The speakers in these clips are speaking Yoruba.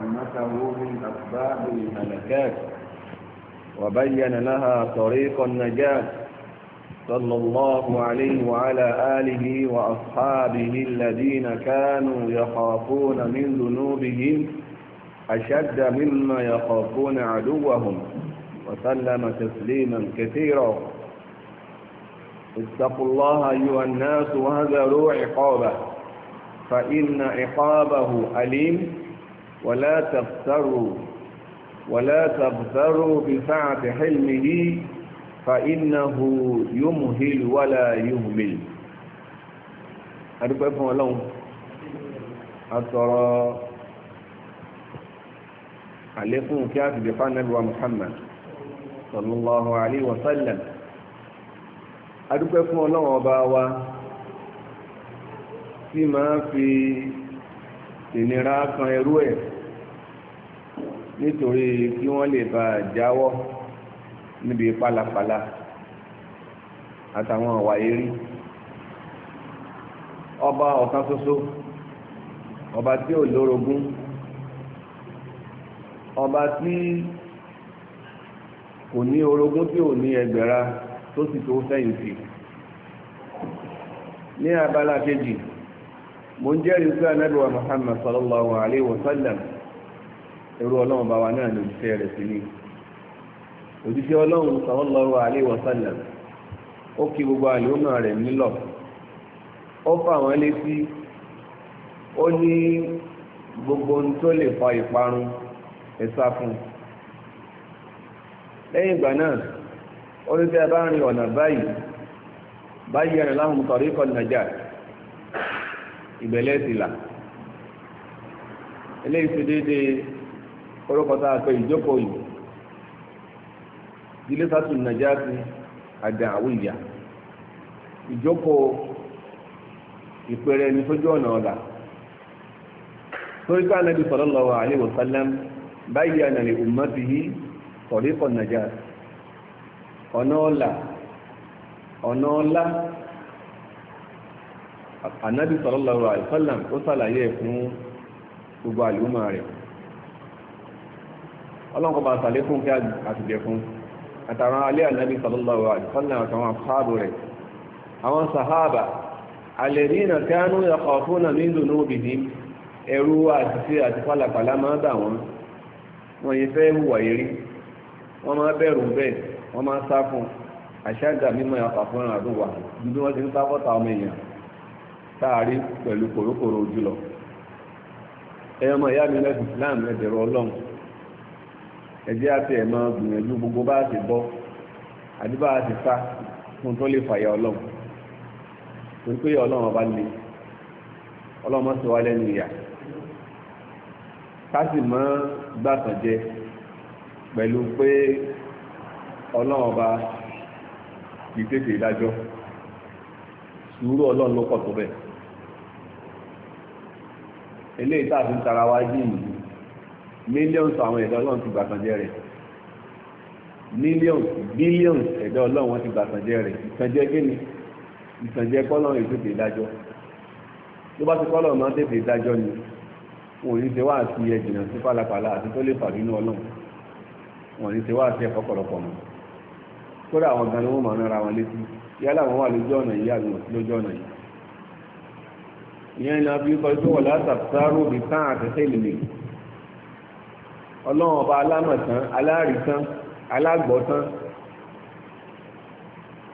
أمته من أسباب الملكات وبين لها طريق النجاة صلى الله عليه وعلى آله وأصحابه الذين كانوا يخافون من ذنوبهم أشد مما يخافون عدوهم وسلم تسليما كثيرا اتقوا الله أيها الناس وهذا روح عقابه فإن عقابه أليم ولا تغتروا ولا تغتروا بسعة حلمه فإنه يمهل ولا يهمل adúpẹ́ fún ọlọ́run atọ̀rọ̀ àlékún kí a ti dé fún anábíwá Muhammad sallallahu alaihi wasallam adúpẹ́ fún ọlọ́run ọba wa tí máa fi ìnira kan ẹrú ẹ̀ nítorí kí wọ́n lè bá jáwọ́ níbi pálapàla àtàwọn ọ̀wà eré ọba ọ̀kan ṣoṣo ọba tí ò lórogún ọba tí kò ní orogún tí ò ní ẹgbẹ̀ra tó sì tó fẹ̀yìntì ní abala kejì mo ń jẹ́rìí sí anábìwá Muhammad sallallahu alayhi wa sallam ẹrú ọlọ́run bá wa náà ní òjíṣẹ́ rẹ̀ sí ni òjíṣẹ́ ọlọ́run sallallahu wasallam ó kí gbogbo àlùmọ́ rẹ̀ nílọ̀ ó fà létí ó ní gbogbo ohun tó lè fa ìparun ẹ fún un lẹ́yìn ìgbà náà ó ní tẹ́ bá rin ọ̀nà báyìí báyìí kọ́ nàjà eléyìí déédéé orúkọ tá a pè ìjókòó yìí ilé sátú nàjàsí àdá àwọn ìyá ìjókòó ìpẹrẹ ní sójú ọ̀nà ọ̀la torí ká nàbí sallallahu alaihi wasallam bayyana li ummatihi tariqan najat ọ̀nà ọ̀la ọ̀nà ọ̀la ànábì sallallahu alaihi wasallam ó sàlàyé fún gbogbo àlùmọ̀ rẹ̀ ọlọ́nkọ́ bá sàlékún kí àtìjẹ fún àtàrà alẹ́ ànábì sallallahu alaihi wasallam àtàwọn àfáàbò rẹ̀ àwọn sàhábà alladhina kanu yakhafuna min dhunubihim ẹ̀rú àtìsí àti pálapàla máa bà wọ́n wọ́n yìí fẹ́ hùwà yìí rí wọ́n máa bẹ̀rù bẹ́ẹ̀ wọ́n máa sá fún àṣàgà mímọ́ yakhafuna àdúwà bí wọ́n ti ń sáfọ́ta ọmọ èèyàn táàrí pẹ̀lú kòrókòrò jùlọ ẹ̀yọ́mọ̀ ìyá mi lẹ́sìn Islam ẹ̀bẹ̀rù Ọlọ́run ẹjẹ́ àti ẹ̀mọ́ gbìyànjú gbogbo bá ti bọ́ àdúbà ti fa fún tó lè fàyà ọlọ́run torí pé ọlọ́run ọba le ọlọ́run mọ́sọ̀ wá lẹ́nu ìyà ká sì mọ́ gbàtànjẹ pẹ̀lú pé ọlọ́run ọba kì í tètè dájọ́ sùúrù ọlọ́run ló pọ̀ tó bẹ̀ eléyìí tá a fi ń tara wá yìí millions àwọn ẹ̀dọ́ ọlọ́run ti gbàtànjẹ́ rẹ̀ millions billions ẹ̀dọ́ ọlọ́run ti gbàtànjẹ́ rẹ̀ ìtànjẹ́ gíní ìtànjẹ́ kọ́lọ́run ètòtè ìdájọ́ tó bá ti kọ́lọ́run máa tètè ìdájọ́ ni wọn ò ní ṣe wá àti ẹ̀jìnà sí pálapàla àti tó lè fàbínú ọlọ́run wọn ò ní ṣe wá àti ẹ̀kọ́ pọ̀lọpọ̀ mọ́ kódà àwọn gan ni wọ́n máa ń ra wọn létí yálà wọn wà lójú ọ̀nà yìí àbí wọn sí lójú ọ̀nà yìí ìyẹn ni a fi kọ́ ẹjọ́ wọ̀ látàkùtà tán àtẹ́sẹ́ ìlú ọlọ́run ọba alámọ̀tán alárìtán alágbọ̀tán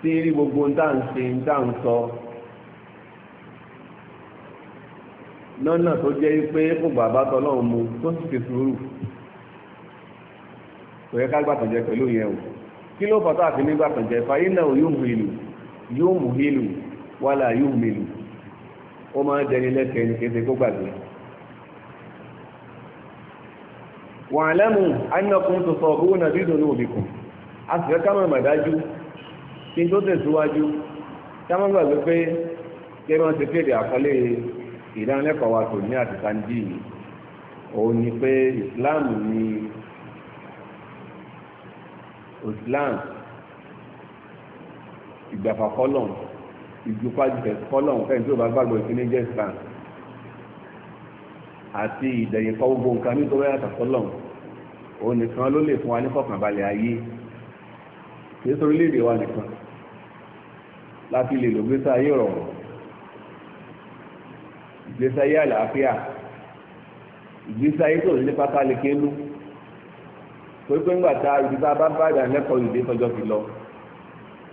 tí rí gbogbo ń dá ń ṣe ń dá ń sọ lọ́nà tó jẹ́ pé kò bàbá tọ́lọ́run mu tó sì fi sùúrù kò yẹ ká gbàtànjẹ pẹ̀lú yẹn o kí ló fọ́tà àfi ní gbàtànjẹ fàyè náà yóò mú ìlú yóò mú ìlú wàhálà yóò mú ìlú ó máa ń dẹni lẹ́kẹ̀ẹ́ ní kété kó gbàgbé wa'lamu annakum tusabuna bi dhunubikum a sì fẹ́ ká mọ̀ dájú kí n tó tẹ̀síwájú ká mọ̀ gbàgbé pé kí wọ́n ti kéde àkọlé ìdánilẹ́kọ̀ọ́ wa tò ní àti sáńdì òun ni pé Islam ni Islam ìgbàfà kọ́lọ̀ ìjùpá jùlẹ̀ kọ́lọ̀ tí ó bá gbàgbọ́ ìpínlẹ̀ jẹ́ Islam àti ìdẹ̀yìn kọ́ gbogbo nǹkan ní ìtọ́wẹ́ àtàkọ́lọ̀ òun nìkan ló lè fún wa ní kọ̀kànbalẹ̀ ayé kìí sọ orílẹ̀-èdè wa nìkan láti lè lò gbèsè ayé rọrùn ìgbésí ayé àlàáfíà ìgbésí ayé tó ní pátá lè kéénú torí pé ńgbà tá ibi tá a bá bá ìdá lẹ́kọ̀ọ́ ìdè tọjọ́ fi lọ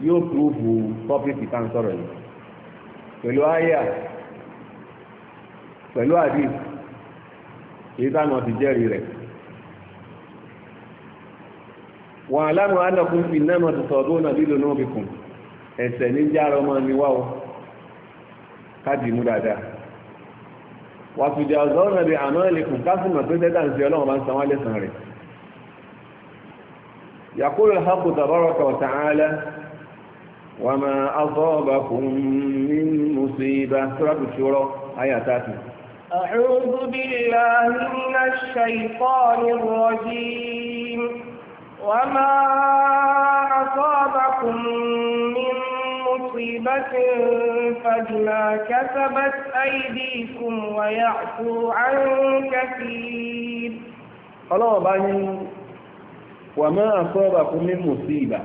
yóò púrúfù tọ́pìkì tá à ń sọ̀rọ̀ yìí pẹ̀lú àyà pẹ̀lú àdìsí èyí táwọn ọ̀sìn jẹ́rìí rẹ̀ wà láàmù alákùn fi náà mọ̀ tuntun ọdún náà lílo náà bìkùn ẹ̀sẹ̀ ní jára ọmọ ni wá o káàdì mú dáadáa wà tùdí àzọ́ náà bí àmọ́ ẹ̀lẹ́kùn kásìmọ̀ pé tẹ́tà ń ṣe ọlọ́run bá ń san wálé san يقول الحق تبارك وتعالى وما أصابكم من مصيبة سورة الشورى آية أعوذ بالله من الشيطان الرجيم وما أصابكم من مصيبة فبما كسبت أيديكم ويعفو عن كثير الله بني وما أصابكم من مصيبة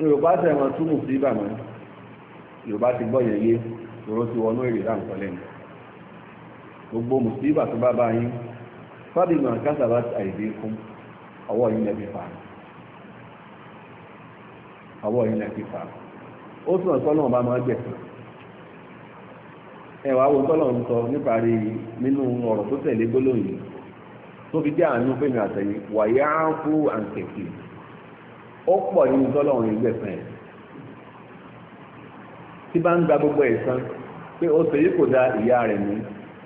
يبقى tẹ̀wọ̀n tún mùsíbà mọ́. Yorùbá ti gbọ́ yẹn yé, ìrọ́sí wọnú èrè gbogbo mùsùlùmí tó bá bá yín fábí ìmọ̀ kásà bá àìdí fún ọwọ́ yín lẹ́bí fa ọwọ́ yín lẹ́bí fa ó túnà tọ́lọ̀ bá máa gbẹ̀sán ẹwà wo tọ́lọ̀ ń sọ níparí nínú ọ̀rọ̀ tó tẹ̀lé gbólóyìn tó fi jẹ́ àánú fẹ́mi àtẹ̀yìn wàyà ń àǹkẹ̀kì ó pọ̀ nínú tọ́lọ̀ ń gbẹ̀sán ẹ̀ tí bá ń gba gbogbo ẹ̀san pé ó sèyí kò da ìyá rẹ̀ ní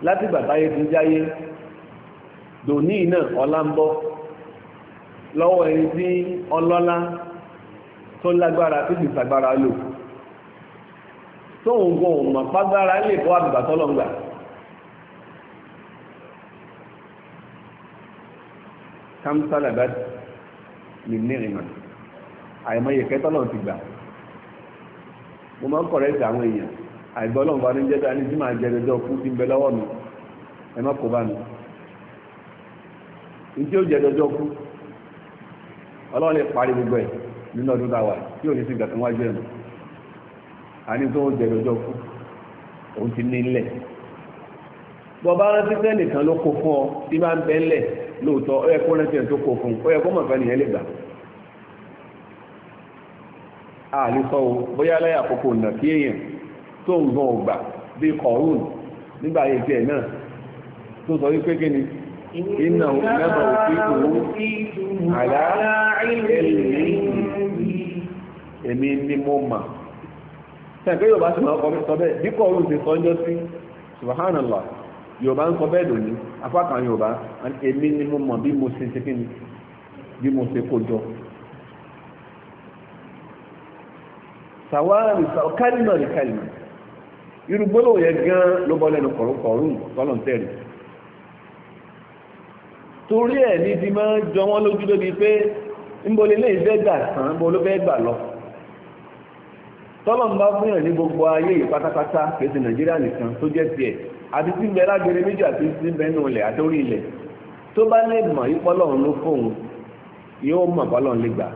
láti gbàtáyé ti jáyé dòní náà ọlá ń bọ́ lọ́wọ́ ẹni tí ọlọ́lá tó lágbára tó sì sagbára lò tóun gan ọmọ págbára lè kọ́ àbùgbà tọ́lọ́ngbà kamsalaba lè ní ìrìnà àìmọye kẹtọ́lọ́ ti gbà mo máa ń kọ̀rẹ́tì àwọn èèyàn àìgbọ́lọ́mùbá ní jẹ́ta ní tí máa jẹ́rẹ̀ẹ́jọ́ kú sí ń bẹ lọ́wọ́ mi ẹ má kó bá mi ní tí ó jẹ́rẹ̀ẹ́jọ́ kú ọlọ́run lè parí gbogbo ẹ̀ nínú ọdún táwa tí ò ní sí gàkan wájú ẹ̀ mọ́ a ní tó ń jẹ́rẹ̀ẹ́jọ́ kú òun ti ní ilẹ̀ bọ́ bá rántí sẹ́nìkan ló kó fún ọ tí bá ń bẹ́ ńlẹ̀ lóòótọ́ ó yẹ kó rántí ẹ̀ tó kó fún ó yẹ kó mọ̀ fẹ́ nìyẹn lè gbà bóyá láyà àkókò nà kí èèyàn tó ń gan ọgbà kọ̀ọ̀rùn nígbà ètò ẹ̀ náà tó sọ wípé kí ni iná èmi ni mo mà sẹ́ǹkẹ́ yóò bá sọ bẹ́ẹ̀ bí kọ̀ọ̀rùn ti sọ ọjọ́ sí subhanallah ń sọ bẹ́ẹ̀ lónìí apá kan èmi ni mo mọ̀ bí mo ṣe ṣe kí ni bí mo ṣe kó jọ irú gbólóhùn yẹn gan ló bọ́ lẹ́nu kọ̀rọ̀kọ̀rọ̀ tọ́lọ̀ ń tẹ̀lé torí ẹ̀ ní ti máa ń jọ wọ́n lójú lóbi pé ńbọlé lè fẹ́ gbà sàn án bó ló fẹ́ gbà lọ tọ́lọ̀ ń bá fún yàn ní gbogbo ayé yìí pátápátá kèsì nàìjíríà nìkan tó jẹ́ tiẹ̀ àti tí ń bẹ lágbèrè méjì àti tí ń bẹ nù ilẹ̀ àtórí ilẹ̀ tó bá lè mọ̀ ìpọ́lọ́run ló fóun yóò mọ̀ bọ́lọ́run lè gbà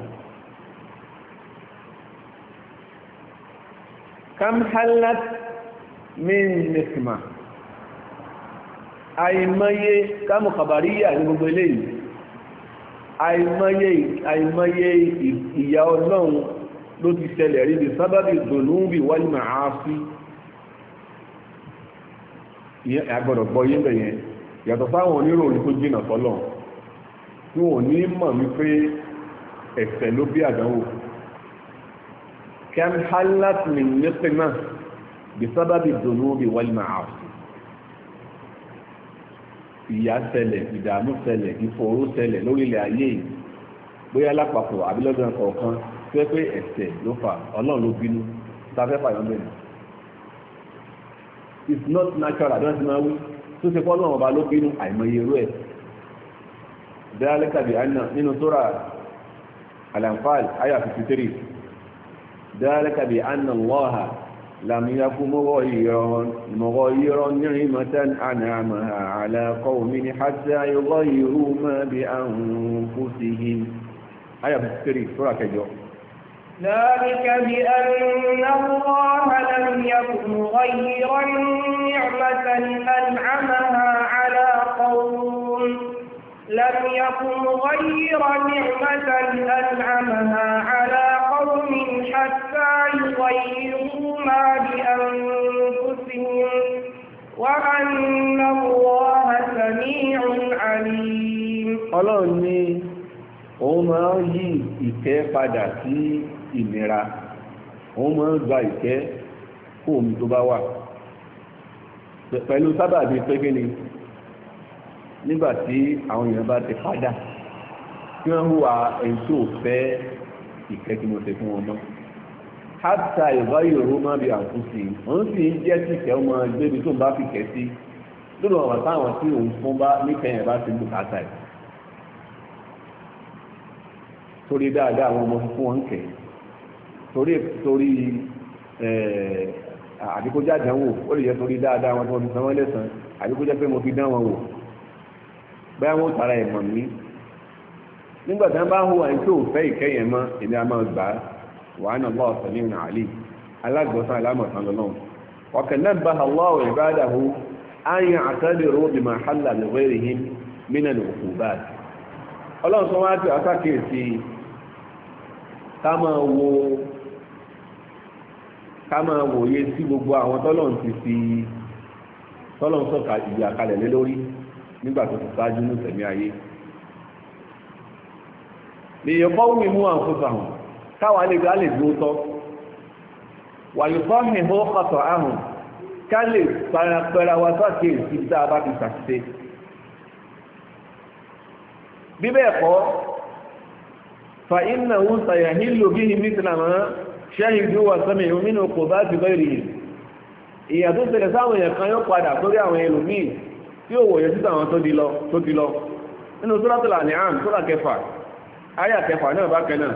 kamhalat min nìkìmà àìmọye kámù kàbàríyà ní gbogbo eléyìí àìmọye àìmọye ìyà ọlọ́run ló ti ṣẹlẹ̀ rí bí sábàbí dùnúbì wal ma'asi agbọ́dọ̀ gbọ́ yé bẹ̀yẹn yàtọ̀ sáwọn oníròyìn tó jìnà sọ́lọ̀ tí wọ́n ní mọ̀ bisababi dunubi wal ma'asi ìyà ṣẹlẹ̀ ìdààmú ṣẹlẹ̀ ìfòòró ṣẹlẹ̀ lórílẹ̀ ayé yìí bóyá lápapọ̀ àbí lọ́dún kọ̀ọ̀kan tó yẹ pé ẹ̀ṣẹ̀ ló fà ọlọ́run ló bínú sáfẹ́ fàyọ́ mẹ́rin it's not natural àdéhùn ti máa wí tó ṣe fọ́ ọlọ́run ọba ló bínú àìmọye irú ẹ̀ bẹ́ẹ̀ lẹ́kàbí àná nínú sóra al-Anfal àyà fifty three bẹ́ẹ̀ lẹ́kàbí àná لم يك مغيرا مغيرا نعمة أنعمها على قوم حتى يغيروا ما بأنفسهم آية بسكري سورة كجو ذلك بأن الله لم يك مغيرا نعمة أنعمها على قوم لم يك مغيرا نعمة أنعمها على قوم حتى يغيروا ما بأنفسهم وأن الله سميع عليم ọlọ́run ní òun máa ń yí ìkẹ́ padà sí ìnira òun máa ń gba ìkẹ́ kó omi tó bá wà pẹ̀lú sábàbí pẹ́gẹ́ni nígbà tí àwọn èèyàn bá ti padà kí wọ́n hùwà ẹ̀ńtò fẹ́ ìkẹ́ tí mo ṣe fún wọn náà hátà ìbá yòrò má bí àkúsí òun sì ń jẹ́ tìkẹ́ ọmọ gbébi tó ń bá fìkẹ́ sí lórí ọ̀rọ̀ táwọn tí òun fún bá nífẹ̀ẹ́ yẹn bá ti bù kátà ẹ̀ torí dáadáa àwọn ọmọ fún wọn kẹ̀ torí torí àdíkójá dánwò ó lè yẹ torí dáadáa wọn tó fi sanwó lẹ́sàn àdíkójá pé mo fi dán wọn wò báyà wọn tara ẹ̀ mọ̀ mí nígbà tí wọn bá hùwà ní tí òun fẹ́ ìkẹyẹ̀ mọ́ èmi a máa gbà á wàhánà bá ọ̀sán ní ìrìn àlè alágbọ̀nsán alámọ̀sán lọ́nà ọ̀kẹ́ náà bá aláwọ̀ ìbáàdàhù ayin àtàlẹ̀ rọ́bì máa hálà lẹ́wẹ́rì yìí mínà ní òkú báàdì ọlọ́run tó wá ti àtàkìrìsì ká máa wo ká máa wòye sí gbogbo àwọn tọ́lọ́run ti fi tọ́lọ́run sọ̀ka ìyà kalẹ̀ lé lórí nígbà tó ti ṣáájú ní tẹ̀mí ayé lèyẹ̀kọ́ wí mú àǹfọ̀sà hàn káwà lè gbá lè gbó tọ́ wà yóò tọ́ hìn hó ọ̀tọ̀ àrùn ká lè parapẹra wa sọ́ọ̀kì èsì tá a bá ti ṣàṣìṣe bí bẹ́ẹ̀ kọ́ fa iná ń sàyà nílò bí i mítìlá mọ́ ṣẹ́yìndú wà sọ́mì ìrúnmínú kò bá ti bẹ́ẹ̀rì yìí ìyà tó ṣẹlẹ̀ sáwọn èèyàn kan yóò padà sórí àwọn ẹlòmíì tí ó wòye títà àwọn tó ti lọ nínú sóràtìlà ní àrùn sórà kẹfà áyà kẹfà náà bákan náà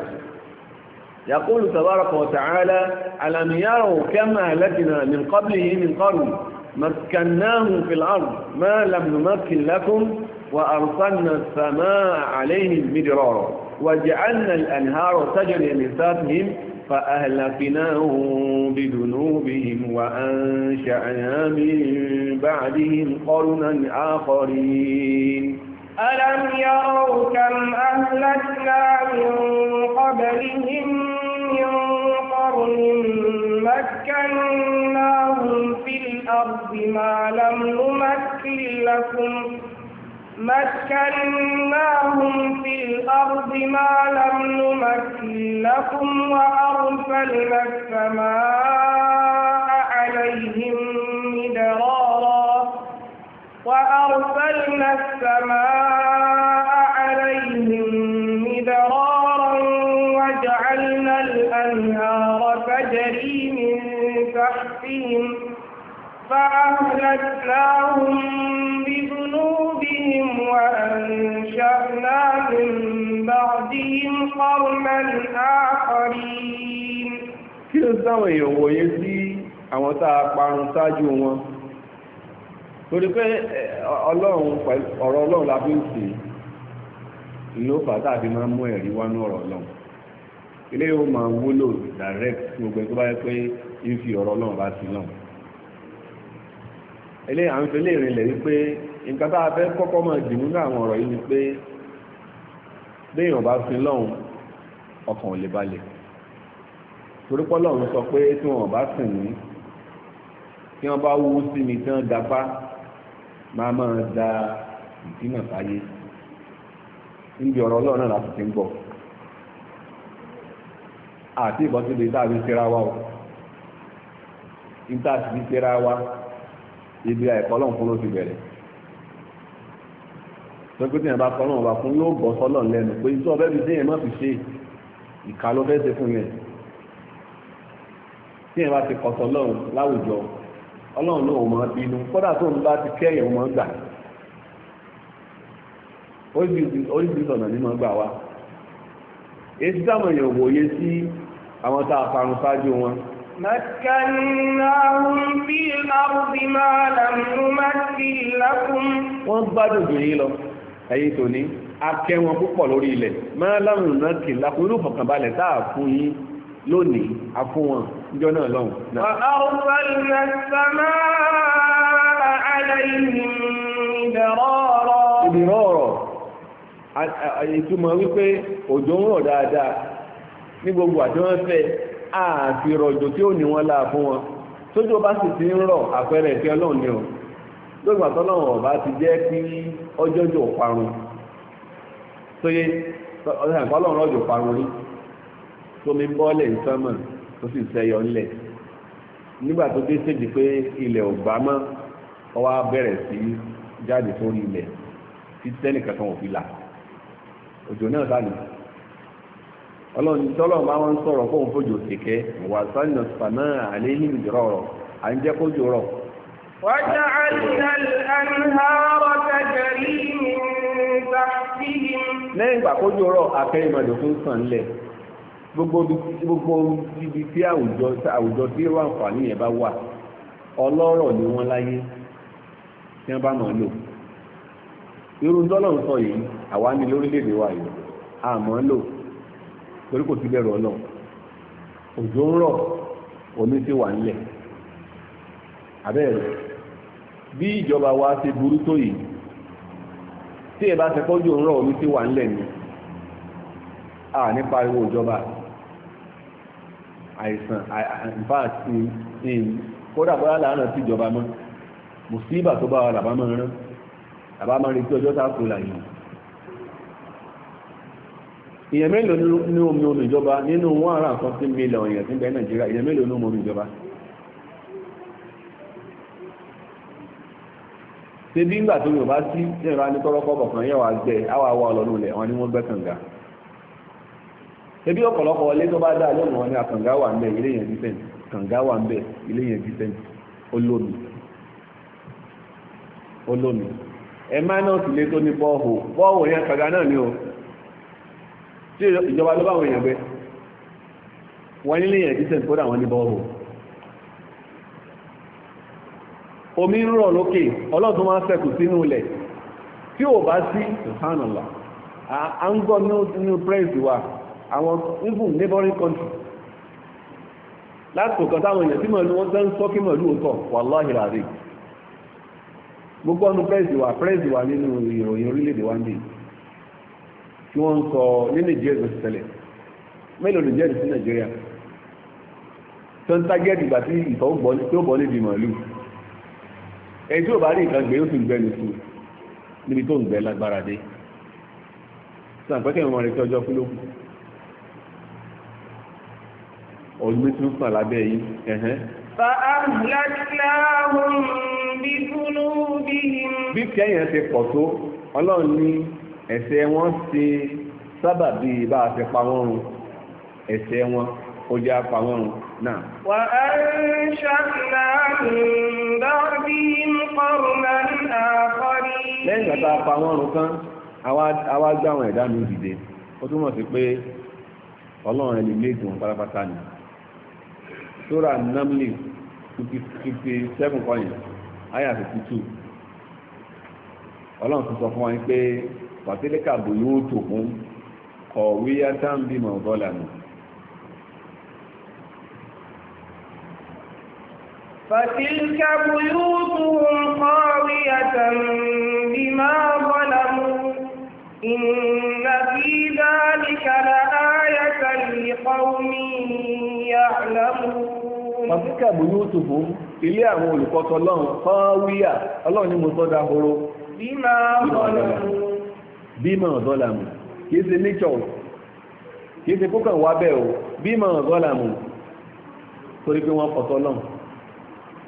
يقول تبارك وتعالى ألم يروا كما لكنا من قبله من قرن مكناهم في الأرض ما لم نمكن لكم وأرسلنا السماء عليهم مدرارا وجعلنا الأنهار تجري من تحتهم فأهلكناهم بذنوبهم وأنشأنا من بعدهم قرنا آخرين ألم يروا كم أهلكنا من قبلهم مكناهم في الأرض ما لم نمكن لكم مكناهم في الأرض ما لم نمكن لكم وأرسلنا السماء عليهم مدرارا وأرسلنا السماء عليهم مدرارا الأنهار تجري من تحتهم فأهلكناهم بذنوبهم وأنشأنا من بعدهم قرنا آخرين كل ló يوم èèyàn wòye sí àwọn tá a parun ṣáájú wọn torí pé ọlọ́run ọ̀rọ̀ ọlọ́run la fi ń sè ló fà tàbí máa ń mú ẹ̀rí wánú ọ̀rọ̀ ọlọ́run ilé yóò máa wúlò direct fún gbogbo tó bá yẹ pé ń fi ọ̀rọ̀ náà bá sí náà ilé à lè rìnlẹ̀ wípé nǹkan tá a fẹ́ kọ́kọ́ máa dì nínú àwọn ọ̀rọ̀ yìí ni pé béèyàn bá sin lọ́hùn ọkàn ò lè balẹ̀ torípọ́ lọ́hùn sọ pé tí wọn bá sìn mí tí wọn bá wú sí mi tí wọn dapá máa máa da ìdínà sáyé níbi ọ̀rọ̀ ọlọ́run náà láti ti ń bọ̀ àti ìbọ̀tí lè dáàbí síra wa o ìtàṣì bí síra wa ibi àìkọ́ lọ́n fún ló ti bẹ̀rẹ̀ lọ́gbẹ́tì yẹn bá kọ́ lọ́n ọba fún yóò gbọ́ sọ́lọ̀ lẹ́nu pé iṣẹ́ ọbẹ̀ bíi téèyàn má fi ṣe ìka ló fẹ́ẹ́ ṣe fún yẹn téèyàn bá ti kọ́ sọ́lọ́run láwùjọ ọlọ́run náà ò mọ̀ bínú kódà tó ń bá ti kẹ́yìn ò mọ̀ gbà oríṣiríṣi ọ̀nà ni mọ̀ gbà wá èyí tí táwọn èèyàn wòye sí àwọn tàà parun sáájú wọn wọ́n gbádùn jù yí lọ ẹ̀yìn tó ní akẹ́ wọn púpọ̀ lórí ilẹ̀ máa láwọn náà kì lápò inú fọ̀kànbalẹ̀ táà fún yí lónìí a fún wọn níjọ́ náà lọ́hùn ìdìrọ̀ ọ̀rọ̀ ìtumọ̀ wípé òjò ń rọ̀ dáadáa ní gbogbo àjọ́fẹ́ àti rọ̀jò tí ó ní wọ́n láà fún wọn tójú ọba sì ti ń rọ̀ àpẹẹrẹ ìfẹ́ ọlọ́run ni ọ̀ lóògbà tọ́lọ́run ọba ti jẹ́ kí ọjọ́jọ́ parun tóyé ọ̀sán ìfọ́lọ́run ọjọ́ parun rí tómi bọ́ọ̀lẹ̀ ìsánmọ̀ tó sì sẹyọ ńlẹ̀ nígbà tó dé séjì pé ilẹ̀ ò gbá mọ́ ọwọ́ bẹ̀rẹ̀ sí jáde sórí ilẹ̀ tí tẹ́nìkan kan ò fi là òjò náà sáà nìyí ọlọ́run tọ́lọ̀ máa ń sọ̀rọ̀ fóun fòjò sèké wà sánà sànà àléhìn ìjọrọ̀ rọ̀ à ń jẹ́ kójò rọ̀. rọ̀ gbogbo tí àwùjọ ọlọ́rọ̀ ni wọ́n láyé tí wọ́n bá mọ̀ lò sọ yìí àwa ní lórílẹ̀-èdè wa yìí àmọ́ lò torí kò sí bẹ̀rù ọ̀nà òjò ń rọ̀ omi ti wà nílẹ̀ abẹ́rẹ́ bí ìjọba wa ṣe burú tó yìí tí ẹ bá ṣe pọ́jù ń rọ̀ omi ti wà nílẹ̀ ni a ní pariwo ìjọba àìsàn àìfáàtì kódà bọ́lá làánà sí ìjọba mọ́ mùsíbà tó bá wà làbá máa rán làbá máa retí ọjọ́ tá a kó là yìí èèyàn mélòó ní omi omi ìjọba nínú wọn ara kan sí mílíọ̀n èèyàn sí bẹ́ẹ̀ nàìjíríà èèyàn mélòó ní omi omi ìjọba ṣe bí ńgbà tó yorùbá sí ẹ̀rọ anítọ́rọ́kọ́bọ̀ kan yẹ̀ wá gbẹ àwa wọn ni kànga ṣe bí ilé tó bá dáa lónìí wọn ni àkànga wà ńbẹ ilé yẹn dífẹ̀n kànga wà ńbẹ ilé yẹn dífẹ̀n olómi olómi ẹ̀ máa náà sì lé tó ní bọ́ọ̀hù bọ́ọ̀hù yẹn kànga náà ni o tí ìjọba ló báwọn èèyàn gbé wọ́n nílé èèyàn dísẹ̀ kódà wọ́n ní bọ́ọ̀rù omi ń rọ̀ lókè ọlọ́tún máa ń fẹ́kù sínú ilẹ̀ tí ò bá sí ìhánàlá à ń gbọ́ nínú prince wa àwọn even neighboring country láti ọ̀kan táwọn èèyàn tí mọ̀lú wọ́n tẹ́ ń sọ kí mọ̀lú òótọ́ wà láhìrà rí gbogbo ọdún prince wa prince wa nínú ìròyìn orílẹ̀-èdè wa ń bèèrè tí wọ́n ń sọ ní nàìjíríà ló ti tẹ̀lẹ̀ mélòó ló jẹ́rìí sí nàìjíríà tó ìgbà tí ìtọ́ bọ́ níbi màálù ẹni tí ò bá rí nǹkan gbé ó sì ń gbẹ́ ní sùn níbi tó ń gbẹ́ lágbára dé sàn pẹ́kẹ́ ìwọ̀n rẹ̀ tí ọjọ́ kú ló ọdún tí ó sàn lábẹ́ yìí ẹ̀hẹ́n. fa'ahlaknahum bi dhunubihim. bí kẹ́yìn ẹ̀ṣẹ̀ wọn ṣe sábà bí bá a ṣe pa wọ́n run ẹ̀ṣẹ̀ wọn ó jẹ́ apá wọ́n run náà. wà á ń ṣàkínà ǹdọ́bí mọ́rùnmá àkọ́rí. lẹ́yìn ìgbà tá a pa wọ́n àwa gbá àwọn ẹ̀dá mi dìde ó túmọ̀ sí pé ọlọ́run ẹni méjì pátápátá ni. sora namli fifty seven kọ́yìn ayà fifty two ọlọ́run ti sọ fún wa pé fàtílíkà bò yóò tò fún kọ̀wé yátàmbìmọ̀ bọ́là nù فتلك بيوتهم خاوية بما ظلموا إن في ذلك لآية لقوم يعلمون فتلك بيوتهم ilé àwọn olùkọ́tọ̀ ọlọ́run fáwíyà ọlọ́run ni mo sọ́dá horo bímá ọlọ́run bímọ̀ ọ̀dọ́làmù kìí ṣe nature kìí ṣe kókàn wá bẹ́ẹ̀ o bímọ̀ ọ̀dọ́làmù torí pé wọ́n pọ̀tọ́ lọ́n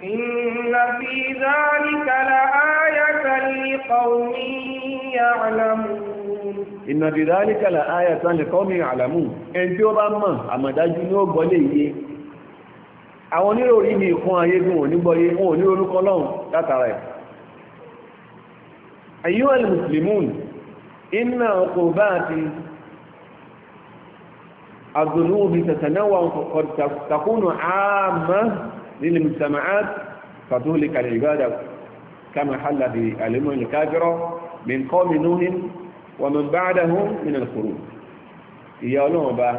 Inna fi dhalika la ayatan li qawmin ya'lamun. Inna fi dhalika la ayatan li qawmin ya'lamun. Ẹni tí ó bá mọ̀ àmọ̀dájú ní ó gbọ́lé iye. Àwọn oníròrí ní ìkún ayé ò ní wọn ò ní látara ẹ̀. Ayyuhal muslimun, إن عقوبات الذنوب تتنوع فقد تكون عامة للمجتمعات فتهلك العبادة كما حل بالأمم الكافرة من قوم نوح ومن بعدهم من الخروج ìyà ọlọ́run ọba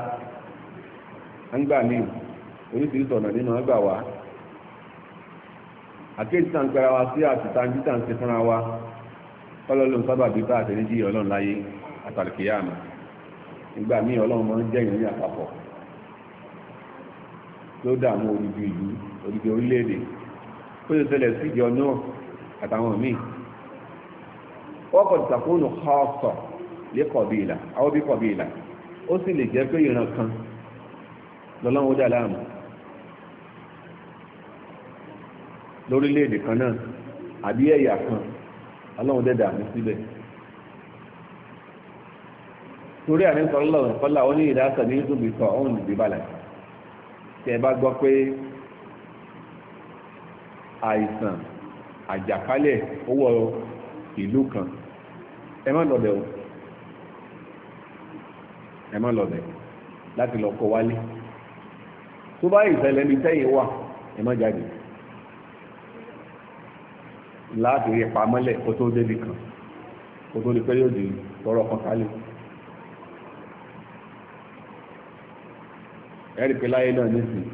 ń gbà mí oríṣiríṣi ọ̀nà nínú ọgbà wa àkéjì tá ń gbára wa sí àtìtàǹjì tá ń ṣe fúnra wa ọlọ́run sábà bí bá àtẹ̀lé jí ọlọ́run láyé àtàlùkìyà àmà ìgbà míì ọlọ́run máa ń jẹ́yìn ní àpapọ̀ ló dààmú odidi ìlú odidi orílẹ̀-èdè ó lè ṣẹlẹ̀ sí ìjọ náà àtàwọn míì wọ́n kọ̀ tàkóònù kọ́ọ̀sọ̀ lẹ́kọ̀ọ́bí ìlà àwọn bí kọ̀bí ìlà ó sì lè jẹ́ pé ìran kan lọ́lọ́run ó dà láàmú lórílẹ̀-èdè kan náà àbí ẹ̀yà kan ọlọ́run dẹ̀dà mí síbẹ̀ torí àmì sọlọ́run kọ́lá ó ní ìdásọ̀ ní ìdúgbì sọ òun lè balẹ̀ tí ẹ bá gbọ́ pé àìsàn àjàkálẹ̀ ó wọ ìlú kan ẹ má lọ́bẹ̀ o ẹ má lọ́bẹ̀ láti lọ kó wálé tó bá ìṣẹ̀lẹ̀ mi tẹ́yìn wà ẹ má jáde. láàbìrí pamọ́lẹ̀ kó tó débi kan kó tó di pé yóò di tọrọ kan kálẹ̀ ẹ̀rí pé láyé náà nísìnyí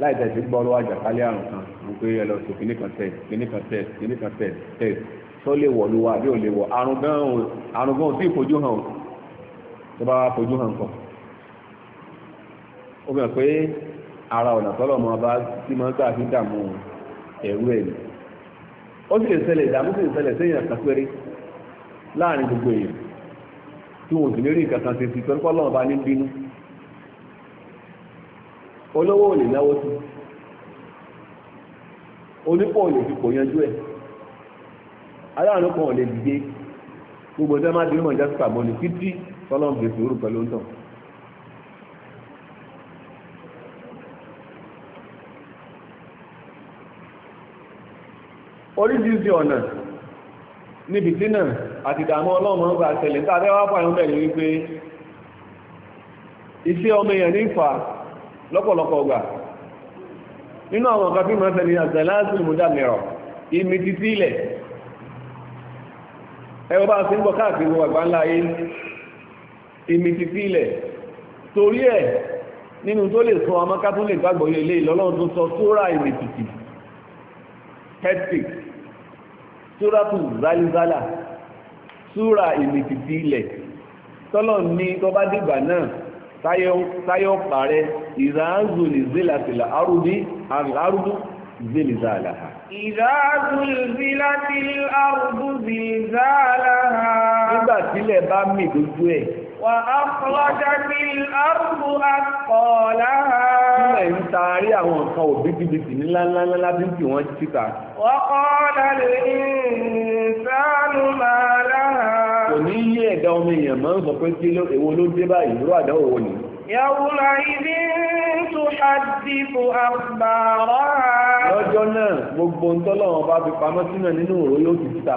láì tẹ̀sí gbọ́rọ̀ àjàkálẹ̀ àrùn kan ń pé ẹ lọ sí kìnnì kan tẹ̀ kìnnì kan tẹ̀ kìnnì kan tẹ̀ tẹ̀ tó lè wọ̀ ló bí ò lè wọ̀ àrùn gan ò sí ìfojú hàn o tó bá fojú hàn kọ ó mọ̀ pé ara ọ̀nà tọ́lọ̀ mọ́ bá tí mọ́ sáà fi dààmú ẹ̀rú ẹ̀ nìyí ó sì lè ṣẹlẹ̀ ìdààmú sì lè ṣẹlẹ̀ sẹ́yìn àkàpẹ́rẹ́ láàrin gbogbo èèyàn tí wọn ò sì lérí ìkàkàn ṣe ti tọ́lú pọ́lọ́wọ́n bá ní bínú olówó ò lè náwó sí onípò ò lè fi kò yanjú ẹ̀ aláàánú kan ò lè dìde gbogbo ẹgbẹ́ má bínú mọ̀ jásùpà mọ́ni títí tọ́lọ́wọ́n bèèrè sòrò pẹ̀lú ń tàn oríṣiríṣi ọ̀nà níbi tí náà àti ìdàmú ọlọ́mọ ń gbà tẹ̀lé tàbí wá pàrún bẹ̀rẹ̀ wípé iṣẹ́ ọmọ èèyàn ní ìfà lọ́pọ̀lọpọ̀ ọgbà nínú àwọn ọ̀kan tí máa tẹ̀lé àti láti ìmúdà mìíràn ìmì títí ilẹ̀ ẹwọ bá ti ń bọ̀ káàkiri gbogbo àgbà ńlá ayé ìmì títí ilẹ̀ torí ẹ̀ nínú tó lè sọ ọmọ kátó lè gbàgbọ́ ilé ilé ìlọ́lọ́run tó sọ sóra ìmì títí hectic súrátù zálízálà súra ìmìtìtì ilẹ̀ tọ́lọ̀ ní tó bá dìgbà náà táyọ̀ parẹ́ ìzáàzù lè zélà tìlà arúdí arúdú zélìzálà ìzáàzù zílá tìlà arúdú zélìzálà bá mì gbogbo ẹ̀ Ilẹ̀ ń taari àwọn nǹkan òbítíbitì ní lálálálá bí kí wọ́n títà. Wọ́kọ́lá lè ìrìnsánú máa lára. Kò ní yí ẹ̀dá ọmọ èèyàn máa ń sọ pé kí èwo ló dé báyìí rú àdáwò wò ní. Yàwùlá ibi tó ṣàdìbò àgbàrá. Lọ́jọ́ náà, gbogbo ń tọ́lọ́wọ́n bá fi pamọ́ sínú nínú òró yóò ti títà.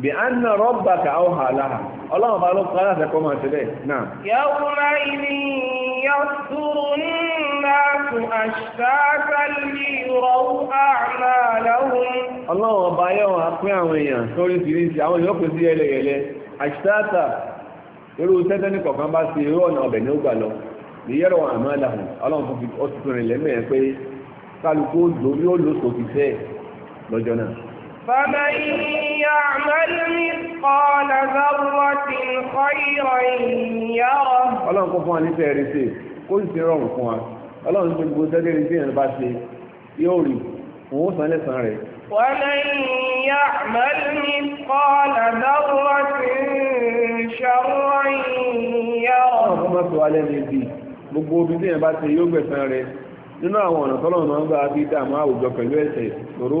bí a na rọ́bà ká ó hà láhà bá ló kọ́lá máa ṣe bẹ́ẹ̀ náà. ìní ọba yóò wá pín àwọn èèyàn sórí fìrísì àwọn èèyàn sí ẹlẹ́yẹlẹ́ àṣìṣàkà irú tẹ́tẹ́ ní kọ̀ọ̀kan bá ṣe irú ọ̀nà ọ̀bẹ̀ ní ó gbà lọ ìyẹ́rọ àmàlàhùn ọlọ́run tó fi ọtún فمن يعمل مثقال ذرة خيرا يره ọlọ́run kó fún wa ní tẹ́ẹ̀rí sí kó sì rọrùn fún wa ọlọ́run gbogbo tẹ́ẹ̀rí sí ومن يعمل مثقال ذرة شرا يره ọlọ́run kó má gbogbo tí yóò rẹ̀ nínú àwọn ọ̀nà ń àwùjọ pẹ̀lú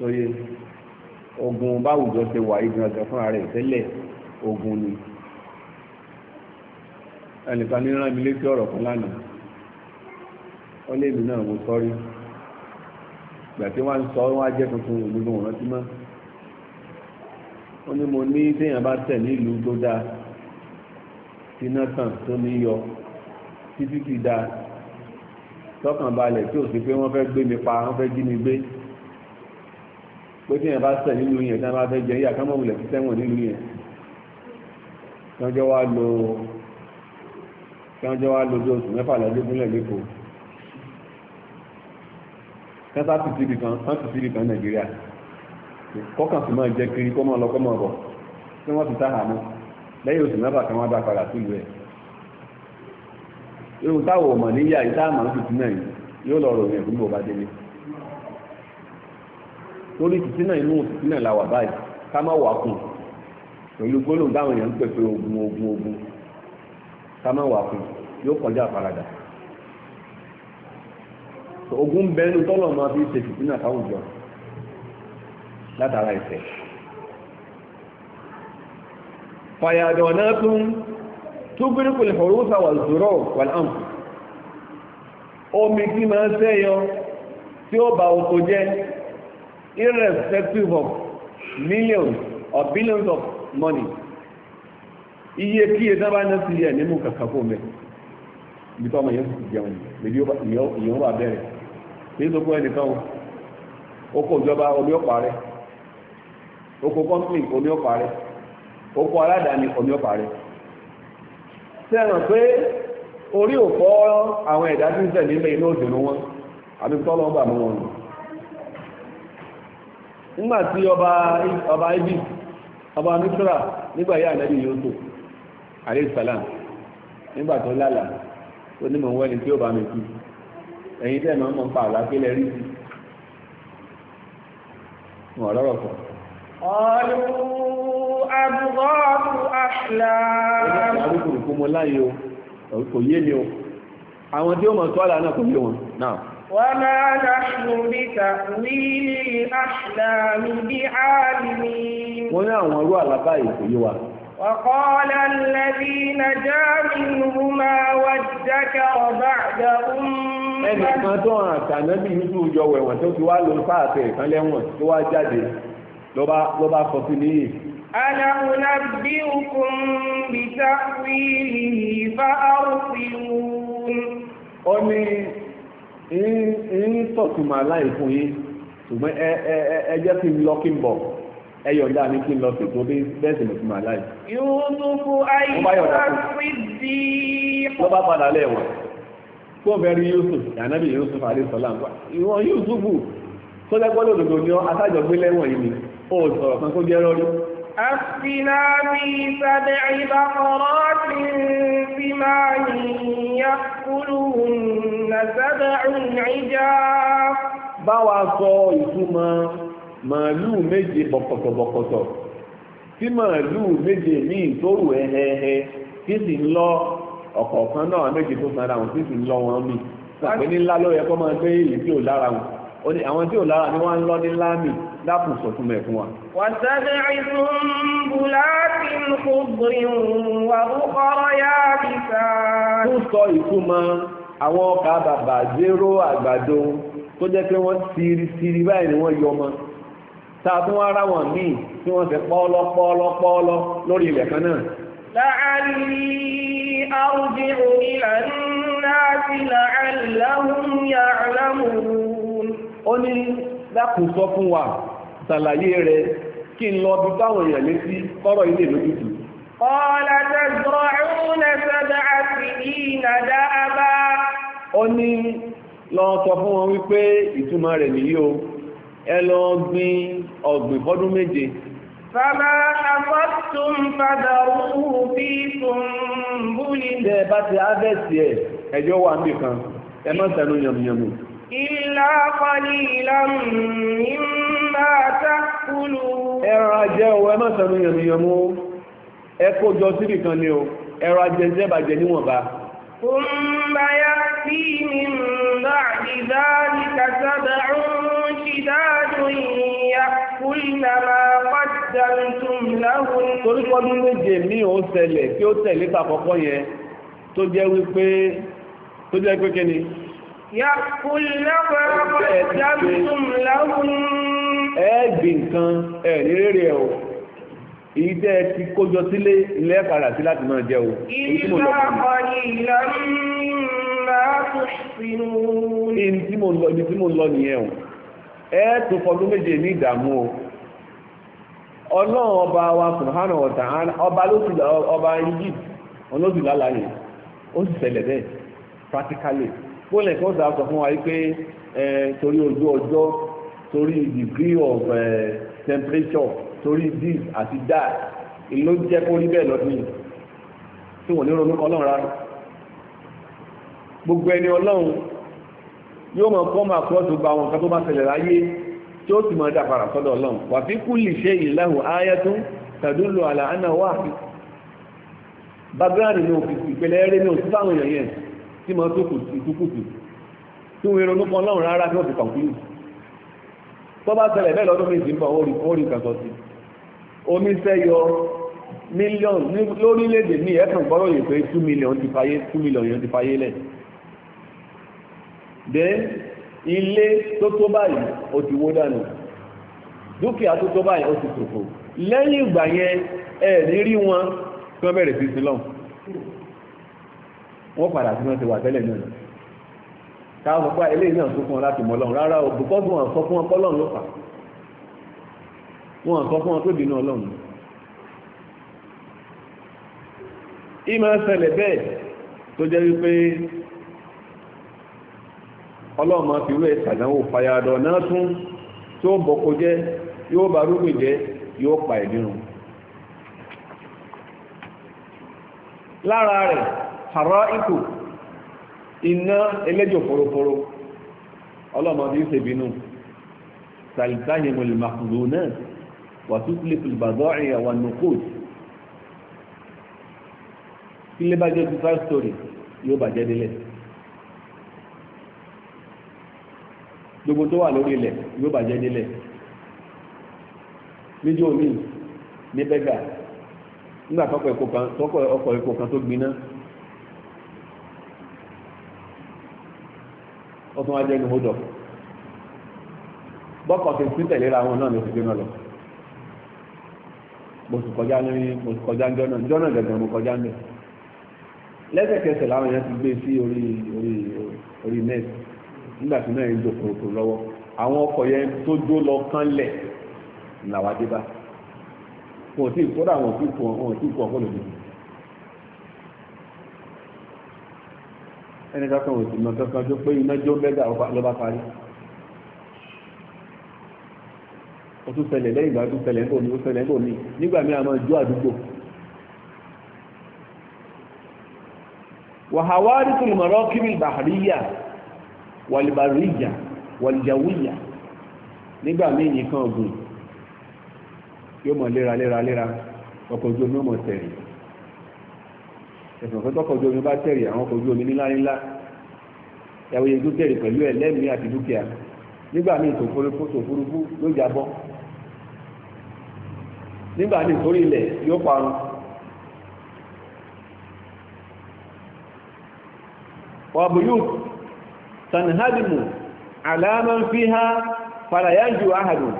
sóyè ogun báwùjọ ṣe wà yìí gangan fúnra rẹ̀ tẹ́lẹ̀ ogun ni ẹnìkan ní rán mi létí ọ̀rọ̀ kan lánàá ó lé mi náà mo sọ́rí ìgbà tí wọ́n ń sọ wọ́n á jẹ́ tuntun ìlú wọn rántí mọ́ ó ní mo ní téèyàn bá tẹ̀ nílùú tó dáa tí iná tàn tó ní yọ títí ti dáa tọkànbalẹ̀ tí ò sí pé wọ́n fẹ́ gbé mi pa wọ́n fẹ́ jí mi gbé. pé tí bá ṣẹ̀ nínú yẹn tí bá fẹ́ jẹ yíyà kámọ́ wulẹ̀ sẹ́wọ̀n nínú yẹn ka wá lo tọ́jọ́ wá lo bí oṣù mẹ́fà lọ́jọ́ gúnlẹ̀ lẹ́kọ̀ọ́ kẹta ti ti bìkan wọ́n ti ti nàìjíríà tí wọ́n ti lẹ́yìn oṣù mẹ́fà kan wọ́n dá padà sílùú ẹ̀ irun táwọn ọmọ níyà ìtààmà ń tutù náà yóò torí tìtínà inú tìtínà la wà báyìí ká má wà kùn pẹ̀lú gbólóhùn táwọn èèyàn ń pè ogun ogun ogun ká má wà kùn yóò kọjá àfaradà ogun bẹnu tọ́lọ̀ máa fi ṣe tìtínà káwùjọ látara ìfẹ́ fàyàdọ̀nátún túbírìkù lè fọ̀rọ̀wọ́sà wà zùrọ̀ wàláǹfù omi tí máa ń sẹ́yọ tí ó bá oko jẹ́ irrespective of millions or billions of money iye kí ẹ dábàá náà ti yẹ nínú kàkà fún mi ibi tó ọmọ yẹn ti jẹun lèbi ìyẹn wà bẹ̀rẹ̀ kí ló kó ẹnìkan o oko ìjọba omi ọ̀pá rẹ̀ oko company omi oko aládàáni omi pé orí òkọ́ àwọn ẹ̀dá tí ń inú òdùnú wọn àbí tọ́lọ́ ń bà wọn nù nígbàtí ọba ibi ọba mitra nígbà yá ànábì Yúsúf alayhi salam nígbà tó lálà tó ní mọ̀ wẹ́ni tí ó bá mi kú ẹ̀yin tẹ́ máa mọ̀ pa àlákélẹ̀ sí lọ́rọ̀ àṣìlá. àwọn tí ó mọ̀ náà kò yé wọn náà. وما نحن بتأويل الأحلام بعالمين ونعم روى لقائك يوا وقال الذي نجا منهما وادكر بعد أمة ẹnìkan tó hàn tànàbí nínú ìjọ wẹ̀wọ̀n tó fi wá ló ń pààtẹ ìkan lẹ́wọ̀n tó wá ń tọ̀tùmọ̀ aláìfún yín ṣùgbọ́n ẹ jẹ́ kí n lọ kí n bọ̀ ẹ yọ̀ǹda mi kí n lọ ṣètò bí bẹ́ẹ̀ sì lọ́tùmọ̀ aláì. Yusufu ayélujáfíìdì. Yusuf yànnàbí Yusuf alayisalaam wa ìwọ Yusufu ni ọ lẹ́wọ̀n yìí ni ó أفتنا في سبع بقرات ثمان يأكلهن سبع عجاف báwa sọ ìtumọ̀ màálù méje bọ̀kọ̀tọ̀bọ̀kọ̀tọ̀ tí màálù méje míì tó rù ẹ̀hẹ̀ẹ̀hẹ̀ tí sì ń lọ ọ̀kọ̀ọ̀kan náà méje tó sanra wọn tí sì ń lọ wọn mì sàpé ní ńlá ló yẹ kó máa gbé èyí tí ò lára wọn àwọn tí ò lára ni wọ́n ń lọ ní ńlá mì dákùn sọ fún mẹ́fún wa. wàtẹ́lẹ̀ ìsún bùláàkì kògbìn wà rúkọ́rọ́ yá bìtà. tó sọ ìtumọ̀ àwọn ọkà bàbà jéró àgbàdo tó jẹ́ pé wọ́n tiri tiri báyìí yọ ọmọ ta tún wá wọn míì tí wọ́n fi pọ́ọ́lọ́ pọ́ọ́lọ́ pọ́ọ́lọ́ lórí ilẹ̀ kan náà. láàárín àrùjì ìlànà láti làálàhùn yàrá mú. ó ṣàlàyé rẹ̀ kí n lọ bí táwọn èèyàn létí kọ́rọ̀ ilé lójútù. Ọ̀la tẹ sọ̀rọ̀ ẹ̀rún ní lọ sọ fún wọn wípé Fàbá àfọ́tún padà rú bí tòǹbùlì. Ṣé bá ti ábẹ́sì ẹ̀ ẹjọ́ wà níbìkan? Ẹ má sẹ́nu yàmùyàmù. Ìlà kọ́ni ìlànà tàkùlù. ẹran ajẹ́ o ẹ má sọ̀rọ̀ yànmùyàn mú ẹ kójọ síbì kan ni o ẹran ajẹ́ ń jẹ́bàjẹ́ níwọ̀nba. Fúnbà yá sí mi ń tó jẹ́ wípé tó jẹ́ pé kíni. Yá kúlìnà máa láhùn ẹ̀ẹ́gbìn nǹkan ẹ̀ ní rere ẹ̀ o èyí tẹ́ ẹ ti kójọ sílé ilé ẹ̀kàrà sí láti máa jẹ o. ìlà ọ̀yì ìlànà tó sinú. ibi tí mo lọ nìyẹn o ẹ tó fọdún méje ní ìdààmú o ọlọ́run ọba wa subhanahu wa ta'ala ọba ló ti ọba Egypt ọlọ́dún lálàyé ó sì ṣẹlẹ̀ bẹ́ẹ̀ practically bó lẹ́kọ̀ọ́ sọ fún wa yìí torí ojú ọjọ́ torí degree of uh, temperature torí this àti that ló jẹ́ kó rí bẹ́ẹ̀ lọ́dún yìí tí wọ́n ní ronú ọlọ́run rárá gbogbo ẹni ọlọ́run yóò mọ̀ kọ́ máa kọ́ tó gba àwọn nǹkan tó bá ṣẹlẹ̀ láyé tí ó sì mọ̀ dà padà sọ́dọ̀ ọlọ́run wà fi kulli shay'in lahu ayatun tadullu ala annahu wahid bagbáàdì ní òfìsì ìpẹ̀lẹ̀ eré ní òsì fáwọn èèyàn yẹn tí mọ̀ tó kù ìtúkùtù tí wọ́n ronú kan ọlọ́run rárá tí wọ́n fi kọ̀ǹkúlù tó bá tẹ̀lẹ̀ bẹ́ẹ̀ lọ́dún méjì mọ́ orí kàtọ̀ sí omi sẹ́yọ mílíọ̀n lórílẹ̀-èdè ní ẹ̀kàn gbọ́rọ̀ yìí pé 2 million ti fayé 2 million yóò ti fayé lẹ̀ then ilé tó tó báyìí ó ti wó dànù dúkìá tó tó báyìí ó ti ṣòfò lẹ́yìn ìgbà yẹn ẹ̀ ní rí wọn tí wọ́n bẹ̀rẹ̀ sí sílọ̀ wọ́n padà sí wọn ti wà tẹ́lẹ̀ náà ka sọ pé náà sọ fún ọ láti mọ rárá o because wọn sọ fún wọn pé ló fà wọn sọ fún ọlọ́run ìmọ̀ bẹ́ẹ̀ tó jẹ́ wípé ọlọ́run máa fi wé ṣàdánwò náà tún tí ó bọ̀kọ jẹ́ yóò pa ìdírun lára rẹ̀ ikú iná ẹlẹ́jọ̀ fọ́rọ́fọ́rọ́ ọlọ́mọdé ń ṣèbínú tàlìtàyè mọ̀lẹ̀ màkùrù náà wà tún kílẹ̀ fìlìbàdọ́ ẹ̀yà wà nùkúùtù kílẹ̀ bá jẹ́ five story yóò bàjẹ́ délẹ̀ gbogbo tó wà lórí ilẹ̀ yóò bàjẹ́ délẹ̀ níjó mi ní bẹ́gà nígbà tọkọ̀ ọkọ̀ ẹ̀kọ́ kan tó gbiná ó tún wá jẹ́ ní hódọ̀ bọ́kọ̀ ti sí tẹ̀lé ra wọn náà ní oṣù gbéná lọ mo sì kọjá ní mo sì kọjá jọ́nà jọ́nà gẹ̀gẹ̀ mo kọjá ní lẹ́sẹ̀kẹsẹ̀ làwọn èèyàn ti gbé sí orí orí orí nẹ́ẹ̀sì nígbà tí náà ń dòkòròkò lọ́wọ́ àwọn ọkọ̀ yẹn tó dó lọ kánlẹ̀ làwádé bá wọn ò tí ì kódà wọn ò tí ì kó wọn kó ọkọ̀ lòdì ẹni kankan ò sì mọ̀ kankan tó pé iná jó mẹ́gà ló bá parí ó tún ṣẹlẹ̀ lẹ́yìn ìgbà tún ṣẹlẹ̀ ńbòmí ó ṣẹlẹ̀ ńbòmí nígbà míì a máa jó àdúgbò wàhàwárí tó lè mọ̀ rọ́kìrì bàríyà wàlìbàríyà wàlìjàwíyà nígbà míì nìkan ọ̀gùn yóò mọ̀ léraléraléra ọkọ̀ ojú omi ọmọ tẹ̀rẹ̀ ẹ̀sùn pé tọkọ̀ ojú omi bá tẹ̀rì àwọn ọkọ̀ ojú omi nílá nílá ẹ̀wọ̀ yẹn tó tẹ̀rì pẹ̀lú ẹ̀ lẹ́mìí àti dúkìá nígbà míì tòfurufú tòfurufú ló jábọ́ nígbà míì torí ilẹ̀ yóò parun wàbùyùt tanhadimu alaman fiha falayanju ahadun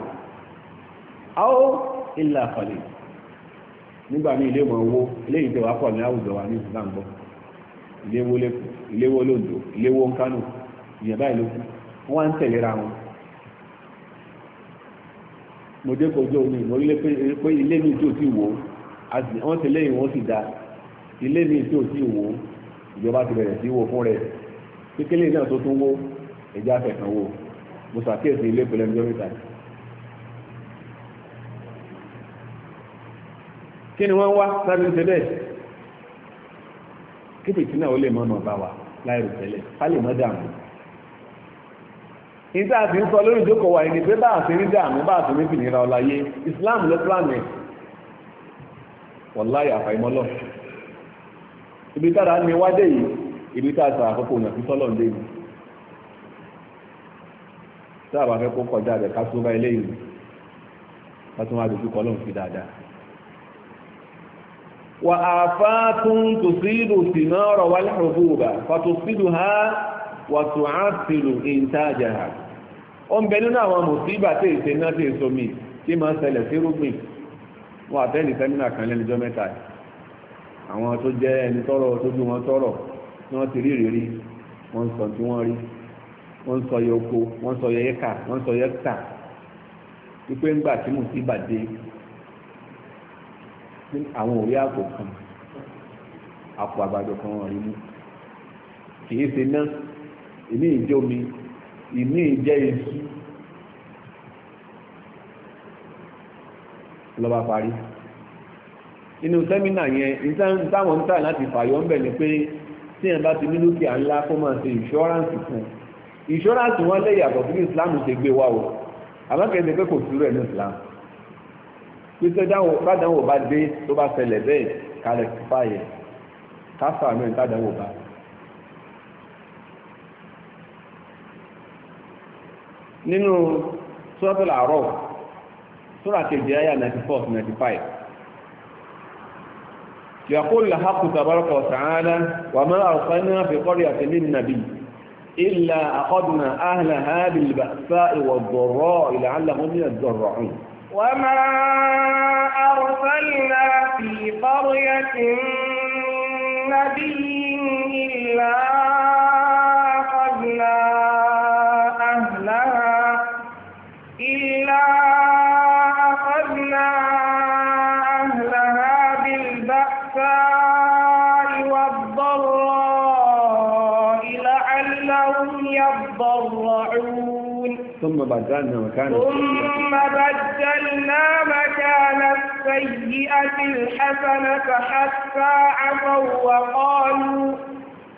aw illa nígbà ní ilé wọn wó eléyìí tẹwàá pọ̀ ní àwùjọ wa ní ìsìlá ń bọ̀ iléwó lẹ́kọ̀ọ́ iléwó lòdò iléwó ń kánò ìyẹn báyìí ló kù wọ́n wá ń tẹ̀léra wọn. mo dé kojú omi ìmọ̀lẹ́ pé ilé mi tí ò tí wò ó wọ́n ti lẹ́yìn wọ́n sì da ilé mi tí ò tí wò ìjọba ti bẹ̀rẹ̀ sí wò fún rẹ̀ kékeré náà tó tún wó ẹ̀já fẹ̀kan mo ṣàkíyèsí ilé pẹ̀lẹ́ kí ni wọ́n wá sábì ń tẹ́lẹ̀ kíbi tí náà ó lè mọ́nà bá wa láìrò tẹ́lẹ̀ ká lè mọ́ dààmú nígbà tí ń sọ lórí ìjókòó wa ẹni pé bá àti ní dààmú bá àti ní bìnira ọláyé Islam ló pàmì wọ̀láyà àfàìmọ́lọ́ ibi tára ni wádé yìí ibi tá a sọ àkókò òyìn àti sọ́lọ̀ ndé yìí tá a bá fẹ́ kó kọjá rẹ̀ ká tó bá eléyìí ká tó má dojú kọ́ lóhùn sí dáadáa وآفات تصيب الثمار والحبوب فتفسدها وتعطل إنتاجها ọ̀n bẹ nínú àwọn mùsíbà tí ìṣe náà tí èso mi tí máa ṣẹlẹ̀ sí rúgbìn wọ́n àtẹ́lì sẹ́mínà kan lẹ́nìjọ́ mẹ́ta àwọn tó jẹ́ ẹni tọ́rọ tójú wọn tọ́rọ tí wọ́n ti rí ìrírí wọ́n sọ tí wọ́n rí wọ́n sọ yẹ oko wọ́n sọ yẹ ẹ̀ka wọ́n sọ yẹ ẹ̀ka wípé ńgbà tí mùsíbà dé àwọn òrí àpò kan àpò àgbàdo kan wọ̀nyí mú kìí ṣe náà ìní ìjẹ́ omi ìní ìjẹ́ iṣu lọ́ba parí nínú sẹ́mínà yẹn nítorí táwọn ń tà láti fàyọ́ ń bẹ̀ ni pé tí ẹ̀ bá ti ní dúkìá ńlá kó máa ṣe ìṣọ́ráǹsì fún ìṣọ́ráǹsì wọn lẹ́yìn àkọ́kọ́ bí Islam ṣe gbé wa o àmọ́ kẹ́sì pé kò sí rẹ̀ ní Islam pípẹ́ bádánwò bá dé tó bá ṣẹlẹ̀ bẹ́ẹ̀ kalẹ̀ fàyè káfà mẹ́rin bádánwò bá. nínú sọ́tọ̀lá àárọ̀ sọ́ra kejì ayà 94-95 yàkó làhákù tàbárọ̀kọ̀ sàárá wà mọ́ àrùsáná fi kọ́rì àti ní nàbí ilà àkọ́dùnà áhàlà hábìlì bàtà ìwọ̀dọ̀rọ̀ ìlà وما أرسلنا في قرية نبي إلا أخذنا أهلها إلا أخذنا أهلها بالبأساء والضراء لعلهم يضرعون ثم بدلنا مكان ثم بدلنا بدلنا مكان السيئة الحسنة حتى عفوا وقالوا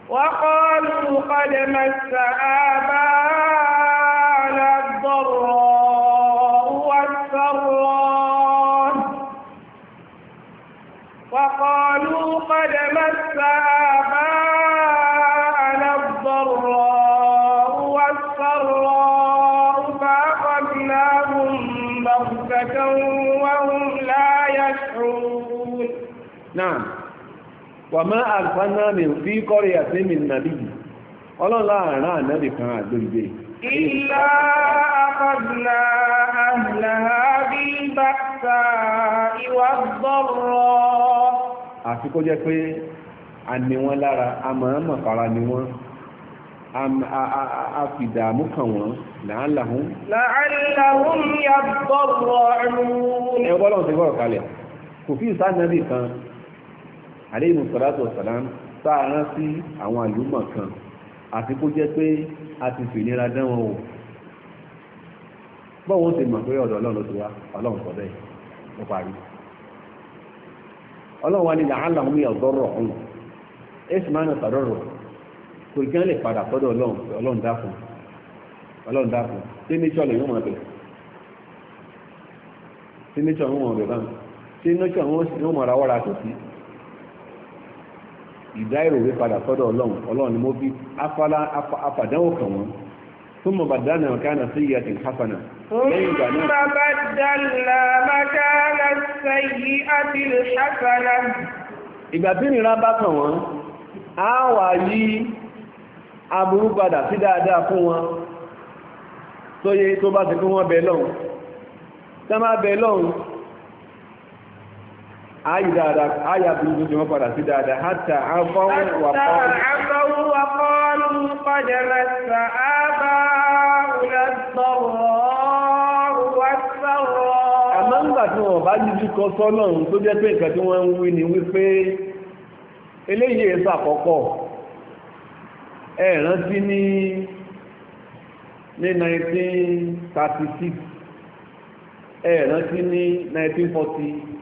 وقالوا قد مس آبانا الضراء والسراء وقالوا قد مس آبانا náà wà má àgbáná mi fi kọ́rí àti mi nàbí ọlọ́run láàrin ànábì kan àgbègbè إلا أخذنا أهلها بالبأساء والضراء àfi kó jẹ́ pé a ní wọn lára a máa mọ̀ fara ni wọ́n a fi dààmú kàn wọ́n làálàhún. làálàhún yà bọ̀ rọrùn àléhùn sọ̀rọ̀tọ̀ sàlám tá a rán sí àwọn àlùmọ̀ kan àti kó jẹ́ pé a ti fìnira dán wọn o bọ́wọ́ ti mọ̀ pé ọ̀dọ̀ ọlọ́run ló ti wá ọlọ́run sọ bẹ́ẹ̀ ó parí ọlọ́run wa ni làálà ń yà ọ̀dọ́rọ̀ ọ̀hún èsì máa ń nà sàdọ̀rọ̀ kò kí wọ́n lè padà sọ́dọ̀ ọlọ́run ọlọ́run dákun ọlọ́run dákun ṣé níṣọ́ lè yún wọn bẹ̀ ṣé níṣọ́ wọn bẹ̀ báwọn ṣé níṣọ́ wọn mọ̀ ra wọ́ra tòsí ìdá ìròwé padà sọ́dọ̀ ọlọ́run ọlọ́run ni mo fi afálá afàdánwò kàn wọ́n ثم بدلنا مكان السيئة الحسنة ثم بدلنا مكان السيئة الحسنة ìgbà tí ìnira bá kàn wọ́n á wà yí aburú padà sí dáadáa fún wọn tó yẹ tó bá ti kún wọn bẹ̀ lọ́hùn tá má bẹ̀ lọ́hùn ayi dáadáa ayi aburú tó wọ́n padà sí dáadáa hátà afọ́wọ́ wà kọ́ọ̀lù kọjá mẹ́ta ábá àmọ́ nígbà tí wọ́n bá yíjú kọ sọ́nà tó jẹ́ pé nǹkan tí wọ́n ń wí ni wípé eléyìí èso àkọ́kọ́ ẹ rántí ní ní 1936 ẹ rántí ní 1940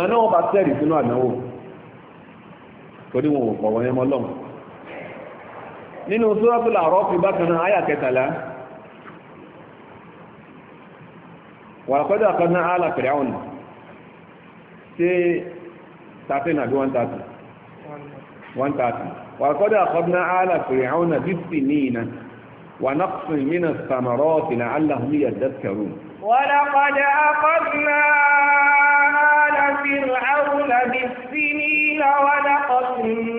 àwọn náà wọ́n bá tẹ́rì sínú àdánwò torí wọn ò pọ̀ wọn ẹmọ lọ́n nínú suratul A'raf bákan náà àyà kẹtàlá wà laqad akhadna ala fir'aun ṣé tàfin àbí one thirty one thirty wà laqad wa naqsin mina ath-thamarati la'allahum yadhakkarun. wa laqad akhadna. فرعون بالسنين ونقص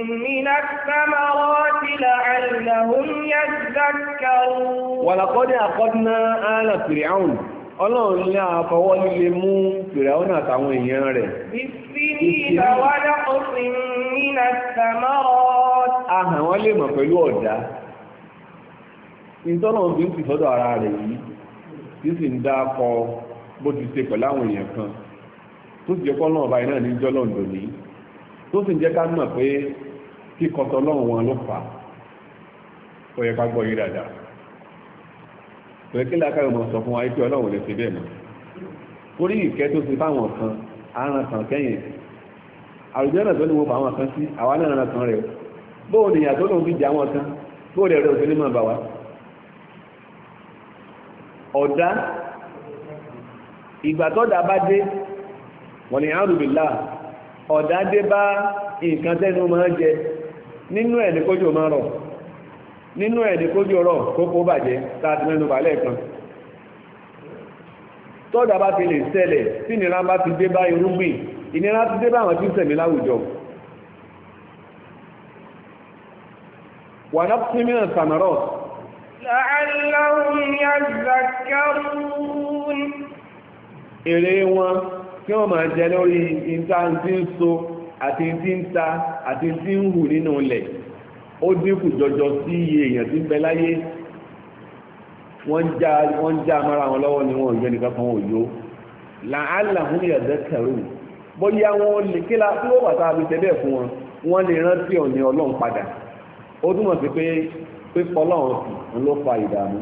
من الثمرات لعلهم يذكرون ولقد أخذنا آل فرعون ọlọ́run ní àfọwọ́ mú fìràún àtàwọn èèyàn rẹ̀. ìsinmi wọ́n lè mọ̀ pẹ̀lú ọ̀dá ìtọ́nà òfin ti ara rẹ̀ yìí tí sì ń dá kọ bó ti èèyàn kan tó sì jẹ́ kọ́ náà báyìí náà ní jọ́lọ́ lónìí tó sì ń jẹ́ ká mọ̀ pé kíkọ́ tọ́lọ́run wọn ló fà ó yẹ ká gbọ́ yìí dáadáa pẹ̀lú kí lákàrà mọ̀ sọ fún wa pé ọlọ́run lè ṣe bẹ́ẹ̀ mọ́ torí ìkẹ́ tó ṣe fáwọn kan aràn kan kẹ́yìn àrùjọ náà tó ní wọ́n fáwọn kan sí àwa náà ràn kan rẹ̀ bóò ní ìyàtọ̀ lòun fi jẹ́ àwọn kan bóò rẹ̀ rẹ̀ òfin ní mọ̀ bà wá ọ̀dá ìgbà tọ́dà bá dé wọ́n ni àrùbìlá ọ̀dá dé bá nǹkan tẹ́nu máa jẹ nínú ẹ̀ ní kójò máa rọ̀ nínú ẹ̀ ní kójò rọ̀ kókó bàjẹ́ láti mẹ́nu bà lẹ́ẹ̀kan tọ́dà bá ti lè ṣẹlẹ̀ tí ìnira bá ti dé bá irúgbìn ìnira ti dé bá àwọn tí ń ṣẹ̀mí láwùjọ wà náà sí mìíràn samarot la'allahum yadhakkarun èrè wọn kí wọ́n máa jẹ lórí ìta tí ń so àti tí ń ta àti tí ń hù nínú ilẹ̀ ó dínkù jọjọ sí iye èèyàn tí ń bẹ láyé wọ́n já wọ́n mara wọn lọ́wọ́ ni wọ́n ò yẹ nìkan kan òyó làálà hún yàtọ̀ kẹrù bóyá wọn lè kí la tí wọ́n wà tá a fi tẹ́ bẹ́ẹ̀ fún wọn wọ́n lè rántí ọ̀nì ọlọ́run padà ó túmọ̀ sí pé pípọ̀ ọlọ́run sì ń ló fa ìdààmú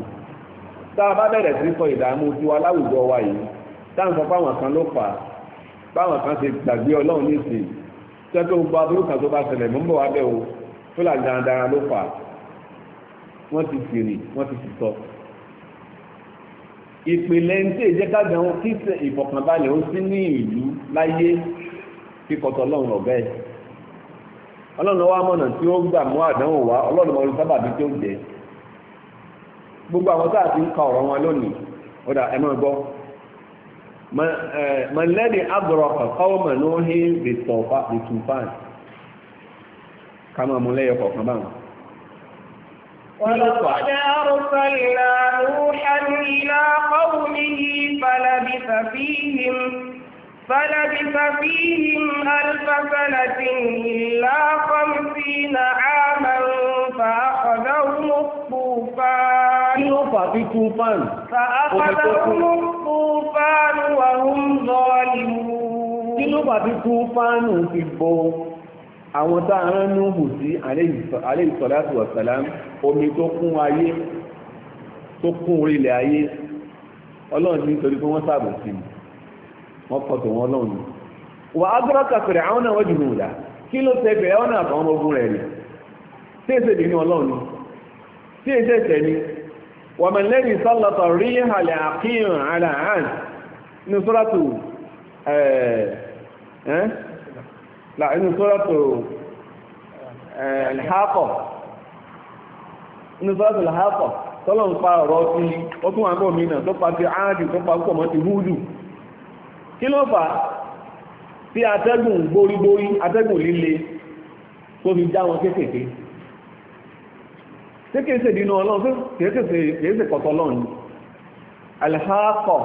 tá a bá bẹ̀rẹ̀ sí sọ ìdààmú tiwa láwùjọ wa yìí táǹsọ̀ páwọn kan ló fà á páwọn kan ti gbàgbé ọlọ́run nísìnyí tẹ́tọ́ gbogbo aburú kan tó bá ṣẹlẹ̀ mọ́ ń bọ̀ wá bẹ́ẹ̀ o fúlàní darandaran ló fà á wọ́n ti fèrè wọ́n ti sì sọ. ìpìlẹ̀ ń tẹ̀ jẹ́ ká gbẹ̀wọ̀n kí ìfọ̀kànbalẹ̀ ó sí ní ìlú láyé kíkọ́tọ̀ ọlọ́run ọ̀bẹ ẹ̀ ọlọ́run wa mọ̀nà tí ó gbà mú àdánwò wá ọlọ́run mọ̀ sábàbí tí ó jẹ́ gbogbo àwọn tá a ti ń ka ọ̀rọ̀ wọn lónìí ó dà ẹ gbọ́ man lẹ́dí agbọ̀rọ̀kọ̀ kọ́wọ́mọ̀ ní ohe bìtùfàn kama mú ولقد أرسلنا نوحا إلى قومه فلبث فيهم فلبث فيهم ألف سنة إلا خمسين عاما فأخذهم الطوفان فأخذهم الطوفان وهم ظالمون kí ló bá fi túnfánù ti bọ àwọn tá a rán Nuhu sí alayhi salatu wa salam omi tó kún ayé tó kún orílẹ̀ ayé ọlọ́run nítorí pé wọ́n ṣàbòsí mi wọ́n wọn lọ́wọ́ wà á dúró àwọn náà wọ́n jù kí ló ṣe bẹ̀rẹ̀ ọ̀nà àtàwọn ọmọ rẹ̀ ni tí èsè nínú ọlọ́run tí èsè ẹ̀sẹ̀ ni wà mọ̀ lẹ́yìn sọ́lọ́tọ̀ rí halẹ̀ àkíyàn ara hàn ní kí ló fà tí atẹ́gùn gbórígbórí atẹ́gùn líle tó fi já wọn kéékèèké tí kìí ṣe dínú ọlọ́run tí kìí ṣe kọ̀tọ̀ lọ́run alhaakọ̀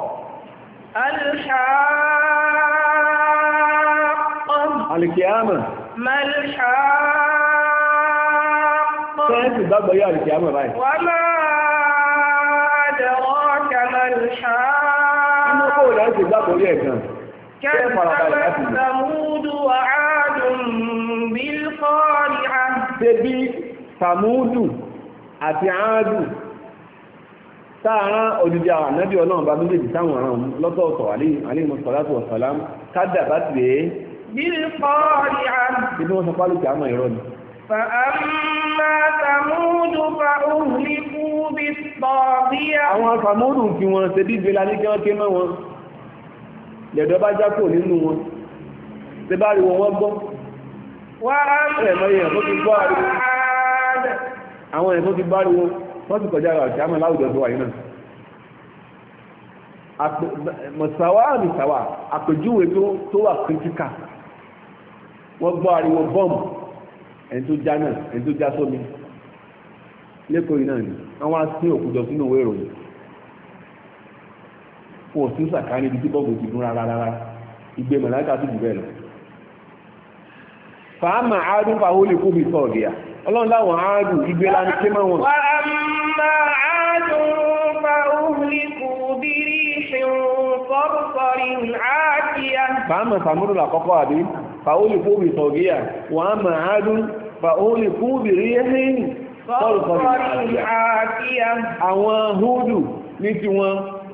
alhaakọ̀ alikiyama malhaakọ̀ sẹ́ẹ̀sì gbàgbọ́ yá wọ́n máa dẹ̀rọ́ kẹmalhaakọ̀ wọ́n ti gbà torí ẹ̀ gan. Ṣebí Sàmúdù àti Áádù sáàrán òdìdí àwọn ànábì ọlọ́run bá méjèèjì táwọn àrùn lọ́tọ̀ọ̀tọ̀ àléèmọ̀sọ̀látò ọ̀sọ̀lám kádà bá ti rèé. Bí wọ́n sọ pálùkì àmọ́ ìrọ́ ni. Fàámà Sàmúdù fa òhùn Àwọn Sàmúdù fi wọn ṣe bí ìgbéla ní kí wọ́n ké mọ́ wọn lẹ̀dọ́ bá jákò nínú wọn tẹ bá rí wọn wọ́n gbọ́ àwọn ẹ̀fọ́ ti bá rí wọn wọ́n ti kọjá rà ṣàmà láwùjọ tó wà yìí náà mọ̀sáwá àmìsáwá àpèjúwe tó wà kìtíkà wọ́n gbọ́ ariwo bọ́ọ̀mù ẹni tó já náà ẹni tó já sómi lẹ́kọ̀ọ́ yìí náà ni wọ́n wá sí òkújọ sínú òwe ìròyìn wọn ò sí sàkà níbi tí bọ́ọ̀bù ti dún rárá rárá ìgbé mọ̀láìka sì jù bẹ́ẹ̀ lọ. fàámà áádùn fàáhó lè kó mi sọ ọ̀dìyà ọlọ́run láwọn áádùn ìgbé lánà ké mọ́ wọn. fàámà áádùn làkọ́kọ́ àbí fàáhó lè kó mi sọ ọ̀dìyà wàámà áádùn fàáhó lè kó bírí sọ̀rọ̀sọ̀rin áàkìyà. àwọn húdù ní tiwọn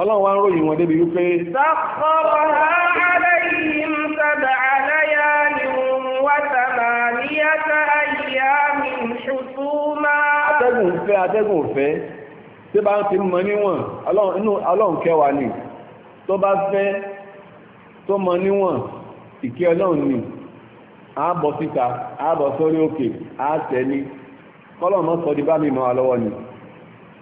ọlọ́run wá ń ròyìn wọn débi wípé atẹ́gùn fẹ́ atẹ́gùn fẹ́ tí bá ń fi mọ níwọ̀n ọlọ́run kẹwàá ni tó bá fẹ́ tó mọ níwọ̀n ìkẹ́ ọlọ́run ni ààbọ̀ síta ààbọ̀ sórí òkè àátẹ́lé kọ́lọ̀ mọ́ sọ di bá mi mọ́ alọ́wọ́ ni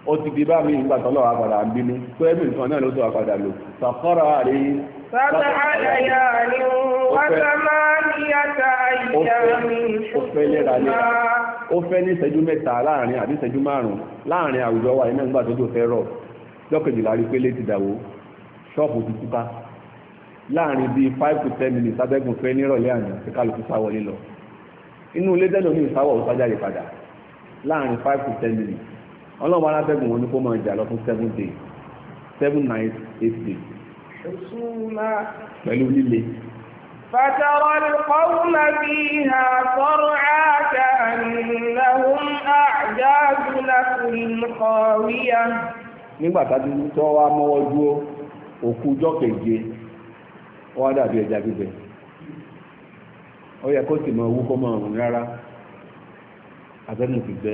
ó ti di bá mi ìgbà tọ́lọ̀ àpàdà ń bínú tó ẹbí nǹkan náà ló tó àpàdà lò sàkọ́rọ̀ àrí ó fẹ́ ní ìṣẹ́jú mẹ́ta láàrin àbí ìṣẹ́jú márùn-ún láàrin àwùjọ wa iná nígbà tó tó fẹ́ rọ̀ lọ́kẹ̀jìlá rí pé létí ti túká láàrin bíi five to ten minutes abẹ́gùn fẹ́ nírọ̀lẹ́ àná tí kálukú sá wọlé lọ inú ilé tẹ́lẹ̀ omi ìsáwọ̀ ó sájáde padà láàrin five to ten minutes ọlọ́wọ́ alábẹ́gùn wọn ni kó máa jà lọ fún seven days seven nights eight days. pẹ̀lú líle. فترى القوم فيها صرعى كأنهم أعجاز نخل خاوية nígbà tájú tó wá mọ́wọ́ dúró òkú ọjọ́ keje wọ́n dàbí ẹja gbígbẹ ó yẹ kó sì mọ owó kó mọ ọ̀run rárá abẹ́nu ti gbẹ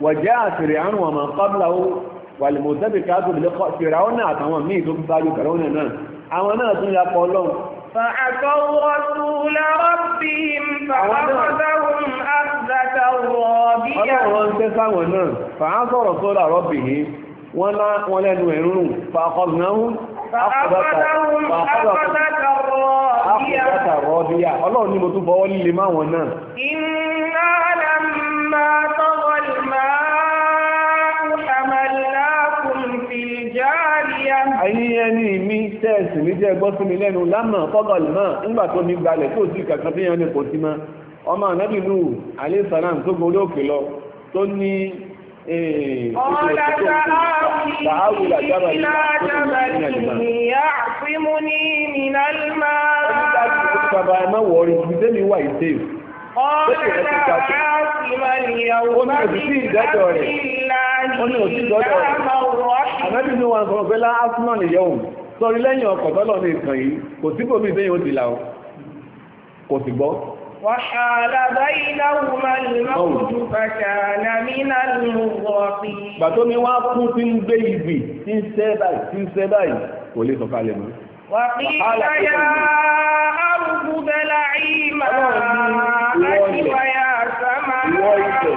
وجاء فرعون ومن قبله والمؤتفكات بلقاء فرعون àtàwọn míì tó ṣáájú فرعون náà àwọn náà tún ya pọ̀ Ọlọ́run فعصوا رسول ربهم فأخذهم أخذة رابية Ọlọ́run ń tẹ́ sáwọn náà فعصوا رسول ربهم wọ́n lẹ́nu ẹ̀rùn فأخذناهم àkùbátà rọ́bíyà ọlọ́run ní mo tún bọ́wọ́ líle máwọn náà iná lámà tọ́wọ́ Ayí ẹni mi tẹ́ẹ̀sì ní jẹ́ gbọ́ sí mi lẹ́nu lámà fọ́gọ̀lì náà nígbà tó ní gbalẹ̀ tó sí kàkà tí yẹn ní kò sí mọ́. Ọmọ ànábìnú àlé sàlám tó gbọ́dọ̀ òkè lọ tó ní قال سآوي إلى جبل يعصمني من الماء Bàbá ẹ máa wọ̀rí ibi tẹ́mi wà ìdè. Ọ̀rẹ́ náà á sì máa yẹ̀ wọ́n bá ti dájọ́ rẹ̀. Ó ní òsì ìdájọ́ rẹ̀. وحال بينهما الموت فكان من المغرقين bàtọ́ ni wọ́n kú tí ń gbé ìgbì tí ń sẹ́ báyìí tí ń sẹ́ báyìí kò lè sọ̀kalẹ̀ mọ́. وقيل يا أرض ابلعي ماءك tí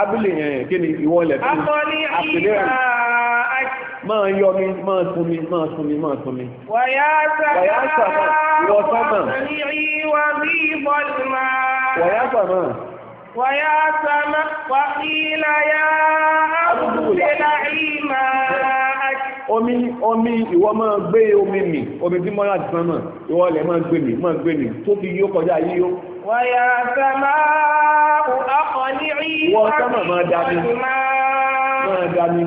àpèlérà máa yọ mi máa sun mi máa sun mi máa sun mi. wàyá sàmà ìwọ wàyá sàmà ìwọ wọ̀yá sàmà wọ̀yá sàmà wàkílà yá àbúrúdélà ìmà omi omi ìwọ máa gbé omi mi. omi tí mọ́ra ti sánmà ìwọ ilẹ̀ máa gbé mi máa gbé mi tó fi yíó kọjá yíó wọ̀yá sàmà ọkọ̀ ní rí wọ́n sàmà máa dá mi máa dá mi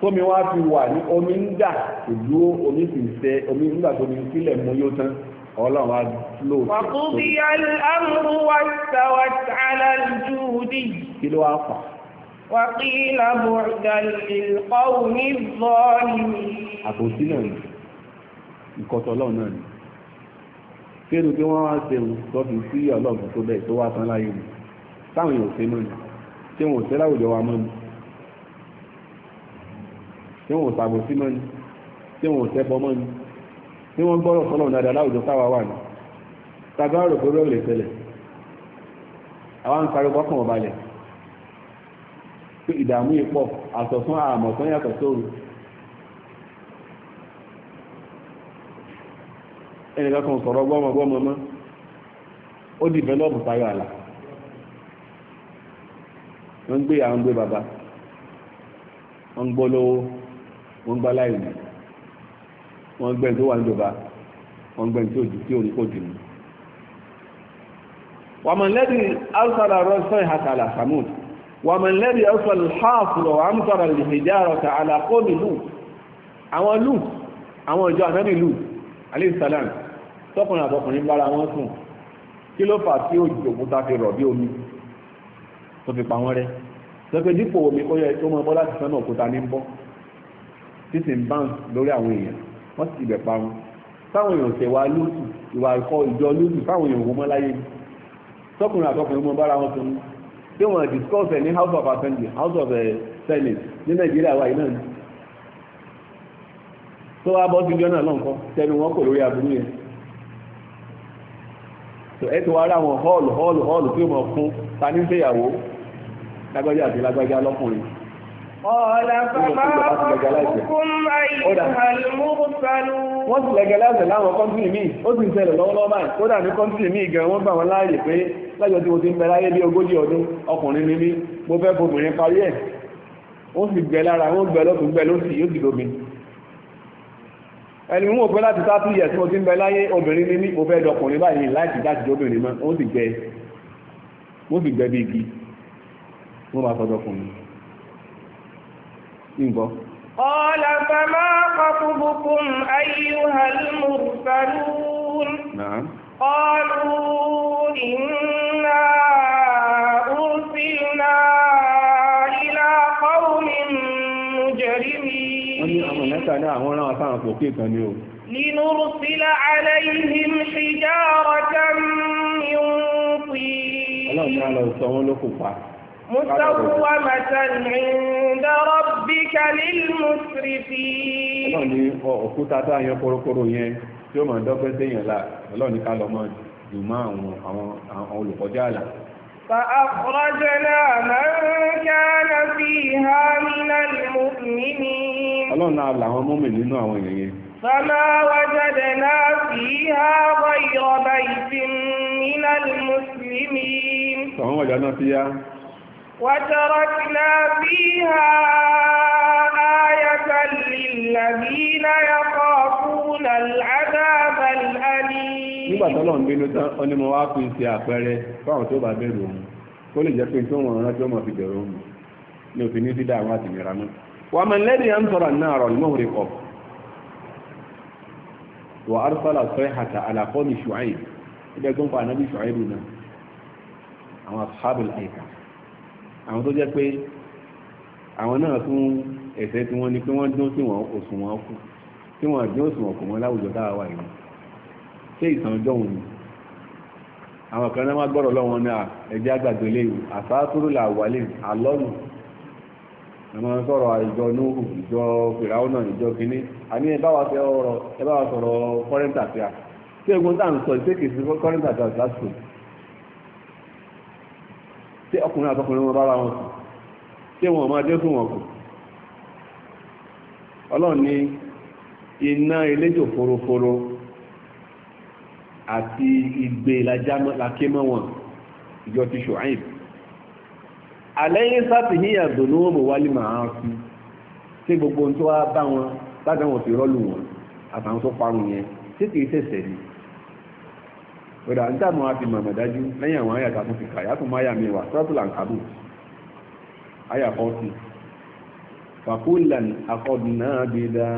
tómi wá fi wà ní omi ń dà ìdúró omi sì ń sẹ omi nígbà tómi sílẹ̀ mú yóò tán ọlọ́run á lò ó. wàkúbí alámú wa sáwà tààlà júùdì. kí ló wá fà. wàkílà bùrùdà ìlkọ́wù ní bọ́ọ̀lì. àbòsí náà ni ìkọ̀tọ̀ ọlọ́run náà ni kéèrú pé wọ́n wá ṣe lọ́fi sí ọlọ́ọ̀gùn tó bẹ́ẹ̀ tó wá tán tí wọn ò ṣe láwùjọ wa mọ́ni tí wọn ò ṣàbòsí mọ́ni tí wọn ò ṣẹbọ mọ́ni tí wọ́n gbọ́rọ̀ sọ́nà dáadáa láwùjọ táwa wà ní tagbárò pé rẹ̀ lè tẹ́lẹ̀ àwọn ń parí kọ́kàn ọ̀balẹ̀ pé ìdààmú ipọ̀ àtọ̀sán àmọ̀sán yàtọ̀ sóru ẹnìkan kan sọ̀rọ̀ gbọ́mọgbọ́mọ ó di tayọ àlà wọ́n gbé àwọn gbé bàbá wọ́n wọ́n gbá wọ́n gbẹ́ tó wà níjọba wọ́n gbẹ́ tí ó jù tí ó ní kò jù ní wàmọ̀lẹ́dì alfàdà rọ́sọ́ ìhàtàlà samud wàmọ̀lẹ́dì alfàdà hafùrọ̀ amsara lìhìjárọ̀ta alákọ́mì lù àwọn lù àwọn ìjọ ànábì lù alẹ́sàlám tọkùnrin àtọkùnrin bára wọn sùn kí ló fà tí ó òkúta fi rọ̀ bí omi tó fi pa wọ́n rẹ́ sọ́kẹ́ dípò omi kó yẹ tó mọ́ bọ́ láti sánà òkúta ní bọ́ títí ń bá lórí àwọn èèyàn wọ́n sì bẹ̀ parun táwọn èèyàn tẹ̀wá lóṣù ìwà ìkọ ìjọ lóṣù táwọn èèyàn wò mọ́ láyé ni tọkùnrin àtọkùnrin mọ bára wọn tún tí wọ́n discuss ẹ̀ ní house of assembly house of eh, senate ní nàìjíríà wa yìí náà ni tó wá bọ́ sí ìjọ náà lọ́nkọ́ tẹnu wọn kò lórí aburú yẹn tó ẹ ti wá ra wọn hall hall hall tí ó mọ̀ fún ta ní ṣèyàwó lágbájá àti lágbájá lọ́kùnrin Ọ̀la fàmà ọkùnkùn àyíká mọ́sálù. Wọ́n ti lẹ́gẹ̀lẹ́sẹ̀ láwọn kọ́mpìnì míì, ó sì ń ṣẹlẹ̀ lọ́wọ́lọ́wọ́ báyìí, kódà ní kọ́mpìnì míì gan wọ́n gbà wọn láàyè pé lájọ tí mo ti ń bẹ láyé bí ogójì ọdún ọkùnrin ni mí, mo fẹ́ fobìnrin parí ẹ̀. Wọ́n sì gbẹ lára, wọ́n gbẹ lọ́tún gbẹ lọ́sì yóò sì lómi. Ẹni wọn ò láti sá túyẹ̀ tí mo ti ń bẹ láyé obìnrin ni mí, mo fẹ́ dọkùnrin báyìí láti láti dóbìnrin mọ́, ó sì gbẹ, bí igi, wọ́n máa sọ dọkùnrin ìgbọ́. ọ̀la fama kọkùbùkùn ayyuhal mursalun. qalu inna ursilna ila qawmin mujrimin. wọ́n ní àwọn mẹ́ta ní àwọn ọ̀ràn àtàwọn kò kí kan ní o. لنرسل عليهم حجارة من طين. Ọlọ́run ní a lọ sọ wọn lókùn pa. مسومة عند ربك للمسرفين ọlọ́run ní òkúta tá yẹn korokoro yẹn tí ó máa dọ́gbẹ́ séyàn la ọlọ́run ní ká lọ mọ́ jù mọ́ àwọn àwọn olùkọjá àlà. فأخرجنا من كان فيها من المؤمنين ọlọ́run náà làwọn mọ́mì nínú àwọn èèyàn yẹn. فما وجدنا فيها غير بيت من المسلمين. فما وجدنا فيها وتركنا فيها آية للذين يخافون العذاب الأليم nígbà tó lọ́n bínú tán ó ní mo wá fi ṣe àpẹẹrẹ fáwọn tó bá bẹ̀rù òun kó lè jẹ́ pé tó wọ́n rántí ọmọ fi bẹ̀rù òun ní òfin ní sí dáhùn àti ìnira mọ́. wà á mọ lẹ́ni à ń sọ̀rọ̀ náà rọ̀ lọ́wọ́ rẹ̀ kọ̀. wà á sọ̀rọ̀ sọ́yìn àtà àlàkọ́ mi ṣùáyìn ibẹ̀ tó ń fa ànábì ṣùáyìn lù náà àwọn àṣàbùl àìkà àwọn tó jẹ́ pé àwọn náà tún ẹ̀sẹ̀ tí wọ́n ní pé wọ́n dín òṣùwọ̀n òṣùwọ̀n kù tí wọ́n dín òṣùwọ̀n kù mọ́ láwùjọ tá a wà yìí ṣé ìtàn jọ̀hún ni àwọn kan náà wá gbọ́dọ̀ lọ́wọ́ náà ẹ̀jẹ̀ àgbàdo léwu àfáàtúrú là wálé àlọ́nù àmọ́ sọ̀rọ̀ ìjọ núhù ìjọ fìràwọ́nà ìjọ kínní àní ẹ bá wa sọ̀rọ̀ ẹ bá wa sọ̀rọ̀ kọ́rẹ́ntà tí a ṣé egun tá à ń sọ ìṣèkèsí kọ́rẹ́ntà tí a ti láti sọ̀rọ̀ tí ọkùnrin àtọkùnrin wọn bára wọn sùn tí wọn máa dé fún wọn kù ọlọ́run ní iná eléjò foroforo àti igbe laké mọ́ wọn ìjọ ti ṣùáyìn àlẹ́yìn sátìníyà dùnú òmù wálé màá fi tí gbogbo ohun tó wá bá wọn bá dáwọn fi rọ́lù wọn àtàwọn tó parun yẹn tí kìí ṣẹ̀ṣẹ̀ ni ọ̀dà ń tàmù àfi mọ̀mọ̀ dájú lẹ́yìn àwọn àyàtà tó fi kàyà tó máyà mẹ́wàá sọ́tùlà ń kàbù àyà fọ́ọ̀tì fàkúlàn akọ̀dùnà bìdà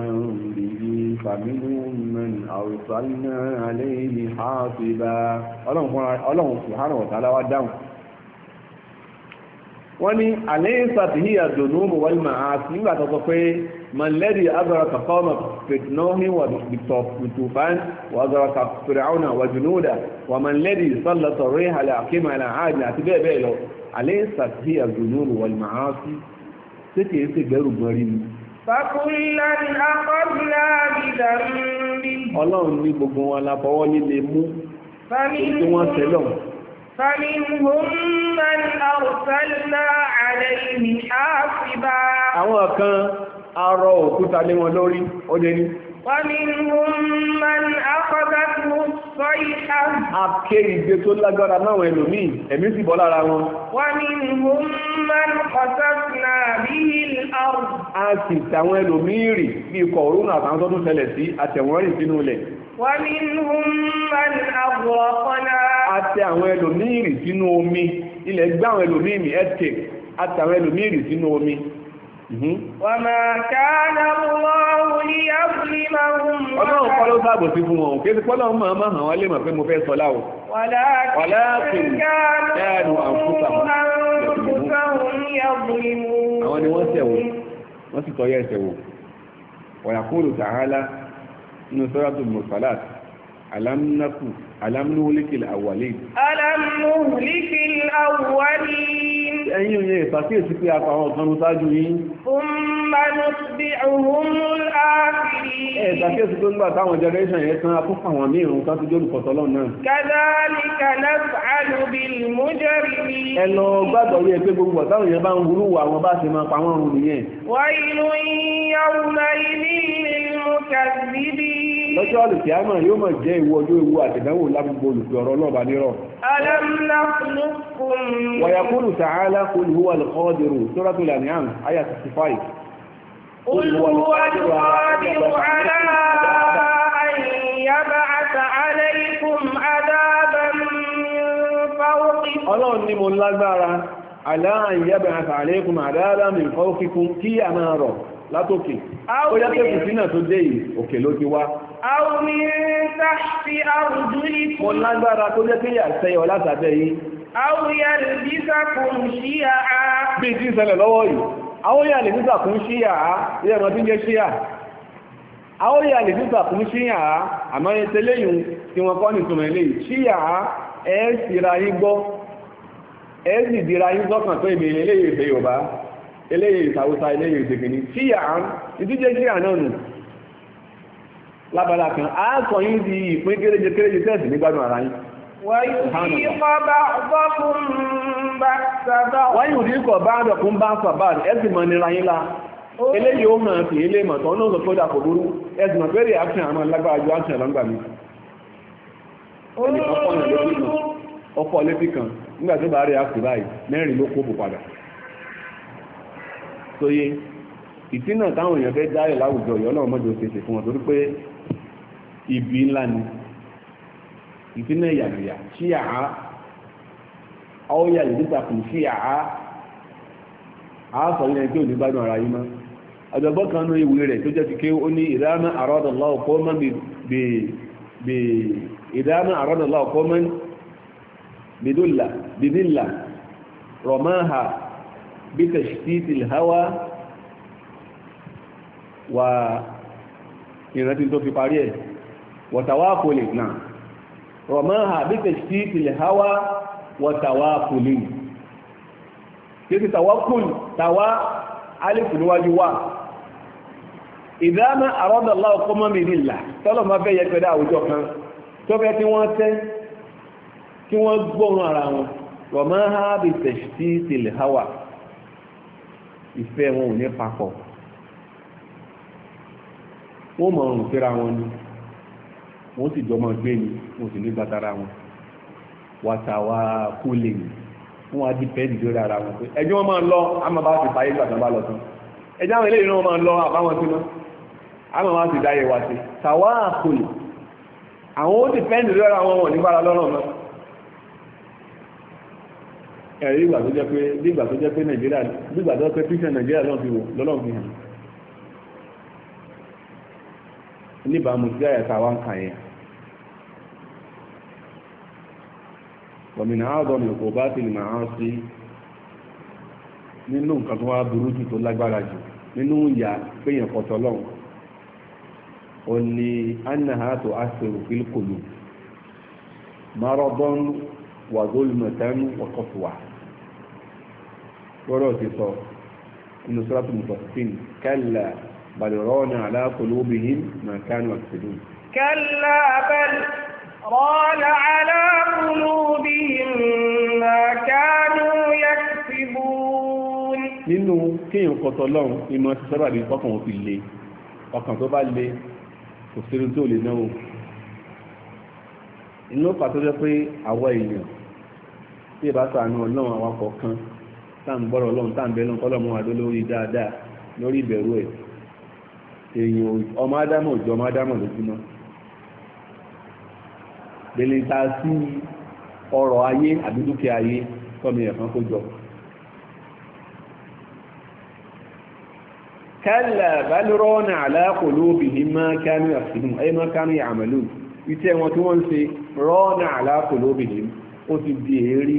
bìbí fàmílù mẹ́rin àwòsàlínà àlẹ́yìn àfìbà ọlọ́run sùhánà ọ̀tàlá wa dáhùn wọ́n ní àlẹ́yìn sàtìhíyà dùnú mọ̀wálìmọ̀ àti nígbà tó pé mọ̀lẹ́rì agbára kàkọ́ mọ̀ فتنوه وبطوفان وأدرك فرعون وجنوده ومن الذي سلط الريح لأقيم على عاد أتباع بيله أليست هي الذنوب والمعاصي تتي يتبير مريم فكلا أخذنا بذنبه ọlọ́run ní gbogbo wọn la fọwọ́ líle mú tí wọ́n tẹ́lọ̀ فمنهم من أرسلنا عليه حاصبا àwọn kan arọ òkúta lé wọn lórí ọdẹ ní. wọ́n ní man akọ́gbá tí ó sọ ìta. a ké ìgbé tó lágbára náà ẹlòmíì ẹ̀mí sì bọ́ lára wọn. wọ́n ní man kọ́sọ́sìnà bí ọ̀rùn. a sì tàwọn ẹlòmíì rì bí kọ̀ọ̀rún àtàwọn tó tún sí àtẹ̀wọ́n rì sínú ilẹ̀. wọ́n ní man àwọ̀ọ̀kọ́lá. a Mhm. Ọlọ́run kọ́ ló sáàbò sí fún wọn, kí ti pọ́lọ̀ máa máa hàn wọ́n lè mọ̀ pé mo fẹ́ sọlá o. Wàláàkìn dáàdù àǹfúsà àwọn ni wọ́n sẹ̀wò, wọ́n sì tọ́yẹ́ ìṣẹ̀wò. Wàyàkúrù tààlá nínú sọ́rọ̀tù Mùsàlátì ألم نكن ألم نهلك الأولين ألم نهلك الأولين ẹ̀yin òye ìsàkíyèsí pé a pàwọn ọ̀kan lótájú yìí ọmọ nùsbí ọ̀hún láàkìrí ẹ̀sàkíyèsí pé nígbà táwọn generation yẹn tán akúfà wọn ní ìrùn tán tó jólù pọ̀tọ́lọ́ náà kàdáníkà lásàálùbí mújẹ́rìmí ẹ̀lọ gbàgbọ́ yẹ pé gbogbo táwọn yẹn bá ń wúrú wà wọn bá ṣe máa pa wọn rùn nìyẹn wà inú ìyàwó náà ewu ọjọ́ ewu àtẹ̀dánwò lábúgbò olùgbé ọ̀rọ̀ náà bá nírọ̀. wàyàkúrù tààlà qul huwa al-qadiru suratul an'am àyà 65. qul huwa al-qadiru ala an yab'atha alaykum adaban min fawqikum. ọlọ́run ni mo lágbára ala an yab'atha alaykum adaban min fawqikum kí àmà rọ̀ látòkè ó yá tẹ́kù sínà tó dé yìí òkè ló ti wá mo lágbára tó jẹ́ pé yà sẹ́yọ látàbẹ́ yìí bí tí ń ṣẹlẹ̀ lọ́wọ́ yìí àwòyà lè títà kún ṣíyà á ilé ẹ̀mọ́ tí ń jẹ́ ṣíyà àwòyà lè títà kún ṣíyà á àmọ́ ẹ̀tẹ́lẹ́yìn tí wọ́n kọ́ nìtùmọ̀ ilé ṣíyà á ẹ̀ẹ́sì ra yín gbọ́ ẹ̀ẹ́sì dìra yín sọ́kàn tó ìbèèrè ilé ìfẹ́ Yorùbá eléyìí ìtàwùsá eléyìí ìdègbèní tí àán ìdíje sí àná nù kan a sọ yín di ìpín kéréje kéréje tẹ́ẹ̀sì nígbàdùn ara yín. wọ́n yìí kọ́ bá dọ̀kún bá sábà ẹ̀sìn mọ́ nira yín la eléyìí ó hàn sí ilé náà sọ kò burú ẹ̀sìn mọ̀ ju mi. ọkọ̀ létí kan nígbà tó bá rí mẹ́rin ló kó bù padà. tó yé na táwọn èèyàn fẹ́ dálẹ̀ láwùjọ yìí ọlọ́run mọ́jọ ṣèṣe fún wọn pé ibi ńlá ni ìtínà ìyàlùyà ṣí àá àá àásọ̀ yẹn tí ò ní ara yìí mọ́ kan ìwé rẹ̀ tó jẹ́ ti ké ó ní ìdáná àrọ́dọ̀lá بتشتيت الهوى و ìrántí tó fi parí ẹ̀ wọ̀tàwákòlè náà rọ̀mọ́ha bí tẹ̀sí ilẹ̀ hawa wọ̀tàwákòlè tí ti tàwákùn tàwá alìfù níwájú wà ìdámẹ́ àrọ́dọ̀lá ọkọ́ mọ́mí nílà tọ́lọ̀ máa fẹ́ yẹpẹ̀dá àwùjọ kan tó fẹ́ tí wọ́n tẹ́ kí wọ́n gbóhun ara wọn rọ̀mọ́ha bí tẹ̀sí ilẹ̀ hawa ìfẹ́ wọn ò ní papọ̀ wọ́n mọ̀ ọ̀rùn síra wọn ni wọ́n sì jọmọ gbé ni wọ́n sì ní gbàtara wọn wàtàwà kúlè ni wọ́n wá di pẹ́ẹ́dì lórí ara wọn pé ẹjọ́ wọn máa ń lọ àmọ́ bá ti fàyè gbàtàn bá lọ tán ẹjọ́ àwọn eléyìí náà máa ń lọ àbáwọn sí náà àmọ́ wá ti dáyé wá sí tàwà kúlè àwọn ó ti pẹ́ẹ́dì lórí ara wọn wọ̀ nígbàrá lọ́rùn náà ẹ̀rí ìgbà tó jẹ́ pé nígbà tó jẹ́ pé nàìjíríà nígbà tó pé christian nàìjíríà lọ́n fi wò lọ́lọ́n fi hàn níbàámu sí àyàtà wa ń kà yẹn ọ̀mìnà àádọ́ mi kò bá ti lè máa sí nínú nǹkan tó wá burú jù tó lágbára jù nínú ìyá péyàn kọ̀tọ̀ lọ́hùn ó ní anahàtò àṣẹrò fílkòlù márọ́bọ́n wàdólùmọ̀tánú ọ̀kọ̀fùwà lọ́rọ̀ ti sọ inú sọ́rọ̀tù mùsọ̀tìn kẹ́lá balẹ̀rọ́nà aláàkọlóbìnrin màkánù àtìlú kẹ́lá balẹ̀rọ́nà aláàkọlóbìnrin màkánù yàtìbú nínú kéèyàn kọtọ̀ lọ́run inú ọtí sábà bí ọkàn wọn fi le ọkàn tó bá le kò sínú tó lè náwó inú pàtó jẹ́ pé àwọn èèyàn tí ìbá ṣàánú ọlọ́run àwọn kọ̀ọ̀kan táǹgbọ́rọ̀ ọlọ́run táǹbẹ́ lọ́n kọ́lọ́mù adó lórí dáadáa lórí ìbẹ̀rù ẹ̀ èèyàn ọmọ ádámọ̀ òjò ọmọ ádámọ̀ lójúmọ́ lèlè ta sí ọrọ̀ ayé àbí dúkìá ayé tọ́mi ẹ̀kan kó jọ. kálá balùrọ́nà àlákò lóbi ní máa kánú àfihàn ẹ máa kánú àmàlù iṣẹ́ wọn tí wọ́n ń ṣe rọ́nà àlákò lóbi ní ó ti di èérí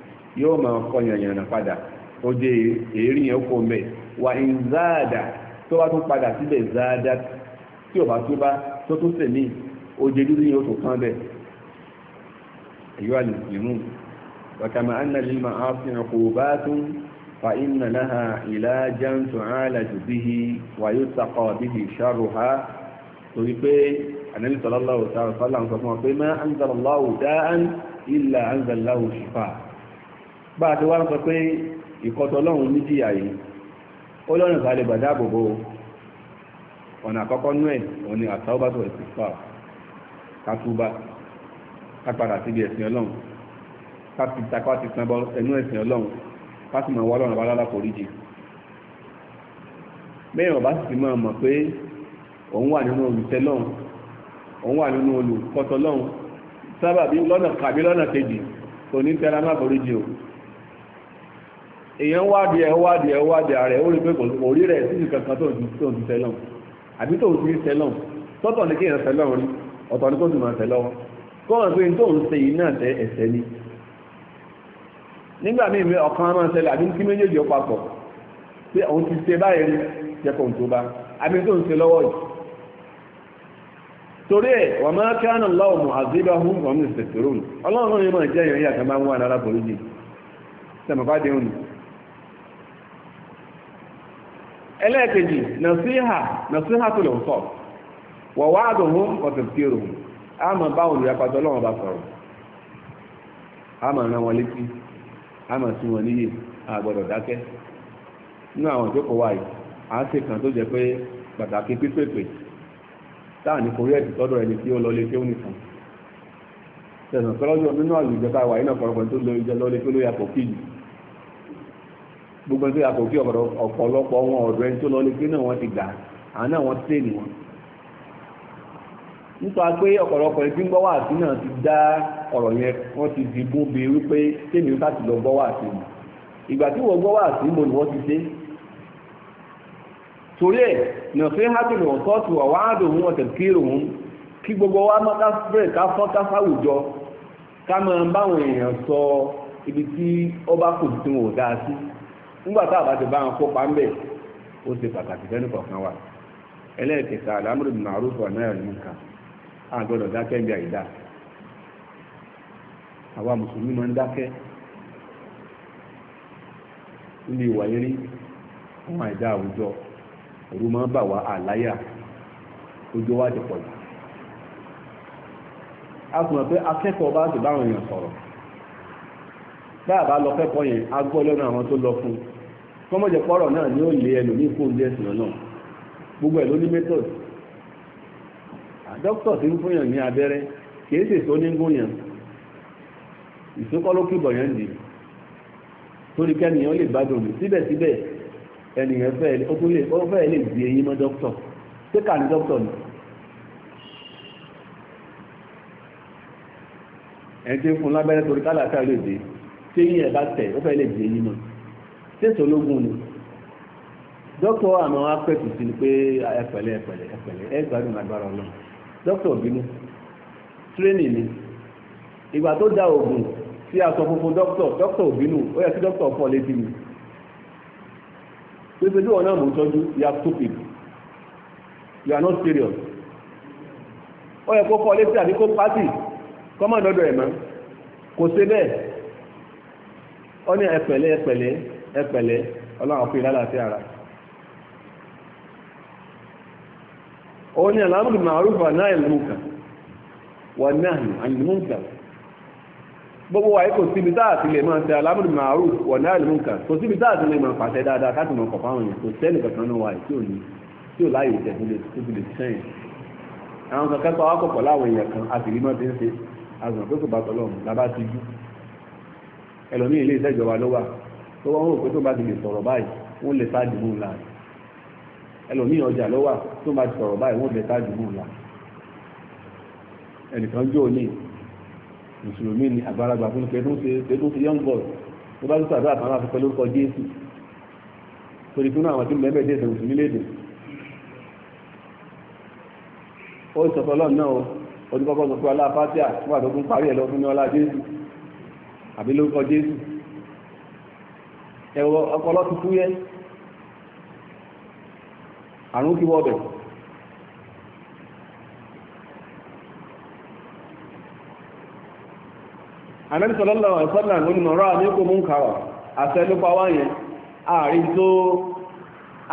yóò máa kọ yànyànà padà ó dé èérí yẹn kó mẹ́ wà ń záàdà tó bá tún padà síbẹ̀ záàdà tí ò bá tó bá tó tún sẹ̀mí ó dé dúdú yóò tó kán bẹ́ẹ̀ èyí wà lùsìmù wàtàmà ánà lè máa fi hàn kó bá tún fa inna laha ilajan tu'alaju bihi wa yutaqa bihi sharruha torí pé ànábì sallallahu alaihi wasallam ń sọ fún wa pé ma anzalallahu da'an illa anzalallahu shifa bá a ti wá ń sọ pé ìkọtọ̀ ọlọ́run níjìyà yìí ó lọ́nà ìbálẹ̀ bàdáàbòbò ọ̀nà àkọ́kọ́ nú ẹ̀ òun ni àtàwọ́bàtọ̀ ìsìnkú kátúbà kápadà síbi ẹ̀sìn ọlọ́run káti takwa ti sanbọ ẹnu ẹ̀sìn ọlọ́run káti mọ̀ wá lọ́nà bá lálá foríjì bẹ́ẹ̀ ọ̀bá sì máa mọ̀ pé òun wà nínú olùtẹ́ lọ́run òun wà nínú olùkọ́tọ̀ lọ́run sábàbí lọ́nà kàbí lọ́nà kejì kò ní tẹ́ra má foríjì o èèyàn wádìí ẹ̀ wádìí ẹ̀ wádìí ààrẹ orí pé kò rí rẹ̀ sí ìkankan tó ti ti tẹ́lọ̀ àbí tó ti tẹ́lọ̀ tọ́tọ̀ ní kéèyàn tẹ́lọ̀ rí ọ̀tọ̀ ní kó máa pé tó ń yìí náà ẹ̀sẹ̀ ni nígbà míì mi ọ̀kan máa àbí kí méjèèjì ó papọ̀ pé òun ti báyìí rí jẹ́kọ̀ tó bá àbí tó ń lọ́wọ́ yìí torí ẹ̀ máa lọ́wọ́ mọ̀ àzíbá ele nàṣíhà nàṣíhà tó lè sọ wọ̀ wá àdùnhún ọ̀sẹ̀ tí rò á mọ̀ bá a ọlọ́run bá sọ̀rọ̀ á mọ̀ rán wọn létí á mọ̀ sí wọn níyì a gbọ́dọ̀ dákẹ́ nínú àwọn ìjókòó wa yìí à ń ṣe tó jẹ́ pé pàtàkì pípèpè táà ní tọ́dọ̀ ẹni tí ó lọ lé nìkan tẹ̀sán tọ́lọ́jọ́ nínú gbogbo ẹgbẹ́ àkókí ọ̀pọ̀lọpọ̀ wọn ọdụ ẹni tó lọ lé pé náà wọ́n ti gbà àwọn náà wọ́n tẹ̀ ní wọn. nípa pé ọ̀pọ̀lọpọ̀ ẹbí ń gbọ́ wà sí náà ti dá ọ̀rọ̀ yẹn wọ́n ti di bó wípé tèmi lọ gbọ́ wà sí mi ìgbà tí wọ́n ni wọ́n ti torí ẹ̀ nà fi hábìlì ọ̀tọ́ọ̀tù ọba nígbà tá a bá ti bá wọn kópa ń bẹ̀ ó ṣe pàtàkì fẹ́ni kọ̀ọ̀kan wa ẹlẹ́ẹ̀kẹta alámúrò nínú àrùfọ̀ náírà ní nǹkan a gbọ́dọ̀ dákẹ́ ń bí àìdá àwa mùsùlùmí máa ń dákẹ́ níbi ìwà eré àwọn àìdá àwùjọ òru máa ń bà wá àláyà ojú wa ti pọ̀ jù a sì mọ̀ pé akẹ́kọ̀ọ́ bá ti báwọn èèyàn sọ̀rọ̀ bá a bá lọ kẹ́kọ̀ọ́ yẹn a gbọ́ lọ́nà àwọn tó lọ fún un kọ́mọ̀jẹ̀ pọ́rọ̀ náà ni ó lé ẹlòmíì fún oúnjẹ ẹ̀sìn náà gbogbo ẹ̀ ló ní method dókítà ti ń fúnyàn ní abẹ́rẹ́ kìí sì tó ní gúnyàn ìsókọ́ ló kìbọ̀ yẹn dì torí kẹ́nìyàn lè bá dòmí síbẹ̀síbẹ̀ ẹnìyàn fẹ́ ó tún lè ó fẹ́ lè di eyín mọ́ dókítà ṣé ní dókítà ni ẹni tí ń fún lábẹ́rẹ́ torí kálàkà lè dé tí eyín ẹ̀ bá tẹ̀ ó fẹ́ lè di eyín mọ́ tẹ́sán ológun ni dókítà àmọ́ apẹ́tù sí ni pé ẹ̀pẹ̀lẹ́ ẹ̀pẹ̀lẹ́ ẹ̀pẹ̀lẹ́ ẹ̀ gbádùn agbára ọlọ́run dókítà bínú tírénì ni ìgbà tó dá oògùn sí aṣọ funfun dókítà dókítà bínú ó yẹ kí dókítà fọ́ létí mi pépé tí wọn náà mò ń tọ́jú you are stupid you are not serious ó yẹ kó fọ́ létí àbí kó pátì kọ́mọ̀dọ́dọ̀ ẹ̀ mọ́ kò ṣe bẹ́ẹ̀ ó ní ẹ̀pẹ̀lẹ́ ẹ̀pẹ̀lẹ́ ẹ pẹ̀lẹ́ ọlọ́run fún ìlàlàfẹ́ ara ó ní aláàmùdù màárùfà náà ìlúmùkà wà náà àìlúmùkà gbogbo wa kò síbi táà ti lè máa tẹ aláàmùdù màárùfà wà náà ìlúmùkà kò síbi táà ti lè máa pàṣẹ dáadáa káàtì mọ̀ kọ̀ọ̀kan àwọn èèyàn kò sẹ́ni kankan náà wà tí ò ní tí ò láyè tẹ̀ tó lè ilé iṣẹ́ ló wà tó wọ́n rò pé tó bá ti lè sọ̀rọ̀ báyìí wọ́n lè sáà dìbò ńlá ẹlòmíì ọjà ló wà tó bá ti sọ̀rọ̀ báyìí wọ́n lè sáà dìbò ńlá ẹnìkan jó ní mùsùlùmí ni àgbàlagbà fún kẹdùn ṣe kẹdùn ṣe young boy tó bá ti sọ àdúrà kan láti pẹ́ lórúkọ jésù torí fún àwọn tí mẹ́mẹ́ dé ìṣẹ̀wùsùn nílé èdè ó ìṣọ̀kan lọ́nà náà ó ti kọ́kọ́ sọ pé aláfáàtíà fún àdógún parí ẹ̀ lọ fún ní ọlá jésù àbí lórúkọ jésù ẹ̀rọ ọpọlọ ti fúyẹ́ àrùn ti wọ́bẹ̀ ànábì sallallahu alaihi wasallam lónìí ọ̀rọ̀ àmì kò mú ń kàwà àtẹ́lúpa wáyẹn ààrin tó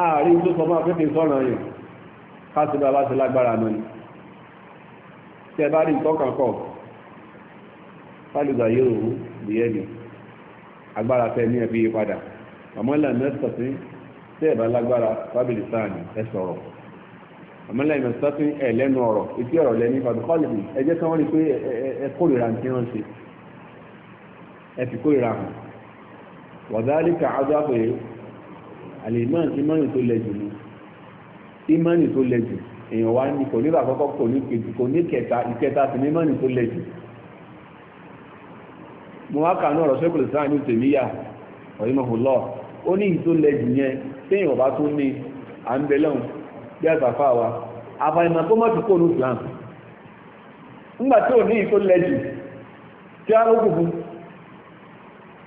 ààrin tó sọmọ́ afẹ́fẹ́ sọ́rọ̀ yẹn kásìbà bá ti lágbára náà ni tẹ́ bá rí ìtọ́kàn kọ̀ fálùgbà yóò rí ẹ̀mí agbára fẹ́ ní ẹbí padà àmọ́là mẹ́sàn-án tí ẹ̀ bá lágbára fábìlì sáàni ẹ sọ̀rọ̀ àmọ́là mẹ́sàn-án ẹ̀ lẹ́nu ọ̀rọ̀ etí ọ̀rọ̀ lẹ́ni fàbíkọ́lìbì ẹ jẹ́ kí wọ́n rí pé ẹ kórìíra nǹkan wọn ṣe ẹ fi kórìíra hàn wàdáàlì kà á dá pé àlèmọ́ ìmọ̀nì tó lẹ jù ni ìmọ̀nì tó lẹ jù èèyàn wá ní kò ní àkọ́kọ́ kò ní kejì kò ní kẹta ìkẹta sì ní ìmọ̀nì tó lẹ jù mo wá kà ní ọ̀rọ̀ sẹ́kùlù sáà ní tèmíyà lọ́ọ̀ ó ní ìtò lẹ́jù yẹn bá ní à ń bẹ̀lẹ́hùn bí wa àfàìmọ̀ tó mọ́tò ní nígbà tí ò ní ìtò tí a fún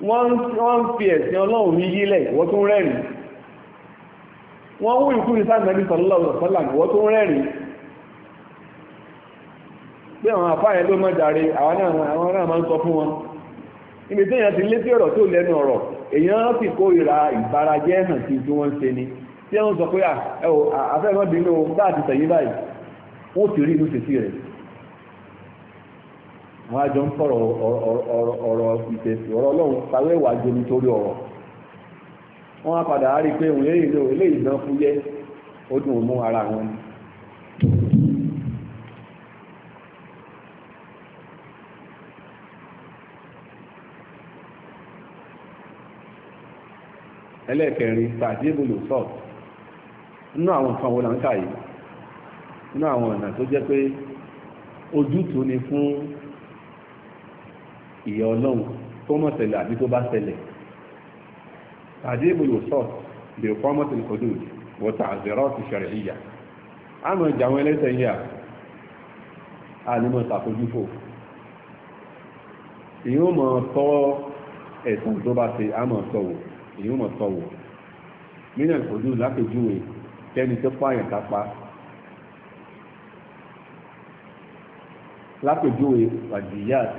wọ́n ń fi ẹ̀sìn ọlọ́run ní yílẹ̀ ìwọ́ tó rẹ́rìn wọ́n ní sáà fún wọn ti lé sí ọ̀rọ̀ tó lẹ́nu èèyàn fi kórìíra ìbarajẹ́ hàn sí tí wọ́n ń ṣe ni tí wọ́n sọ pé àfẹ́mọ́bìnú bá àti tẹ̀yìn báyìí wọ́n ti rí inú tètè rẹ̀ wọ́n á jọ ń fọ̀rọ̀ ọ̀rọ̀ ìtẹ̀sí ọ̀rọ̀ ọlọ́run pàwẹ́ ìwà jomi torí ọ̀rọ̀ wọ́n á padà á rí pé òun eléyìí náà eléyìí náà fúyẹ́ ó dùn mú ara wọn ni ẹlẹ́ẹ̀kẹrin tàdébùlù sọ́ọ̀t nínú àwọn nǹkan wọn là yìí nínú àwọn ọ̀nà tó jẹ́ pé ojútùú ni fún ìyà ọlọ́run tó mọ̀ ṣẹlẹ̀ àbí tó bá ṣẹlẹ̀ tàdébùlù sọ́ọ̀t lè kọ́ mọ́tìlì kọjú wọ́tà àzẹ̀rọ̀ ti ṣẹ̀rẹ̀ ìyà àmọ́ ìjà àwọn ẹlẹ́sẹ̀ yìí à ànímọ̀ ṣàfojúfò èyí ò mọ̀ tọ̀wọ̀ nínú ìkòjú lápèjúwe tẹ́ni tó pààyàn kápá lápèjúwe wàdìyàt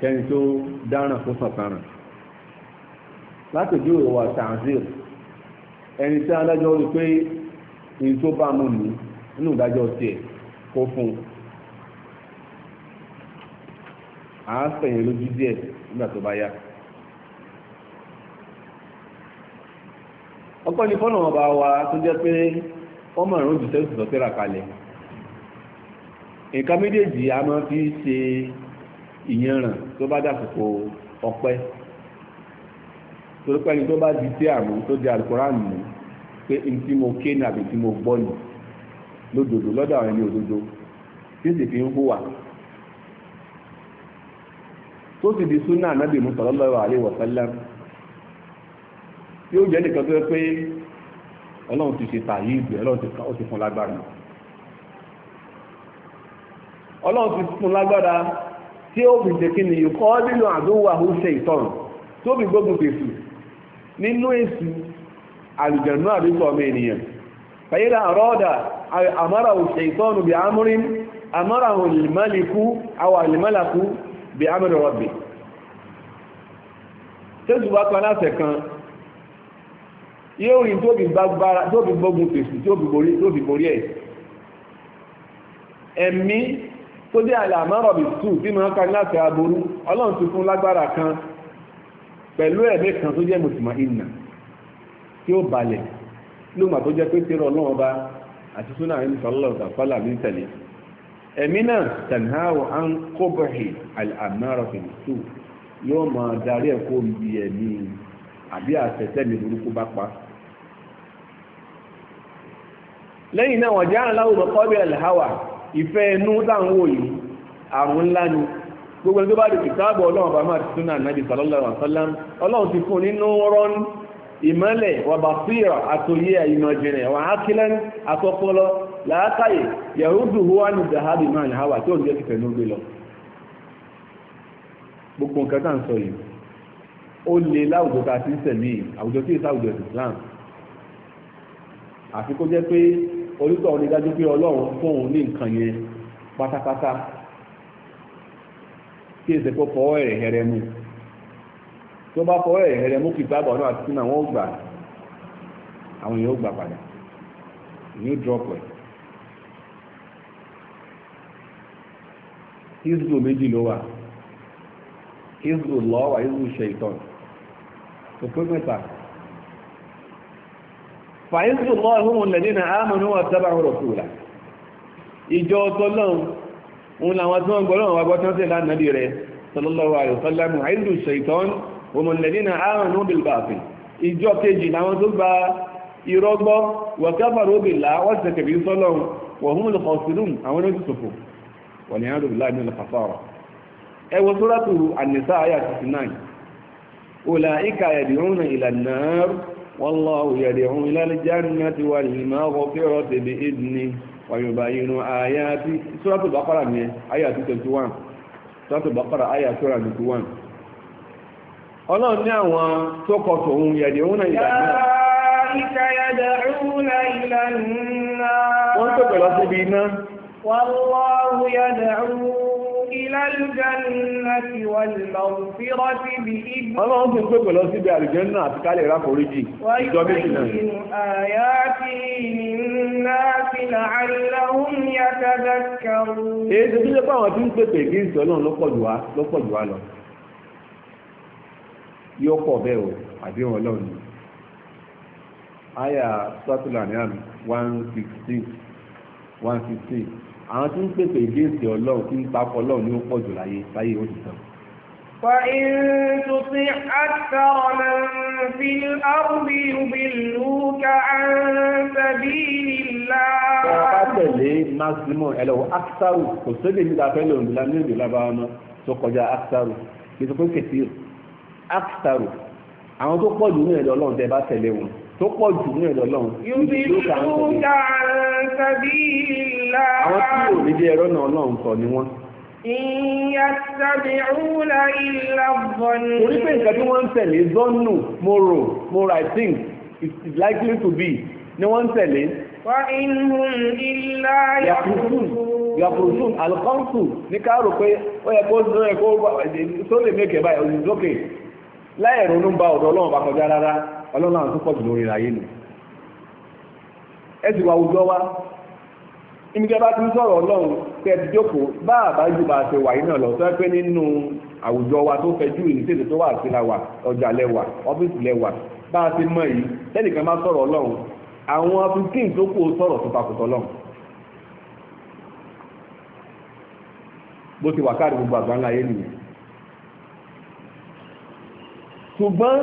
tẹ́ni tó dáràn tó sọ̀tàràn lápèjúwe wà tanzil ẹni tí adájọ́ rí pé èyí tó bá mú mi nínú ìdájọ́ tiẹ̀ kó fún un àá sẹ̀yìn lójú díẹ̀ nígbà tó bá yá. ọpẹ́ ní fọ́nà ọba wa tó jẹ́ pé wọ́n mọ̀ ìrún jùsẹ́ ìsìtọ̀ tẹ́ra kalẹ̀ méjèèjì a máa fi ṣe ìyanràn tó bá dàsìkò ọpẹ́ torí pé tó bá di tí àrùn tó di mú pé mo ké ní àbí tí mo gbọ́ lódodo lọ́dọ̀ àwọn ẹni òdodo tí sì fi ń hùwà tó sì di súnà yóò jẹ́ nìkan tó yẹ pé ọlọ́run ti ṣe tàyí ìgbẹ́ ọlọ́run ti fún lágbára ọlọ́run ti fún lágbára tí ó fi jẹ́ kí ni ìkọ́ nínú àdúgbò àhúnṣe ìtọ́rùn tó fi gbógun fèsì nínú èsì àlùjẹ̀nú àdúgbò ọmọ ènìyàn fàyílà àrọ́ọ̀dà àmọ́ra òṣè ìtọ́nù bí amúrin àmọ́ra òlìmọ́lìkú àwà òlìmọ́làkú bí amúrin rọ̀bì tẹ́sùwá kan láṣẹ kan yóò rìn tóbi gbágbára tóbi tóbi borí ẹ̀ ẹ̀mí tó jẹ́ àlàmọ́rọ̀bì tù tí máa ká ọlọ́run ti kan pẹ̀lú ẹ̀mí kan tó jẹ́ mùsùlùmá ìnà tí ó balẹ̀ lóòmà tó jẹ́ pé tẹ́rọ ọlọ́run ọba àti súnà ní ẹ̀mí náà kóbọ̀hì àbí àtẹ̀tẹ̀mí burúkú bá pa. lẹ́yìn náà wọ́n jẹ́ aláwọ̀ mọ́kọ́bí alhawa ìfẹ́ inú táwọn wò yìí àrùn ńlá ni gbogbo ẹni tó bá di kìtàbọ̀ ọlọ́run bá máa ti súnà nàbì sallallahu alaihi wasallam ọlọ́run ti fún nínú rọ́n ìmọ́lẹ̀ wàbàfíà àtòyé ìmọ̀jìnlẹ̀ wà ákílẹ̀ àtọ́pọ́lọ́ làákàyè yẹ̀rúdù wà ní zahabi máa ní hawa tí ó ń jẹ́ ti fẹ̀nú gbé lọ gbogbo nǹkan tá à ń sọ yìí ó le láwùjọ tá a ti sẹ̀mí àwùjọ tí èsì Islam àfi kó jẹ́ pé onítọ̀ ní dájú pé ọlọ́run fóun ní nǹkan yẹn pátápátá kí èsì kó fọwọ́ ẹ̀rẹ̀ hẹrẹ mú tó bá fọwọ́ ẹ̀rẹ̀ hẹrẹ mú kìtà àbọ̀ náà àti sínú àwọn ò gbà àwọn èèyàn gbà padà drop ẹ̀. méjì ló wà kò pé mẹ́ta fàyíṣù lọ́ ìhùn lẹ̀ nínú àmọ́nú ọ̀tẹ́bà ọ̀rọ̀ kúrò ìjọ ọtọlọ́run òun làwọn tí wọ́n gbọ́lọ́run wà gbọ́tán sí lánàbí rẹ̀ sallallahu alaihi wasallam àìlú ṣaitan òun lẹ̀ nínú àmọ́nú bilbaafin ìjọ kejì làwọn tó gba ìrọgbọ́ wọ̀káfàró bìlá wọ́n ti tẹ̀kẹ̀bí sọ́lọ́run wọ̀hún lọ́kọ̀ọ́sílùm àwọn ló ti sòfò wọ̀nyí أولئك يدعون إلى النار والله يدعو إلى الجنة والمغفرة بإذنه ويبين آياته سورة البقرة آيات 21 سورة البقرة آيات 21 Ọlọ́run ní àwọn tó kọ tòun yẹ̀dẹ̀únà ìlànà. Ìkà yẹ̀dẹ̀únà ìlànà. Wọ́n tó pẹ̀lọ síbi iná. Wọ́n lọ́wọ́ yẹ̀dẹ̀únà. إلى الجنة والمغفرة بإذنه ọlọ́run tó ń pè pẹ̀lọ́ síbi àlùjànnà àti kálẹ̀ ìráforíjì ìjọ méjì náà èyí tó jẹ́ pàwọn tí ń pèpè kí ń sọ náà lọ́pọ̀ jù wá lọ yóò pọ̀ bẹ́ẹ̀ o àbí wọn lọ́nà àyà àwọn tí ń pèpè ìgbésẹ̀ ọlọ́run tí ń papọ̀ ọlọ́run ní ó pọ̀ jù láyé láyé ó ti tán. فإن تطع أكثر من في الأرض يضلوك عن سبيل الله. Ọba tẹ̀lé Máximo ẹlẹ́wọ̀ Aksaru kò sóde níta fẹ́ lòun ìlànà tó pọ̀ jù ní ẹ̀dọ̀ lọ́run. Yúbí ṣúgà tàbí ìlà. Àwọn tí ò ní dé ẹ̀rọ náà lọ́run sọ ni wọ́n. Ìyá tàbí ìrúlà ìlà bọ̀nù. Torí pé nǹkan tí wọ́n ń tẹ̀lé Zọ́nù, mo rò, mo rà I likely to be ni wọ́n ń tẹ̀lé. Wà ìhùn ìlà yàkùsùn. Yàkùsùn àlùkọ́ǹsù ní ká rò pé ó yẹ kó ó yẹ kó tó lè mẹ́kẹ̀ẹ́ báyìí, òṣìṣókè. Láì ronú ba ọ̀dọ̀ Ọlọ́run bá kọjá rárá ọlọ́run àwọn tó pọ̀ jù lórí ayé nù ẹ sì wà àwùjọ wa ibi tí a bá ti ń sọ̀rọ̀ ọlọ́run pé ẹ ti jókòó bá àbá jù bá a ṣe wà yìí náà lọ sọ pé nínú àwùjọ wa tó fẹ́ jù ní tètè tó wà sí la wà ọjà lẹ́wà ọ́fíìsì lẹ́wà bá a ti mọ̀ yìí tẹ́nìkan bá sọ̀rọ̀ ọlọ́run àwọn fifteen tó kù sọ̀rọ̀ tó takùtọ̀ lọ́run bó ti wà káàdì gbogbo àgbáńlá ayé nìyẹn ṣùgbọ́n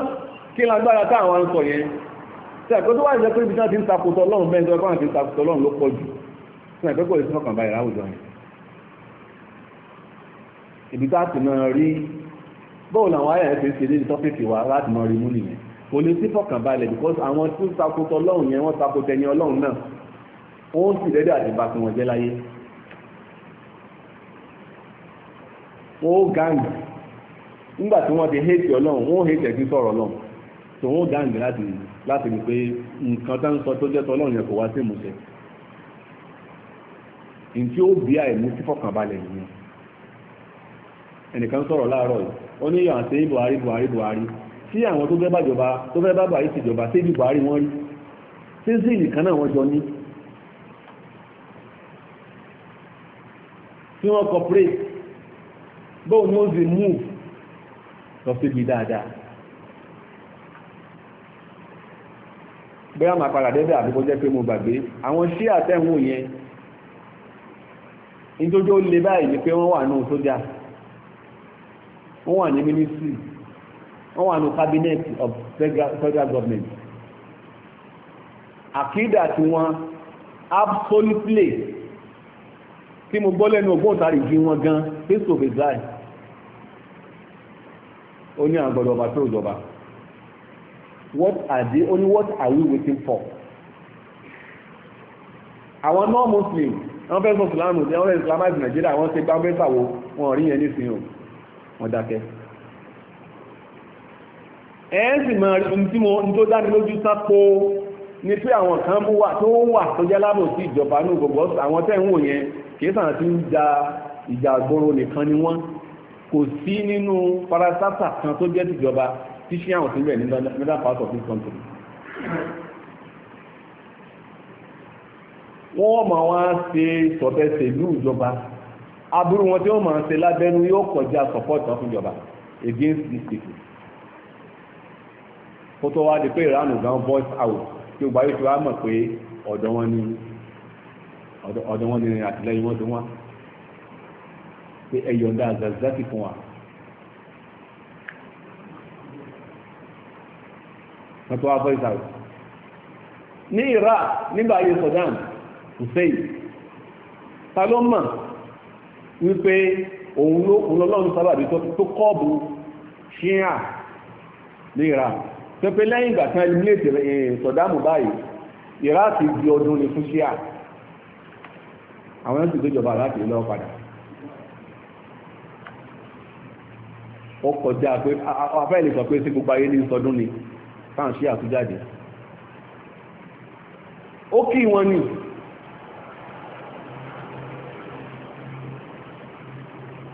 kí lágbára táwọn ń sọ yẹn tí àkó tó wà jẹ́ pé ibi tí wọ́n ti ń takòtò ọlọ́run bẹ́ẹ̀ tó wọ́n ti ń takòtò ọlọ́run ló pọ̀ jù tí wọ́n ìpẹ́kọ̀ọ́ a ti máa rí bọ́ọ̀lù àwọn ayẹyẹ fi ń ṣe léde tọ́pìkì wa láti máa rí mú nìyẹn kò ní sí fọkàn balẹ̀ because àwọn tí ń takòtò ọlọ́run yẹn wọ́n takòtò ẹni ọlọ́run náà wọ́n sì dẹ́dẹ́ àdìbà tí wọ́n jẹ́ láyé wọ́n ó gáàmì nígbà tí wọ́n ti hẹ́ẹ̀tì ọlọ́run wọ́n hẹ́ẹ̀tì ẹ̀sìn sọ̀rọ̀ ọlọ́run tòun gáàmì láti láti rí pé nǹkan tá ń sọ tó jẹ́ tọ́lọ́run yẹn kò wá sí ìmúṣẹ ní tí ó bí àìmú sí fọkànbalẹ̀ nìyẹn ẹnìkan sọ̀rọ̀ láàárọ̀ yìí ó ní yàn àti Buhari Buhari Buhari tí àwọn tó fẹ́ bàjọba tó fẹ́ bá Buhari ṣèjọba sí ibi Buhari wọ́n rí tí sí nìkan náà wọ́n jọ ní tí wọ́n cooperate bóun ni ó move lọ síbi dáadáa bóyá màá padà débẹ̀ àbí kó jẹ́ pé mo gbàgbé àwọn sí àtẹ̀hún yẹn nítorí ó le báyìí ni pé wọ́n wà nínú sójà wọ́n wà ní mínísírì wọ́n wà nínú cabinet of federal government àkídà tí wọ́n absolutely tí mo gbọ́ lẹ́nu ògbóǹtarìgì wọn gan face to face line ó ní àgbọ̀dọ̀ ọba tó what are they only what are we waiting for àwọn non-muslim wọ́n fẹ́ sọ sùlámù ní ọ̀rẹ́ islamize nigeria wọ́n ṣe gbáwé sàwò wọn rí yẹn nísìnyí o wọ́n dákẹ́ ẹ̀ẹ́n sì mọ̀ ohun tí mo tó dáni lójú sápó ni pé àwọn kan mú wà tó ń wà tó jẹ́ lábò sí ìjọba ní gbogbo àwọn tẹ́ ń wò yẹn kìí sàn ti ń ja ìjà àgbòrò nìkan ni wọ́n kò sí nínú parasata kan tó jẹ́ tìjọba tí ṣí àwọn sílẹ̀ ní another part of this country. wọ́n máa wá ṣe sọ̀tẹ́sẹ̀ ìlú ìjọba aburú wọn tí wọ́n máa ṣe lábẹ́nu yóò kọjá support of ìjọba against this people. kó tó di pé ìránù gan voice out tí ó gbáyé tí wàá mọ̀ pé ọ̀dọ̀ wọn ni ọ̀dọ̀ wọn ni àtìlẹ́yìn wọn ti wá pé ẹ̀yọ̀ǹda àzàzà ti fún wa. wọ́n tó wá fọ́ ìsàlẹ̀ ní Iraq nígbà ayé Saddam Hussein ta ló mọ̀ wípé òun ló òun lọ́lọ́run sábàbí tó kọ́ọ̀bù ṣíyà ní Iraq tó pé lẹ́yìn ìgbà kan eliminate eh, Saddam báyìí Iraq ti di ọdún ní fún ṣíyà àwọn ẹ̀sìn tó jọba láti ilé ọ̀padà ó kọjá pé afẹ́ ìlú sọ pé sí gbogbo ayé ní sọdún ni táwọn ṣí àtújáde ó wọn ni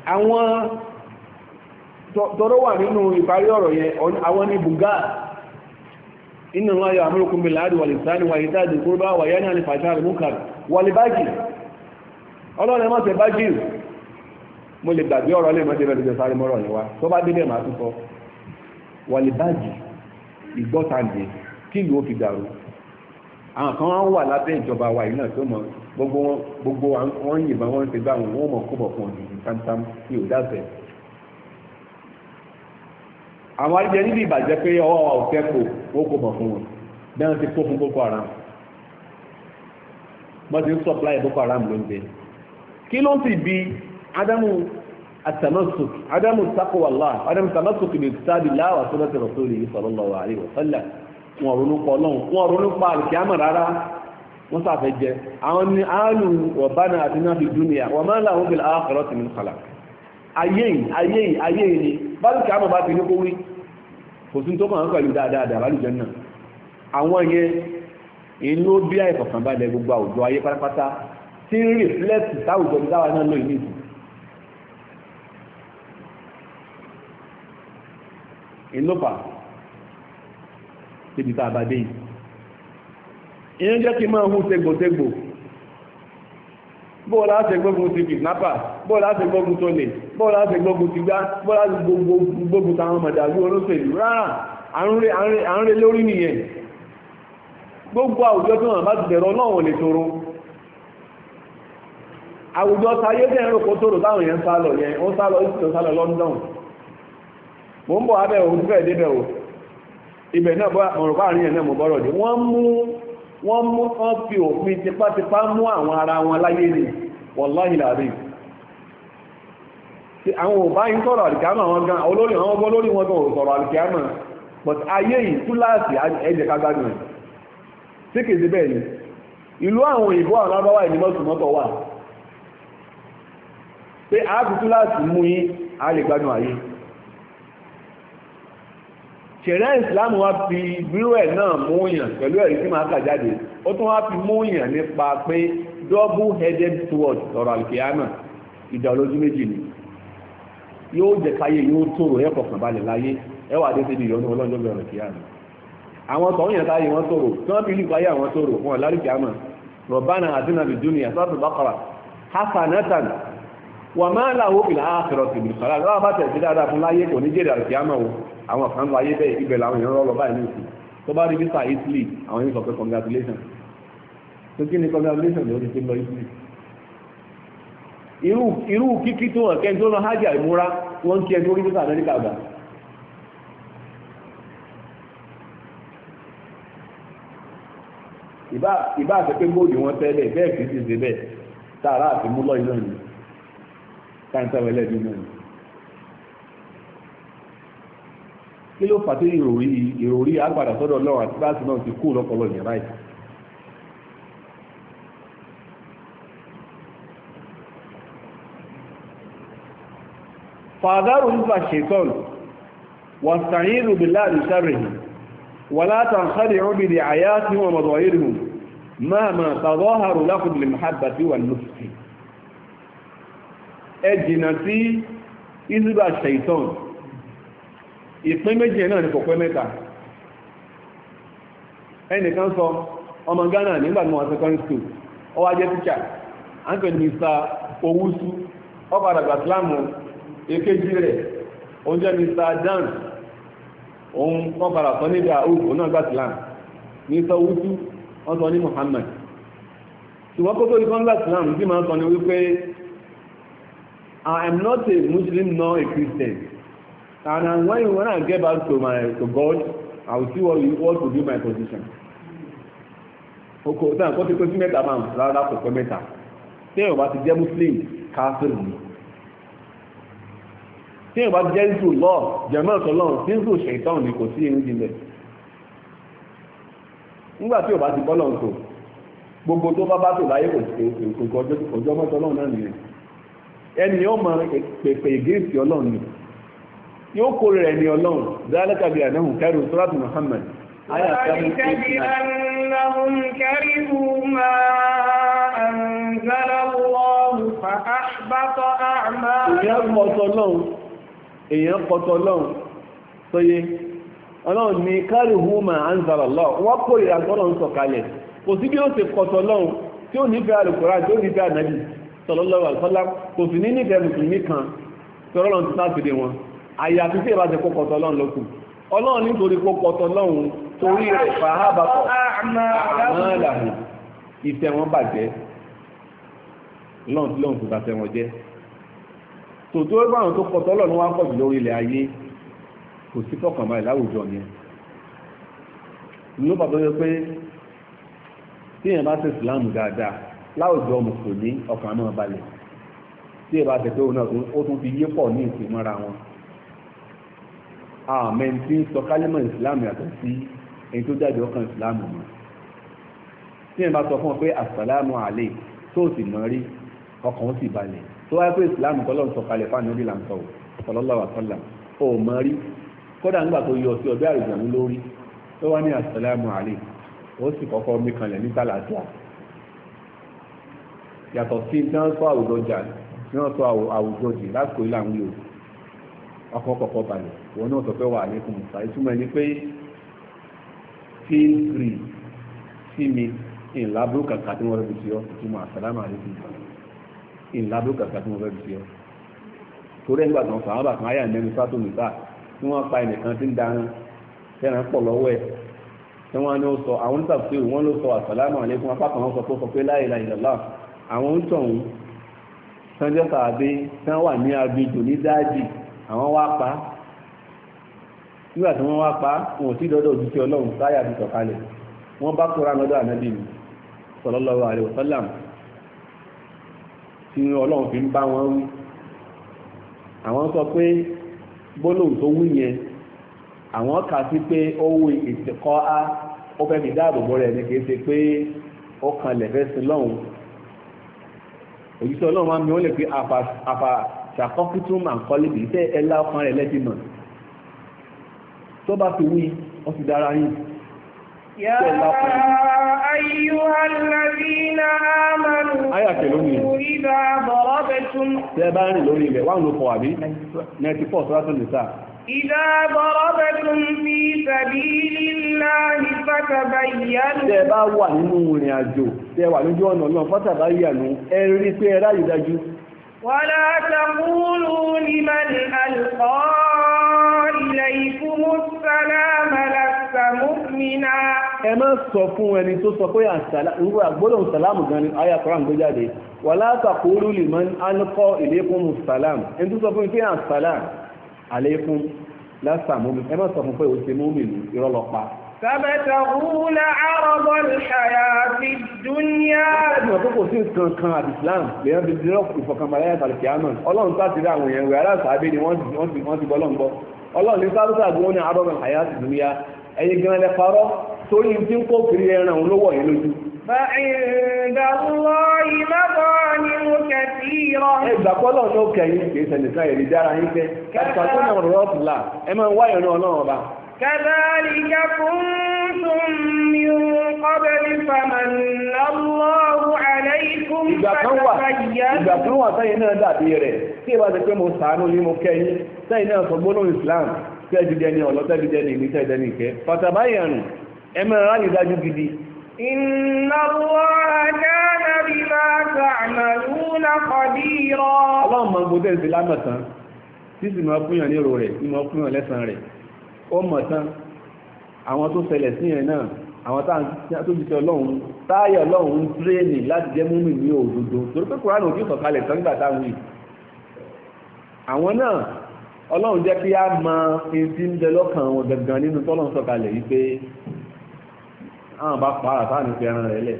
àwọn tọ́rọ wà nínú ìparí ọ̀rọ̀ yẹn àwọn ní bùgá inú láyọ̀ amúrùkún bí láàrín wà lè sáàrín wà bá wà yánà wà lè bájì mọ́sẹ̀ bájì mo lè gbàgbé ọ̀rọ̀ lè mọ́sẹ̀ bẹ̀rẹ̀ sáré mọ́rọ̀ yẹn wá tó bá dé ìgbọ́tàǹdè kí ìlú ó fi dàrú àwọn kan wọ́n wà lábẹ́ ìjọba wa yìí náà tó mọ gbogbo gbogbo wọn yìnbọn wọn ti gbá wọn wọn mọ kó bọ̀ fún ọdún tamtam ní òdàfẹ́ àwọn àjẹ níbi ìbàjẹ́ pé ọwọ́ wa ò fẹ́ kó ó kó bọ̀ fún wọn bí wọ́n ti kó fún Boko Haram wọ́n ti ń supply Boko Haram ló ń bẹ kí ló ń sì bi Ádámù التمسك عدم تقوى الله عدم التمسك بكتاب الله وسنة رسوله صلى الله عليه وسلم wọ́n ronú pa ọlọ́run wọ́n ronú pa àlùkìámọ̀ rárá wọ́n sàfẹ́ jẹ àwọn ni áàlù ọ̀bánà àti náà fi dúnìyà wọ́n máa ń láwọn bí aláàkọ̀rọ̀ tì mí kọ̀lá ayéyìn ayéyìn ayéyìn ni bálùkìámọ̀ bá fi ní kó wí kò sí tó kàn án pẹ̀lú dáadáa bálùjẹ́ náà àwọn yẹn inú bí àìfọ̀kànbalẹ̀ gbogbo àwùjọ ayé pátápátá tí ń rìflẹ́tì táwùjọ bí táwa náà lóyún nìyí ìlúpa níbi tá a bá dé yìí ìyẹn jẹ́ kí máa hù tẹgbòtẹgbò bóò láti gbógun ti kìdnápà bóò láti gbógun tó lè bóò láti gbógun ti gbá bóò láti gbógun táwọn mọ̀dàlú olóṣèlú rárá à ń re lórí nìyẹn gbogbo àwùjọ tó hàn bá ti bẹ̀rọ náà wọ̀n lè tóró àwùjọ sayé tẹ́ ẹ̀rọ kó tóró táwọn yẹn sálọ yẹn ó sálọ ìsìnkú sálọ London mo ń bọ̀ abẹ́ òun fẹ́ débẹ̀ o ibẹ̀ náà mọ̀rọ̀ bá rí ẹ̀ náà dé wọ́n mú wọ́n mú wọ́n fi òfin tipátipá mú ara wọn láyé ni wọ́láhì àwọn ò bá ń sọ̀rọ̀ àlìkámà wọn gan olórí àwọn lórí wọn gan ò sọ̀rọ̀ but ayé yìí túláàsì ẹ̀jẹ̀ kágbádùn ẹ̀ tí kìí sí bẹ́ẹ̀ ni ìlú àwọn òyìnbó àwọn wà pé a ti ṣẹ̀rẹ́ ìsìláàmù wá fi bírúwẹ̀ náà múyàn pẹ̀lú ẹ̀rí tí máa kàjáde ó tún wá fi múyàn nípa pé double headed sword ọ̀rọ̀ alkiyama ìdá olójú méjì ni yóò jẹ́ káyé yóò tòrò ẹ̀kọ́ kan balẹ̀ láyé ẹwà dé síbi ìyọnu ọlọ́jọ́ bẹ̀rẹ̀ alkiyama àwọn tó ń yàn táyé wọn wà máa láwọ́ ìlà ààfẹ́rọ̀ tìbí sọ́lá lọ́wọ́ bá tẹ̀sí dáadáa fún láyé kò ní jèrè àrùkí àmà wo àwọn kan láyé bẹ́ẹ̀ ibẹ̀ làwọn èèyàn rọ́lọ́ báyìí nìyí tó bá rí visa Italy àwọn yóò sọ pé congratulation tó kí ni congratulation ló ti fi lọ Italy irú irú kíkí tó hàn kẹ́ni tó lọ hajj àìmúra wọ́n kí ẹni orí visa Amẹ́ríkà gbà ìbá àti pé góòlù wọn tẹ́lẹ̀ bẹ́ẹ̀ kì í ti ṣe bẹ́ẹ̀ tààrà àti múlọ táǹtàwọ̀ ẹlẹ́bí náà kí ló fàtí ìròrí ìròrí agbàdà sọ́dọ̀ lọ́wọ́ àti báàsì náà ti kú lọ́pọ̀lọ́ yẹn báyìí fàdárò nípa ṣètọ́n wàsànyìn rùbìlá àdìsárèhìn ولا تنخدعوا بدعاياتهم ومظاهرهم مهما تظاهروا لكم بالمحبة والنصح ẹ jìnà sí isba shaitan ìpín méjì náà ní kọ̀pẹ́ mẹ́ta ẹnìkan sọ ọmọ Ghana na igba secondary school ó wá jẹ́ teacher anthony mr owusu ọ̀padà gbàtìlámù èkejì rẹ̀ oúnjẹ mr dan òun ọ̀padà sọ níbi àhùkù náà gbàtìlámù mr owusu wọ́n sọ ní Muhammad ṣùgbọ́n kó tó máa sọ wípé I am not a Muslim nor a Christian. And when, when I get back to my to God, I will see what what will be my position. Oko then a kọ́ sí pé sí mẹ́ta máa ń rárá kò pẹ́ mẹ́ta. Tí èèyàn Muslim, káfíìn ni. Tí èèyàn bá ti jẹ́ Israel lọ, Jẹ̀mọ́ Ọ̀tọ́lọ́run, tí Israel ṣètàn ni kò sí irun jinlẹ̀. Nígbà tí ò bá ti bọ́lọ̀ ń tò, gbogbo tó bá bá tò láyé kò sí ọjọ́ mọ́tọ́lọ́run náà nìyẹn ẹni yóò mọ pèpè ìgéèsì ọlọ́run ni yóò kórè rẹ̀ ní ọlọ́run dáálẹ́ka bíi àdáhùn kẹrù sọ́láàtù Muhammad ayé àtàwọn èèyàn pọ̀tọ̀ lọ́run èèyàn pọ̀tọ̀ lọ́run sóyé ọlọ́run ní kẹrù húmà anzala lọ wọ́n kórè àtọ́lọ́run sọ̀kalẹ̀ kò sí bí ó ṣe pọ̀tọ̀ sọlọ́lọ́wọ́ àtọ́lá kò sì ní nífẹ̀ẹ́ mùsùlùmí kan tí ọlọ́run ti sáàtìdé wọn àyàfi tí ìbá ti kó kọ̀tọ̀ ọlọ́run lókù ọlọ́run nítorí kó kọ̀tọ̀ ọlọ́run torí rẹ̀ fàábàkọ̀ àmàlàhùn ìfẹ́ wọn bàjẹ́ lọ́run tí lọ́run kò bá fẹ́ wọn jẹ́ tòtó báwọn tó kọ̀tọ̀ ọlọ́run wá pọ̀ jù lórí ilẹ̀ ayé kò sí fọkànbalẹ̀ láwùjọ mùsùlùmí ọkàn náà balẹ̀ tí ìbá tẹ̀ pé òun náà ó tún fi yé pọ̀ ní ìsìnmọ́ra wọn àmẹ́ tí ń sọ kálímọ̀ ìsìláàmù yàtọ̀ sí ẹni tó jáde ọkàn ìsìláàmù mọ́ tí ìbá sọ fún ọ pé àsàlámù àlè tó sì mọ́ rí ọkàn ó sì balẹ̀ tó wáyé pé ìsìláàmù kọ́lọ́ ń sọ kalẹ̀ fáànù orí làǹtọ̀ sallallahu alaihi wasallam ò mọ́ rí kódà nígbà tó yọ sí ọbẹ̀ àrùjànú lórí tó wá ní àsàlámù yàtọ̀ sí tí wọ́n sọ àwùjọ jà tí wọ́n sọ àwùjọ jì lásìkò ilé àwọn yòó ọkọ̀ kọ̀kọ̀ balẹ̀ wọn náà sọ pé wà ní kùmùsà ìtumọ̀ ẹni pé feel free sí mi ìlàbú kàkà tí wọ́n rẹ̀ bí sí ọ ìtumọ̀ àsàlámà àlékún ìlàbú kàkà tí wọ́n rẹ̀ bí sí ọ torí ẹgbà tán fà ábà kan áyà mẹ́rin sátò nìta tí wọ́n pa ẹnìkan tí ń daran tẹ́ran pọ̀ lọ́wọ́ ẹ̀ tí wọ́n ní sọ àwọn onítàkùn wọ́n ló sọ àsàlámà àlékún apá kan wọ́n sọ pé ó sọ pé àwọn ń tọ̀hún sanjọ́ tàbí tí wọ́n wà ní agbèjò ní dáàjì àwọn wá pa nígbà tí wọ́n wá pa wọn ò sí dọ́dọ̀ òjúṣe ọlọ́run táyà ti sọ̀kalẹ̀ wọ́n bá kóra lọ́dọ̀ ànábì mi sallallahu alaihi wasallam tí ọlọ́run fi ń bá wọn wí àwọn sọ pé gbólóhùn tó wú yẹn àwọn kà sí pé ó wú ìtìkọ́ á ó fẹ́ fi dáàbò bọ́ rẹ̀ ní kì pé ó kan lẹ̀fẹ́ sí lọ́hùn òjíṣẹ́ ọlọ́run máa ń bí wọ́n lè pe àfà ṣàkọ́kútún máa ń kọ́lé bìí tẹ́ ẹ lá ọkàn rẹ̀ lẹ́sìn mọ̀ tó bá ti wí wọ́n ti dára yìí يا أيها الذين آمنوا إذا ضربتم سيباني لوني لي وعن القوابي نأتي فوق صلاة النساء إذا ضربتم في سبيل الله فتبينوا سيبا وعنوني أجو tẹ wà lójú ọ̀nà náà fọ́tàbá yànú ẹ rí pé ẹ ráyè dájú. wàlá taqulu liman alqa ilaykumu salama lasta mu'mina. ẹ má sọ fún ẹni tó sọ pé àgbọ́dọ̀ sàlámù gan ni àyà kọ́ra ń gbé jáde wàlá taqulu liman تبتغون عرض الحياة الدنيا Ìjọba sí nǹkan kan àti Islam lèyàn fi dínà ìfọ̀kànbalẹ̀ àtàlẹ̀ kìámọ̀. Ọlọ́run sáàtì rí àwọn èèyàn rẹ̀ aláàtàbí ni wọ́n ti bọ́lọ́ ń bọ́. Ọlọ́run ní sáàtà gbọ́n ní àrọ́rọ̀ àyà ti dùn ya. Ẹyin gan lẹ parọ́ torí tí ń kó kiri ẹran òun ló wọ̀ yín lójú. Ẹ gbà pọ́lọ̀ ní ó kẹyìn kì sẹ̀lẹ̀ sáyẹ̀ lè dára yín كذلك كنتم من قبل فمن الله عليكم ìgbà kan wà sẹ́yìn náà dàbí rẹ̀ tí ìbá ti pé mo sàánú yí mo kẹ́yìn sẹ́yìn náà sọ gbónú Islam tẹ́jìdẹni ọ̀lọ́ tẹ́jìdẹni ìní tẹ́jìdẹni ìkẹ́ fàtàbáyànù ẹmẹ́rin láti dájú gidi Inna Allah kana bima ta'maluna khabira. Ọlọ́run mọ̀ gbogbo ẹ̀sìn lámẹ̀tán, tí sì máa fúnyàn ní èrò rẹ̀, ìmọ̀ fúnyàn lẹ́sàn rẹ̀ ó mọ̀ tán àwọn tó ṣẹlẹ̀ sí yẹn náà àwọn tó ti ṣe ọlọ́run táyà ọlọ́run ń tírénì láti jẹ́ múmi ní òdodo torí pé kúránù òkè sọ̀kalẹ̀ tán nígbà táwọn yìí àwọn náà ọlọ́run jẹ́ kí á mọ etí ń bẹ lọ́kàn wọn gangan nínú tọ́lọ́run sọ̀kalẹ̀ yìí pé àwọn bá pa àràfáà ní fẹ́ràn rẹ̀ lẹ̀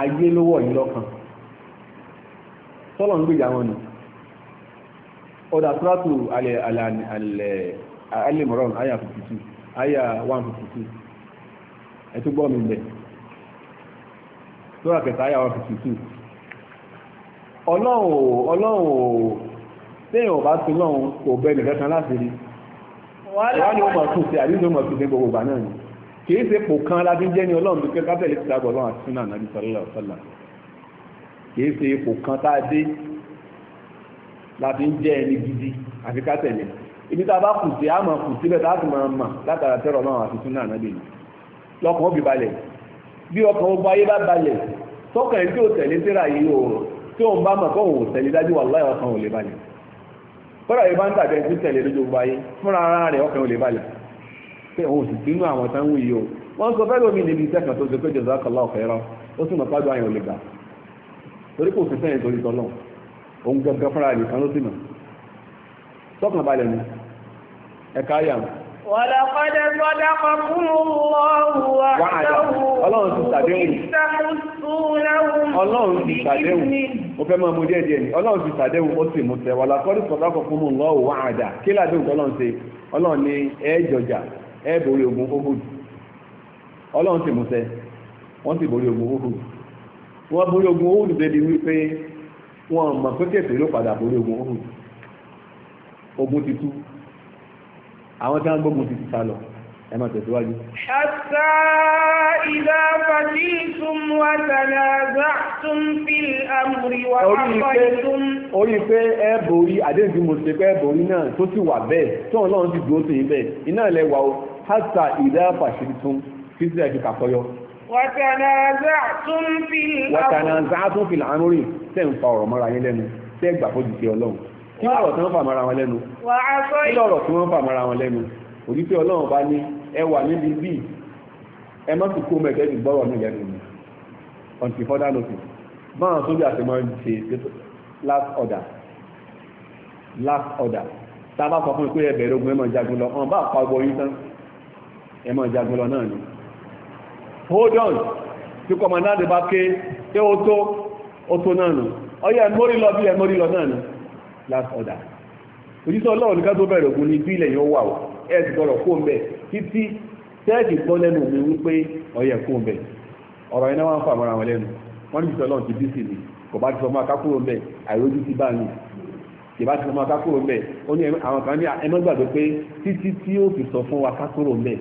ayé ló wọ̀ yìí lọ́kàn tọ́lọ́run gbèjà wọn ni ọ̀dà túrátù alẹ́ alẹ́ alimoran aya 52 aya 152 ẹ̀tún gbọ́ mi bẹ̀ lóra kẹta aya 152 ọlọ́run ọlọ́run téèyàn bá tún lọ́run kò bẹ́ẹ̀ nìkan kan láti rí wọ́n ni ó mọ̀ tún sí àdíjọ́ mọ̀ tún sí gbogbo ìgbà náà ni kìí ṣe pò kan láti jẹ́ ní ọlọ́run tó kẹ́kẹ́ tẹ̀lé ti dàgbọ̀ ọlọ́run àti súnà náà ní sọ́lá ọ̀sọ́là kìí ṣe pò kan tá a dé láti jẹ́ ẹni gidi àti ká tẹ̀lé ibi tá a bá kù sí àmọ́ kù síbẹ̀ tá a sì máa mà látara tẹ́rọ náà àti túnú ànábì ni lọ́kàn ó bí balẹ̀ bí ọkàn ogun ayé bá balẹ̀ tọkàn ẹni tí ò tẹ̀lé tẹ́rà yìí o tí òun bá mọ̀ kọ́ òun ò tẹ̀lé dájú wàláhì ọkàn ò lè balẹ̀ fọ́nà yìí bá ń tàbí ẹni tí tẹ̀lé lójú ogun ayé fúnra ara rẹ̀ ọkàn ò lè balẹ̀ pé òun ò sì sínú àwọn tán wù yìí o wọ́n sọ fẹ́ lómi níbi sẹ́kàn tó ṣe pé jazakallahu khairan ó sì mọ̀ pàdé àyàn ò lè gbà torí kò sí sẹ́yìn torí tọ́lọ́ òun gangan fúnra rẹ̀ balẹ̀ ni ẹ̀ka yà mú. Wàlàkọ́dẹ gbọ́dá kọkún lọ́wọ́ Ọlọ́run ti sàdéhùn. Ọlọ́run ti sàdéhùn. Mo fẹ́ máa mú díẹ̀ díẹ̀ ni. Ọlọ́run ti sàdéhùn ó sì mú tẹ. Wàlàkọ́dẹ gbọ́dá kọkún lọ́wọ́ wà àdá. Kí ládéhùn tọ́lọ́run ṣe? Ọlọ́run ni ẹ jọjà, ẹ borí ogun Ohud. Ọlọ́run ti mú tẹ. Wọ́n sì borí ogun Ohud. Wọ́n borí ogun Ohud débi wípé wọ́n mọ̀ pé ló padà borí ogun Ohud. Ogun ti àwọn tí wọ́n gbógun ti ti sá lọ ẹ máa tẹ̀síwájú. ṣàtà ìdá fàtíìtùm wà tàlàzàtùm fil amri wà àpàìtùm. orí pé ẹ borí àdéhùn tí mo ṣe pé ẹ borí náà tó sì wà bẹ́ẹ̀ tó ń lọ́run sì dúró sí yín iná ilẹ̀ wà ó ṣàtà ìdá fàtíìtùm kí sílẹ̀ fi kàkọyọ. wà tàlàzàtùm fil amri. wà tàlàzàtùm fil amri tẹ́ ń fa ọ̀rọ̀ mọ́ra yín lẹ́nu tẹ́ gbà fojì sí ọlọ́run kí lọ́rọ̀ tí wọ́n fà mara wọn lẹ́nu kí lọ́rọ̀ tí wọ́n fà mara wọn lẹ́nu òdífẹ́ ọlọ́run bá ní ẹ níbi bí ẹ má sì kó mẹ́tẹ́ ti gbọ́rọ̀ ní ìyẹnu mi until further notice báwọn sójà ti máa ń ṣe last order last order tá a bá sọ fún mi pé ogun ẹ máa jagun lọ ọ̀n bá pa ọgbọ yín tán ẹ máa jagun lọ náà ni hold on tí kọmọdáàdì bá ké ṣé ó tó ó tó náà nù ọyẹ mórí lọ bí ẹ mórí lọ náà nù last order òjíṣẹ́ ọlọ́run nìkan tó bẹ̀rẹ̀ ògùn ní bí ilẹ̀ yẹn wà ó ẹ̀ ti gbọ́dọ̀ kó mbẹ̀ títí tẹ́ẹ̀kì gbọ́ lẹ́nu mi wípé ọyẹ kó mbẹ̀ ọ̀rọ̀ yẹn náà wá ń fà mọ́ra wọn lẹ́nu wọ́n ní ìṣẹ́ ọlọ́run ti bí sí ni kò bá ti sọ máa kákúrò mbẹ̀ àìrójú ti bá mi kì bá ti sọ máa kákúrò mbẹ̀ ó ní àwọn kan ní ẹmọ́ gbàgbé pé títí tí ó fi sọ fún wa kákúrò mbẹ̀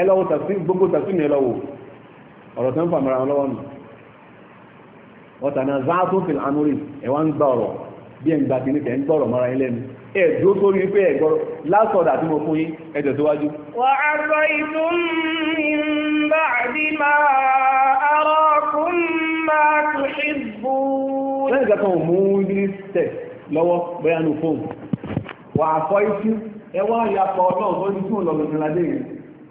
ẹ lọ́wọ́ tàbí gbogbo tàbí mi lọ́wọ́ ọ̀rọ̀ tó ń fà mọ́ra wọn lọ́wọ́ nù ọ̀tàn náà záà tó fi àmúrí ẹ̀ wá ń gbà ọ̀rọ̀ bí ẹ̀ ń gba kìíní kẹ́ ń gbọ́rọ̀ mọ́ra yín lẹ́nu ẹ̀ dúró sórí wípé ẹ̀ gbọ́rọ̀ lásọ̀dà tí mo fún yín ẹ̀ tẹ̀síwájú. wà á sọ ìdún mi bá àbí máa arọ fún máa tó ṣíbù. lẹ́yìn ìgbà kan mú ní tẹ̀ lọ́wọ́ bóyá nu fóun wà á fọ iṣu ẹ wá ìyàpọ̀ ọlọ́run tó ní fún ọlọ́run ìrìn adé yìí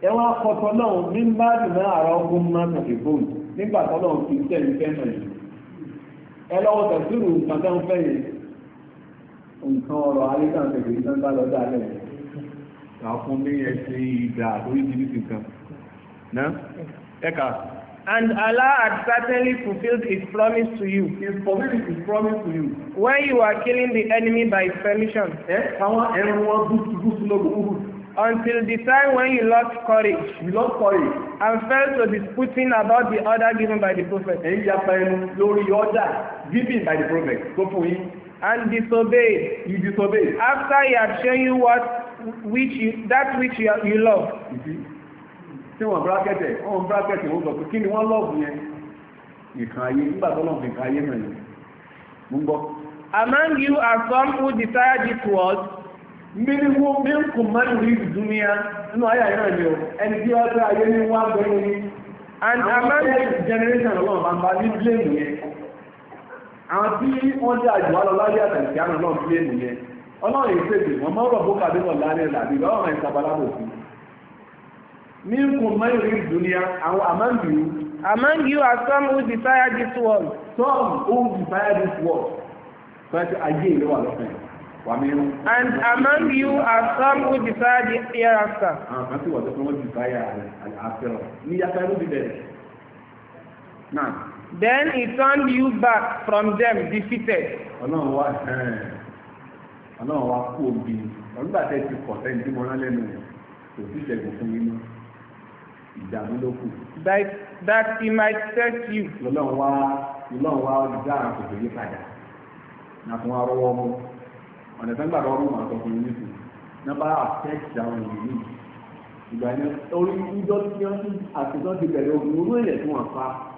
ẹ wá kọtọ náà ní bá dùnmọ́ àrọ ọgbọ́n máa tàbí bóun nígbà tọ́lọ́run fi tẹ̀lé ẹ lọ́wọ́ tẹ̀síwò nǹkan tẹ́ ń fẹ́ yìí nǹkan ọ̀rọ̀ alẹ́sàntẹ̀kì ní sọ́ńtà lọ́dà lẹ̀ àwọn ní ẹ̀sìn ìdà àtórí jìbìtì kan náà ẹ̀ka. And Allah had certainly fulfilled his promise to you. He fulfilled his promise to you. When you were killing the enemy by his permission. Ẹ àwọn ẹ̀rọ wọn gúúsù gúúsù lóògùn gúúsù. Until the time when you lost courage. You lost courage. And fell to disputing about the order given by the prophet. Ẹ̀yin yapa ẹnu lórí order given by the prophet. Tó fún yín and disobey you disobey after he had shown you what which you that which you, you love tí wọ́n bracket, wọ́n brákẹ́tẹ̀ wọ́n sọ pé kí ni wọ́n lọ́ọ̀bù yẹn nìkan ayé nígbà tó lọ́ọ̀bù nìkan ayé mẹ́rin mú gbọ́. among you are some who desire this world. mbili wo mi n kun man rí dunia nínú ayé ayé náà ni o ẹni tí wọ́n tẹ ayé ní wọ́n á bẹ̀rẹ̀ and among you generation ọlọ́run bá ń bá blame yẹn. àwọn tí wọ́n jẹ́ àjùwá lọ láyé àtàlùkì àrùn náà bí ènìyàn yẹn ọlọ́run yìí fèdè wọn máa rọ̀ bókà nínú láàrin ìlàbí lọ́wọ́ máa ń sábàlá bò àwọn among you among you are some who desire this world some who desire this world fẹ́ẹ́ ayé ìlú wà lọ́fẹ̀ẹ́ and among you are some who desire the hereafter. àwọn ah tí wọ́n ti fún wọn desire àfẹ́rọ̀ ní yàtọ̀ ẹnu bíbẹ̀ náà. then he turned you back from them defeated. ọlọ́run wá ọlọ́run wá kú òbí ọlọ́gbà tẹ́ ti kọ̀ sẹ́ni tí mo rán lẹ́nu kò sí ìṣẹ́gun fún yín mọ́ ìdààmú ló kù. that that he might test you. ọlọ́run wá ọlọ́run wá dá àwọn kòtò yí padà náà fún wa rọwọ́ mú ọ̀nà tó ń gbà rọwọ́ mú àwọn ọkùnrin nìkan náà bá àtẹ́kì àwọn ènìyàn yìí ìgbà yẹn orí ìjọ tí wọ́n ti àtijọ́ ti bẹ̀rẹ̀ ogun orú èèyàn tí wọ́n pa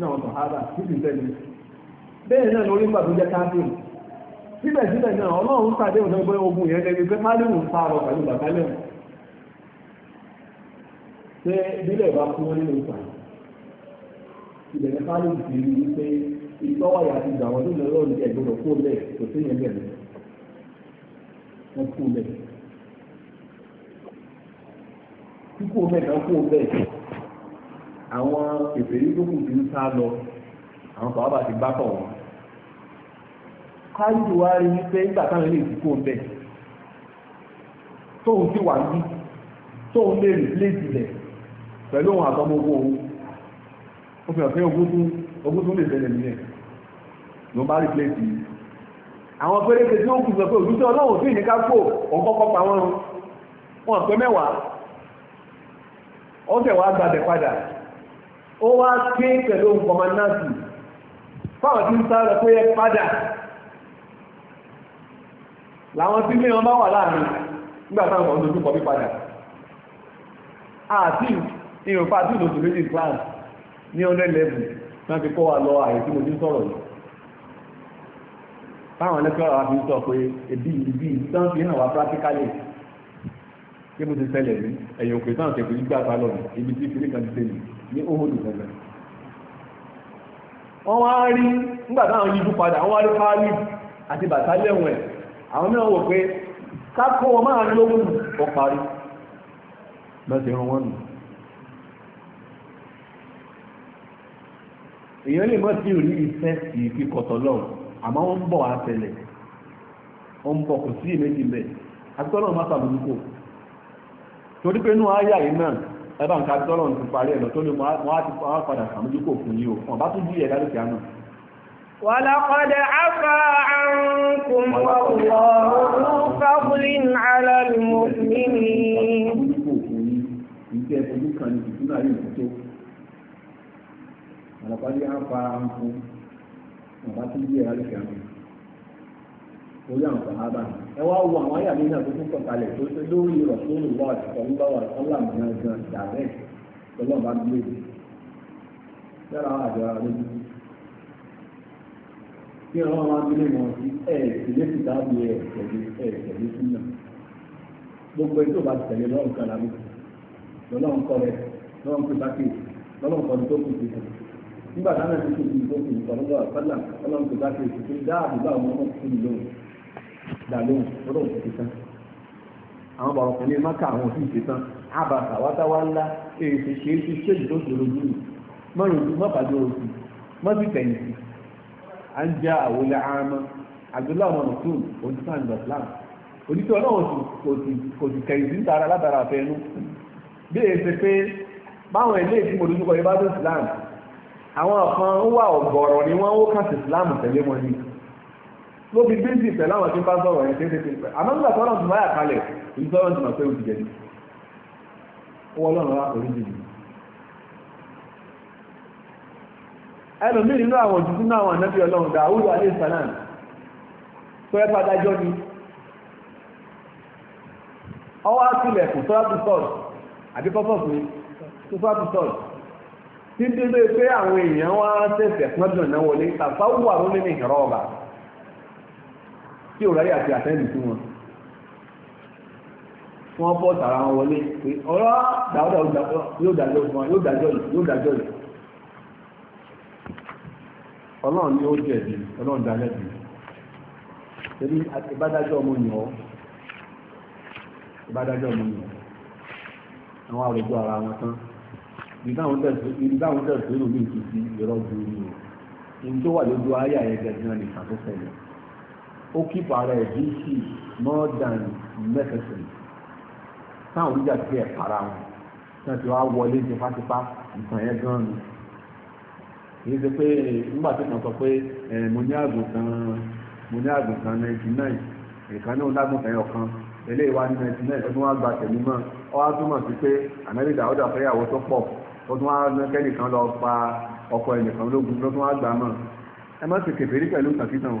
náà sọ̀hábà títí tẹ́lẹ̀ bẹ́ẹ̀ náà lórí pàtó jẹ́ káfíìn síbẹ̀síbẹ̀ náà ọlọ́run pàdé ọ̀dọ́gbẹ́ ogun yẹn ẹni pé málìwù ń pààrọ̀ pẹ̀lú bàtálẹ̀ ṣé bílẹ̀ bá fún wọn nínú ìtàn ilẹ̀ ní málìwù ti rí i pé ìtọ́wàyà ti gbà wọn nínú ẹ̀rọ ní ẹ̀gbọ́dọ̀ kó lẹ̀ kò sí yẹn bẹ̀rẹ̀ wọn kó lẹ̀ kíkó mẹ́ta kó bẹ́ẹ̀ àwọn ìfèrí tó kù ti ń sá lọ àwọn sọ̀rọ̀ ti bá kọ̀ wọ́n káyọ̀ wá rí wípé nígbà táwọn ilé ìdíkò ń bẹ̀ tóun ti wà ní tóun lè rí léèdì lẹ̀ pẹ̀lú òun àtọmọ ogun òun ó fi hàn pé ogun tún lè ṣẹlẹ̀ nílẹ̀ ló bá rí léèdì àwọn péréte tí ó kù sọ pé òjútọ́ ọlọ́run sí ìníká kó ọ̀kọ́kọ́ pa wọ́n wọn pé mẹ́wàá ó tẹ̀ wá gbadẹ̀ padà ó wá ké pẹ̀lú nǹkan náà sí fáwọn tí ń sáré pé ẹ padà làwọn tí ní wọn bá wà láàrin nígbà táwọn ọmọ ojú kọbí padà àti ìrùfà tí ìlòsù méjì plan ní ọdẹ lẹ́bù náà ti kọ́ wa lọ àyè tí mo ti sọ̀rọ̀ yìí táwọn ẹlẹ́kọ̀ọ́ àwọn fi sọ kí mo ti ṣẹlẹ̀ ní ẹ̀yìn òkè náà tẹ̀kù nígbà ta lọ́nà ibi tí kiri kan ti ní óhòdù tẹ̀lẹ̀. wọ́n wá rí nígbà táwọn yíjú padà wọ́n wá rí àti bàtà lẹ́wọ̀n ẹ̀ àwọn náà wò pé kákó wọn máa ní parí lọ́sẹ̀ wọn nù. èèyàn lè sí rí iṣẹ́ àmọ́ wọ́n ń bọ̀ wọ́n ń bọ̀ kò sí ìmẹ́jì torí pé inú ayà yìí náà ẹbá nǹkan tọ́lọ̀ ti parí ẹ̀lọ tó lè wọ́n á ti padà sàmójúkò fún yíò fún ọba tó jí ẹ̀dá lókè àná ولقد عفا عنكم والله ذو فضل على المؤمنين ولقد عفا عنكم ọba tó jí ẹ̀dá lókè àná orí àwọn sàhábà náà ẹ wá wo àwọn àyà mi náà tó tún sọ̀kalẹ̀ tó ṣe lórí rọ̀sọ́lù wà ìfọ̀nbáwà sọ́làmù náà gan ìdàbẹ́ lọ́lọ́ba gbélé lára àjọ ara lójú kí ọ̀rọ̀ wa gbélé wọn sí ẹ̀ ìdílé ti dábì ẹ̀ tẹ̀lé ẹ̀ tẹ̀lé sí náà gbogbo ẹ̀ tó bá tẹ̀lé lọ́rùn kan lábẹ́ lọ́lọ́run kọ́ rẹ̀ lọ́rùn pé bá kéèké lọ́lọ́run kọ́ tó kù sí i nígbà táwọn ẹ̀ tó kù sí i tó kù sí pé bá kéèké tó dáàbò bá dàlóhùn lọ́dọ̀ òun ti tán àwọn bàbá ọkùnrin mọ́kà àwọn òfin ti tán àbàkà wátàwá ńlá èyí ti ṣe é ti ṣe ìdó ìṣòro jù mọ́rin ojú mọ́bàdó oṣù mọ́bí tẹ̀yìntì à ń já àwòlẹ̀ àmọ́ àdúrà ọmọ mùsùlùm onítàn ìdọ̀sílámù onítọ̀ náà kò sì kẹ̀yìn sí tara látara àfẹnú bí èyí ṣe pé báwọn ilé ìdímọ̀ lójúkọ̀ yìí bá dé ìsìlámù àwọn kan wà ọ̀gọ̀ọ̀rọ̀ ni wọ́n ó kàn sí ìsìlámù tẹ̀lé wọn ni ló fi bíńsì pẹ̀lú àwọn tí ń bá sọ̀rọ̀ yẹn tètè pẹ̀lú àmọ́ nígbà tó ọlọ́run ti máa yà kalẹ̀ èyí tó ọlọ́run ti máa pé òun ti jẹ̀bi wọ́n ọlọ́run wá orí jìbì ẹlòmíì nínú àwọn òjijì nínú àwọn ànábì ọlọ́run dàwúrò alẹ́ sàlám tó ẹ fadájọ́ ni ọwọ́ àtúlẹ̀ kò sọ́ọ́tù sọ́ọ̀tù àbí pọ́pọ́ pé tó sọ́ọ́tù sọ́ọ̀tù tí dídé pé àwọn èèyàn wá ṣẹ̀ṣẹ̀ pọ́ndùn náà wọlé tàfáwù àwọn mímì ìrọ̀ ọ̀bà tí ò ráyè àti àtẹ́ǹdì sí wọn wọ́n bọ́ tààrà wọn wọlé pé ọ̀rọ̀ dáúdà yóò dájọ́ fún wa yóò dájọ́ yìí yóò dájọ́ yìí ọlọ́run ni ó jẹ̀bi ọlọ́run dalẹ̀ bi torí ìbádájọ́ ọmọ yàn ọ́ ìbádájọ́ ọmọ yàn àwọn àròjọ ara wọn tán ìdáhùn tẹ̀síwò mi kì í sí ìrọ́jú ni o ìdí tó wà lójú ayé àyẹ̀gẹ̀ gan-an nìkan tó fẹ́lẹ̀ ó keep ara ẹ̀ busy more than necessary táwọn oníjà ti ẹ̀ para wọn náà ti wá wọlé tipátipá nǹkan yẹn gan ni kìí ṣe pé nígbà tí kan sọ pé mo ní àgùntàn mo ní àgùntàn ninety nine ìkan náà lágùntàn yẹn ọ̀kan eléyìí wá ní ninety nine ọdún wa gba tẹ̀lé mọ́ ọ wá túmọ̀ sí pé ànábìdà ọ̀dà fẹ́yàwó tó pọ̀ ọdún wa kẹ́nìkan lọ pa ọkọ ẹnìkan lógun lọ́dún wa gbà mọ́ ẹ má ti kèfèrí pẹ̀lú tàkítàn o.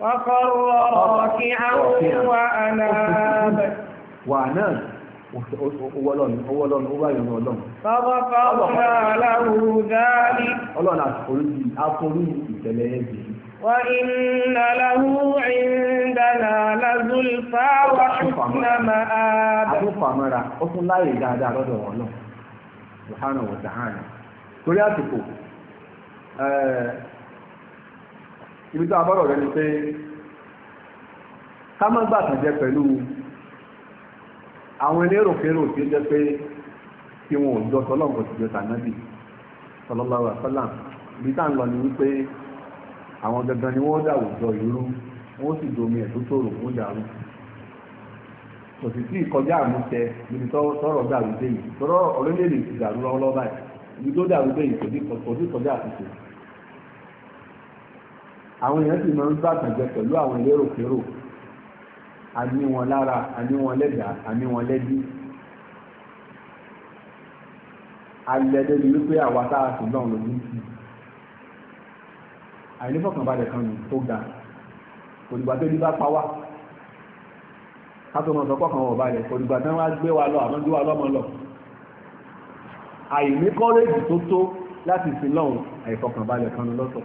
وقر راكعا وأناب وأناب Ọlọ́run ọwọ́lọ́run ó bá yọ̀nà ọlọ́run. Sọ́bọ́kọ́ ọ̀rọ̀ aláwò dáàrí. Ọlọ́run àforí àforí ìtẹ̀lẹ̀ ẹ̀jẹ̀. Wà iná láhú wà ibi tó abọ́rọ̀ rẹ̀ ni pé ká má gbà tàn jẹ pẹ̀lú àwọn eléròkérò tí ó jẹ́ pé kí wọn ò jọ tọ́lọ́mù ti jọ tànábì sallallahu alaihi wasallam ibi tá à ń lọ ni wípé àwọn gangan ni wọ́n dàwùjọ ìrú wọ́n sì domi ẹ̀ tó tòrò fún dàrú kò sì sí ìkọjá àmúṣẹ níbi tọ́rọ̀ dàrú dé yìí tọ́rọ̀ orílẹ̀-èdè ti dàrú lọ́wọ́lọ́wọ́ báyìí ibi tó dàrú dé yìí kò sí ìkọjá àtúnṣe àwọn èèyàn sì máa ń bá àtàjẹ pẹ̀lú àwọn léròkérò a ní wọn lára a ní wọn lẹ́dàá a ní wọn lẹ́bí alẹ́dẹ́ ni wípé àwa tá a sùn lọ́run lòdì sí àìnífọ̀kànbalẹ̀ kan nù tó ga òdìgbà tó ní bá pa wá kátó mọ̀ sọ́kọ̀ kan wọ̀ balẹ̀ òdìgbà tó ń wá gbé wa lọ àmọ́ gbé wa lọ́mọ lọ àìní kọ́rẹ́jì tó tó láti sin lọ́run àìfọ̀kànbalẹ̀ kan lọ́sọ̀ọ́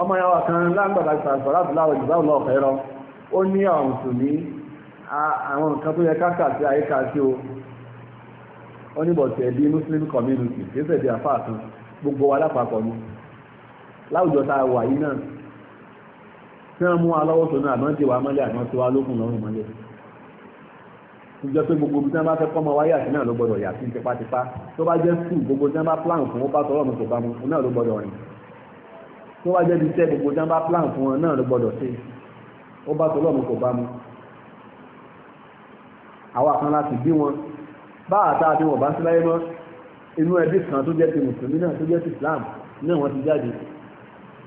ọmọ yàwó kan lágbàdà ìfàṣọ́lá àbúláwọ̀ ìgbàlọ́ ọ̀fẹ́ rọ ó ní àwọn mùsùlùmí àwọn nǹkan tó yẹ káàkà sí àyíká sí o ó ní bọ̀tẹ̀ bí muslim community kéṣẹ̀ bí afá kan gbogbo wa lápapọ̀ ni láwùjọ tá a wà yìí náà tí wọ́n mú wa lọ́wọ́ sọ náà àmọ́ ti wà mọ́lẹ̀ àmọ́ ti wà lókun lọ́rùn mọ́lẹ̀ ìjọ pé gbogbo tí wọn bá fẹ́ kọ́ ọmọ wáyà sí náà ló gbọdọ̀ yà sí tipátipá tó bá jẹ́ skul gbogbo tí wọn bá plan fún ó bá tọrọ mi kò bá mu náà ló gbọdọ̀ rìn tó wá jẹ́ bí iṣẹ́ gbogbo tí wọ́n bá plan fún wọn náà ló gbọ́dọ̀ ṣe ó bá tọ́lọ́ mu kò bá mu àwa kan láti bí wọn bá àtà àti wọn bá sí láyé mọ́ inú ẹbí kan tó jẹ́ ti mùsùlùmí náà tó jẹ́ ti Islam náà wọ́n ti jáde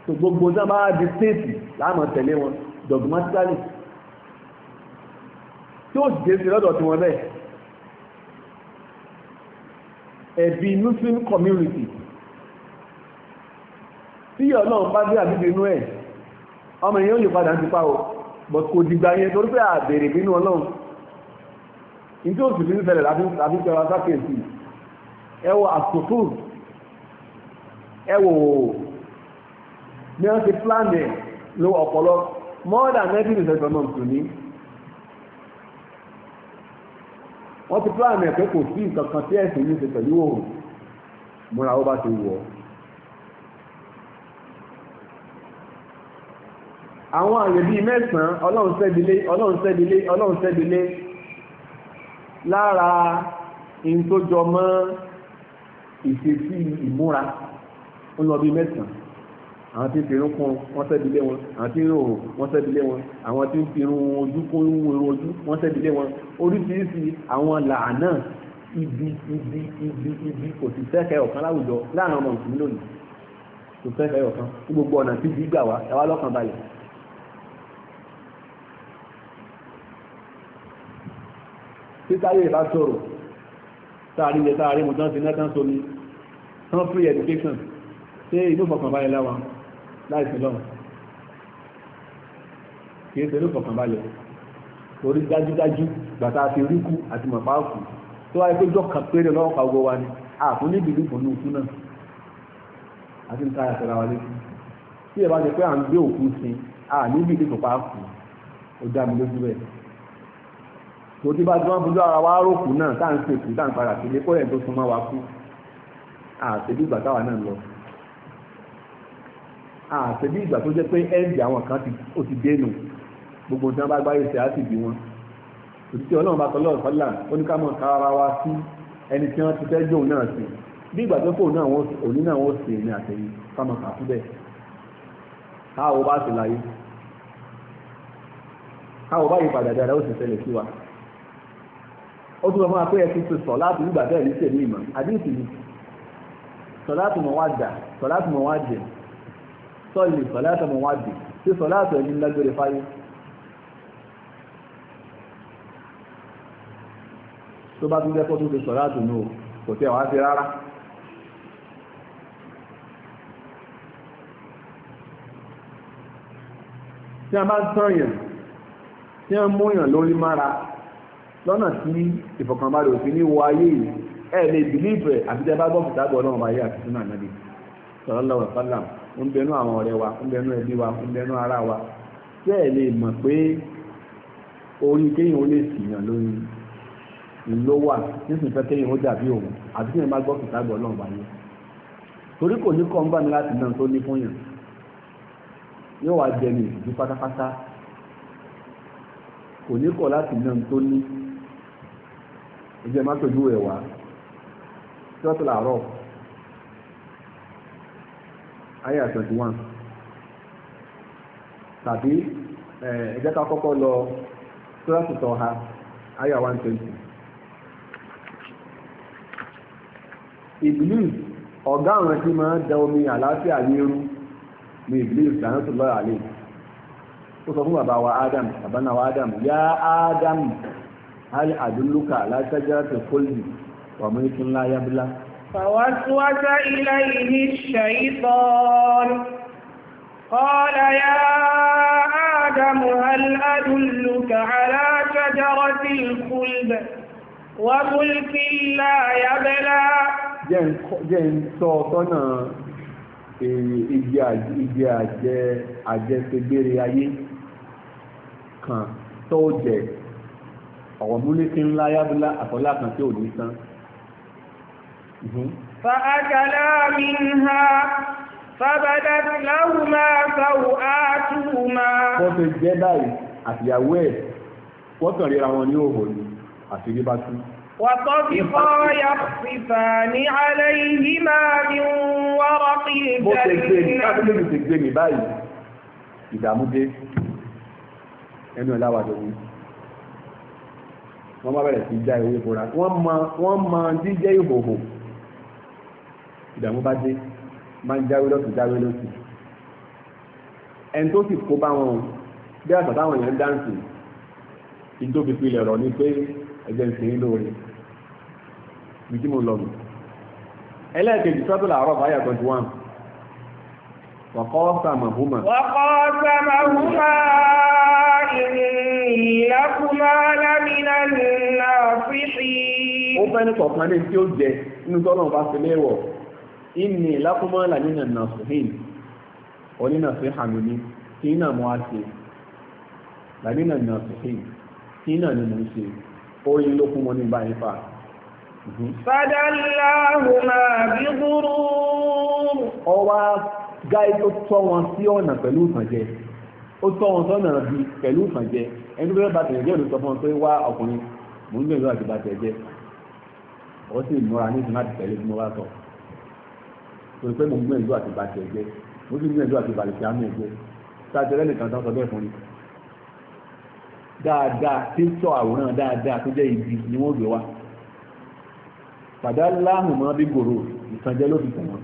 tó gbogbo tí bá di stéètì láàmú tẹ̀lé wọn dogmatically tí ó dé sí lọ́dọ̀ tí wọ́n bẹ́ẹ̀ ẹ̀bí muslim community tí ọlọ́run bá dé àbíbi inú ẹ̀ ọmọ èèyàn lè padà ti pa o but kò dìgbà yẹn torí pé àbèrè bínú ọlọ́run ní tí ó sì fi ń ṣẹlẹ̀ láti pẹ̀lú asákèsì ẹ wo àsòfò ẹ wo ní wọ́n ti plan ẹ̀ lo ọ̀pọ̀lọ more than ninety percent ọmọ mùsùlùmí wọ́n ti plan ẹ̀ pé kò sí nǹkan kan tí ẹ̀sìn yìí ṣe pẹ̀lú òòrùn múra ó bá ti wọ̀ ọ́ àwọn àyè bíi mẹ́sàn-án ọlọ́run sẹ́bilé ọlọ́run sẹ́bilé ọlọ́run sẹ́bilé lára in tó jọ mọ́ ìṣesí ìmúra ń lọ bíi mẹ́sàn-án àwọn tí ń fi irun kún wọ́n sẹ́bilé wọn àwọn tí ń rò wọ́n sẹ́bilé wọn àwọn tí ń fi irun ojú kún irun ojú wọ́n sẹ́bilé wọn oríṣiríṣi àwọn làánà ibi ibi ibi ibi kò sì fẹ́kẹ̀ẹ́ ọ̀kan láwùjọ láàrin ọmọ ìsinmi lónìí kò fẹ́kẹ̀ẹ́ ọ̀kan ní gbogbo ọ̀nà tí gbígbà wá ẹwà lọ́kàn balẹ̀ títàrí ìbá sọ̀rọ̀ táàrí ilẹ̀ táàrí mú tán sí nẹ́tàn sómi tán free education ṣe inú fọkànbalẹ̀ láwa láìsí lọ́wọ́ kìí ṣe inú fọkànbalẹ̀ orí dájúdájú gbàtà àti ríkú àti mọ̀páàkù tó wáyé pé jọ́kàn péré lọ́wọ́ pa ogo wa ni àfún níbi ìlúkùn ní òkú náà àti níta àṣẹra wa létí tí ìbá jẹ pé à ń gbé òkú sin à níbi ìlúkùn pa á kù ó dá mi lójú bẹ́ẹ̀ tó tí bá tí wọ́n fojú ara wa rókù náà tá à ń sèkú tá à ń padà sílé kó yẹn tó súnmọ́ wa kú àṣebí ìgbà táwa náà lọ àṣebí ìgbà tó jẹ́ pé ẹ́ǹdì àwọn kan ó ti dénú gbogbo tí wọ́n bá gbáyé ṣe á sì bí wọn òtítí ọlọ́run bá tọ́lọ́run sọ́là oníkàmọ̀ kára wa sí ẹni tí wọ́n ti fẹ́ jóun náà sí bí ìgbà tó fòun náà òní náà wọ́n sì ní àtẹ̀yìn kámọ̀ kà fún bẹ́ẹ̀ káwọ́ bá sì láyé káwọ́ bá ó tún lọ máa pé ẹtù ti sọ láti nígbà bẹ́ẹ̀ ní tèmi ìmọ̀ àdéhùn ni sọláàtù mọ̀ wá dà sọláàtù mọ̀ wá jẹ sọ́ọ̀lì sọláàtù mọ̀ wá dì sí sọláàtù ẹni lágbére fáyé. tó bá tún jẹ́ kó tún ti sọláàtù nù kò tẹ́ wàá fi rárá. tí a bá ń tọ̀yàn tí a ń múyàn lórí mára lọ́nà tí ìfọ̀kànbalẹ̀ òfin ní wọ ayé yìí ẹ lè bìlíìfù ẹ̀ àti tẹ́ bá gbọ́ fìtá gbọ́ lọ́wọ́ ayé àti sínú ànábì sallallahu alaihi wasallam ń bẹnu àwọn ọ̀rẹ́ wa ń bẹnu ẹbí wa ń bẹnu ara wa tẹ́ ẹ lè mọ̀ pé orí kéyìn ó lè sìyàn lórí ló wà nísìnyí fẹ́ kéyìn ó dàbí òun àti kéyìn bá gbọ́ fìtá gbọ́ lọ́wọ́ ayé torí kò ní kọ́ńbà ní láti náà tó ní fún yàn yóò wá jẹ ní ìdí pátápátá kò ní kọ̀ láti náà tó ní ìjẹ́ má tọ́jú ẹ̀ wá ṣọ́ọ̀tì làárọ̀ ayà twenty one tàbí ẹ̀jẹ̀ ká kọ́kọ́ lọ ṣọ́ọ̀tì tọ́ha ayà one twenty. ìbílíf ọ̀gá àwọn tí máa ń da omi àlàáfíà ní irú ni ìbílíf dáná tó lọ́ọ́ àlè ó sọ fún bàbá wa Adam bàbá náà wa Adam yá Adam hal adulluka ala shajaratil khuldi wa mulkin la yabla فوسوس إليه الشيطان قال يا آدم هل أدلك على شجرة الخلد وملك لا يبلى jẹ́ ń sọ sọ́nà igi àjẹ́ àjẹsẹgbére ayé kan tó jẹ́ ọ̀wọ̀ múlékí ńlá yábúlá àkọlá kan tí ò ní tán fa'akala minha fabadat lahuma sawatuhuma wọ́n fẹ́ jẹ́ báyìí àtìyàwó ẹ̀ wọ́n kàn ríra wọn ní òhò ní àti rí bá tú وطفقا يخصفان عليهما من ورق الجنة ìdàmúdé ẹnu ẹ̀láwà lórí wọ́n bá bẹ̀rẹ̀ sí já ìwé ìfura wọ́n mọ jíjẹ́ ìhòhò ìdààmú bá dé máa ń jáwé lọ́sùn jáwé lọ́sùn ẹni tó sì kó bá wọn o bí àgbà táwọn èèyàn dáǹsì ìjọba ìpìlẹ̀ ọ̀rọ̀ ni pé ẹgbẹ́ ń sìn lóore bí tí mo lọ mọ̀ ẹlẹ́ẹ̀kejì sọ́tò làárọ̀ báyà twenty one wàkọ́ sàmàhùmà. wàkọ́ sàmàhùmà ìnákùnmá lámìnà náà fífi. ó fẹ́ ní kọ̀ọ̀kan ní tí ó jẹ nínú tọ́lọ̀ bá fi léwọ̀ ìní ìlákùnmá lámìnà náà fìhìn onínà sí hàmìní kí iná mọ́ á ṣe lámìnà náà fìhìn kí ni mo ń ṣe ó yí lókun mọ́ ní báyìí fà. fàdánláhùnmá bí dúró. ọwá gáì tó tọ́ wọn ó tọ́ wọn sọ́nà bí pẹ̀lú ìfànjẹ ẹni tó bẹ́ẹ̀ bá tẹ̀lé jẹ́ olùsọ fún wọn pé wá ọkùnrin mò ń gbìyànjú àti bá tẹ̀lé jẹ́ ó sì múra ní ìsinmi àti tẹ̀lé tí mo bá sọ torí pé mò ń gbìyànjú àti bá tẹ̀lé jẹ́ mo sì gbìyànjú àti bàlẹ̀ kíá mẹ́ jẹ́ sáàtẹ̀lẹ́ nìkan tán sọ bẹ́ẹ̀ fún mi dáadáa tí ń sọ àwòrán dáadáa tó jẹ́ ibi ni wọ́n gbé wa pàdánù láhùn mọ́ bí gòrò ìtànjẹ ló fi tẹ̀ wọ́n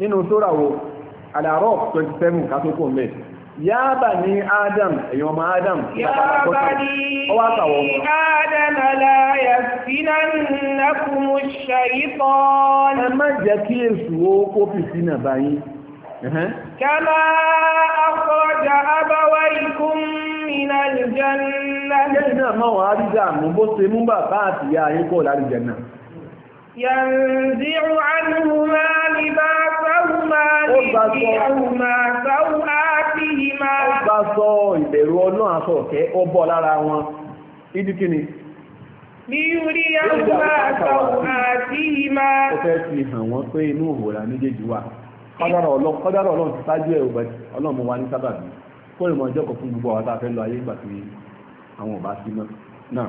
nínú sóra wo àdàrọ̀ 27 kásókò mẹ́ yába ní adam èyàn ọmọ adam yába ní adam aláyà sínà nàkùnmù ṣàyítọ́n ẹ má jẹ́ kí èsù ó kó fi sínà báyìí kama akọjá abáwá ikún nínà ìjẹ́ náà yẹ́ ìdá máa wọ́n á rí jà mú bó ṣe mú bàbá àti ìyá ayé kọ́ lárí jẹ náà ينزع عنهما ma ليريهما سوآتهما ọba sọ ìbẹ̀rù ọlọ́run aṣọ ọ̀kẹ́ lára wọn hàn wọ́n pé inú méjèèjì wà. ti sáájú wa ní sábàbí. Kó fún gbogbo àwọn tá a fẹ́ lọ ayé ìgbà tí àwọn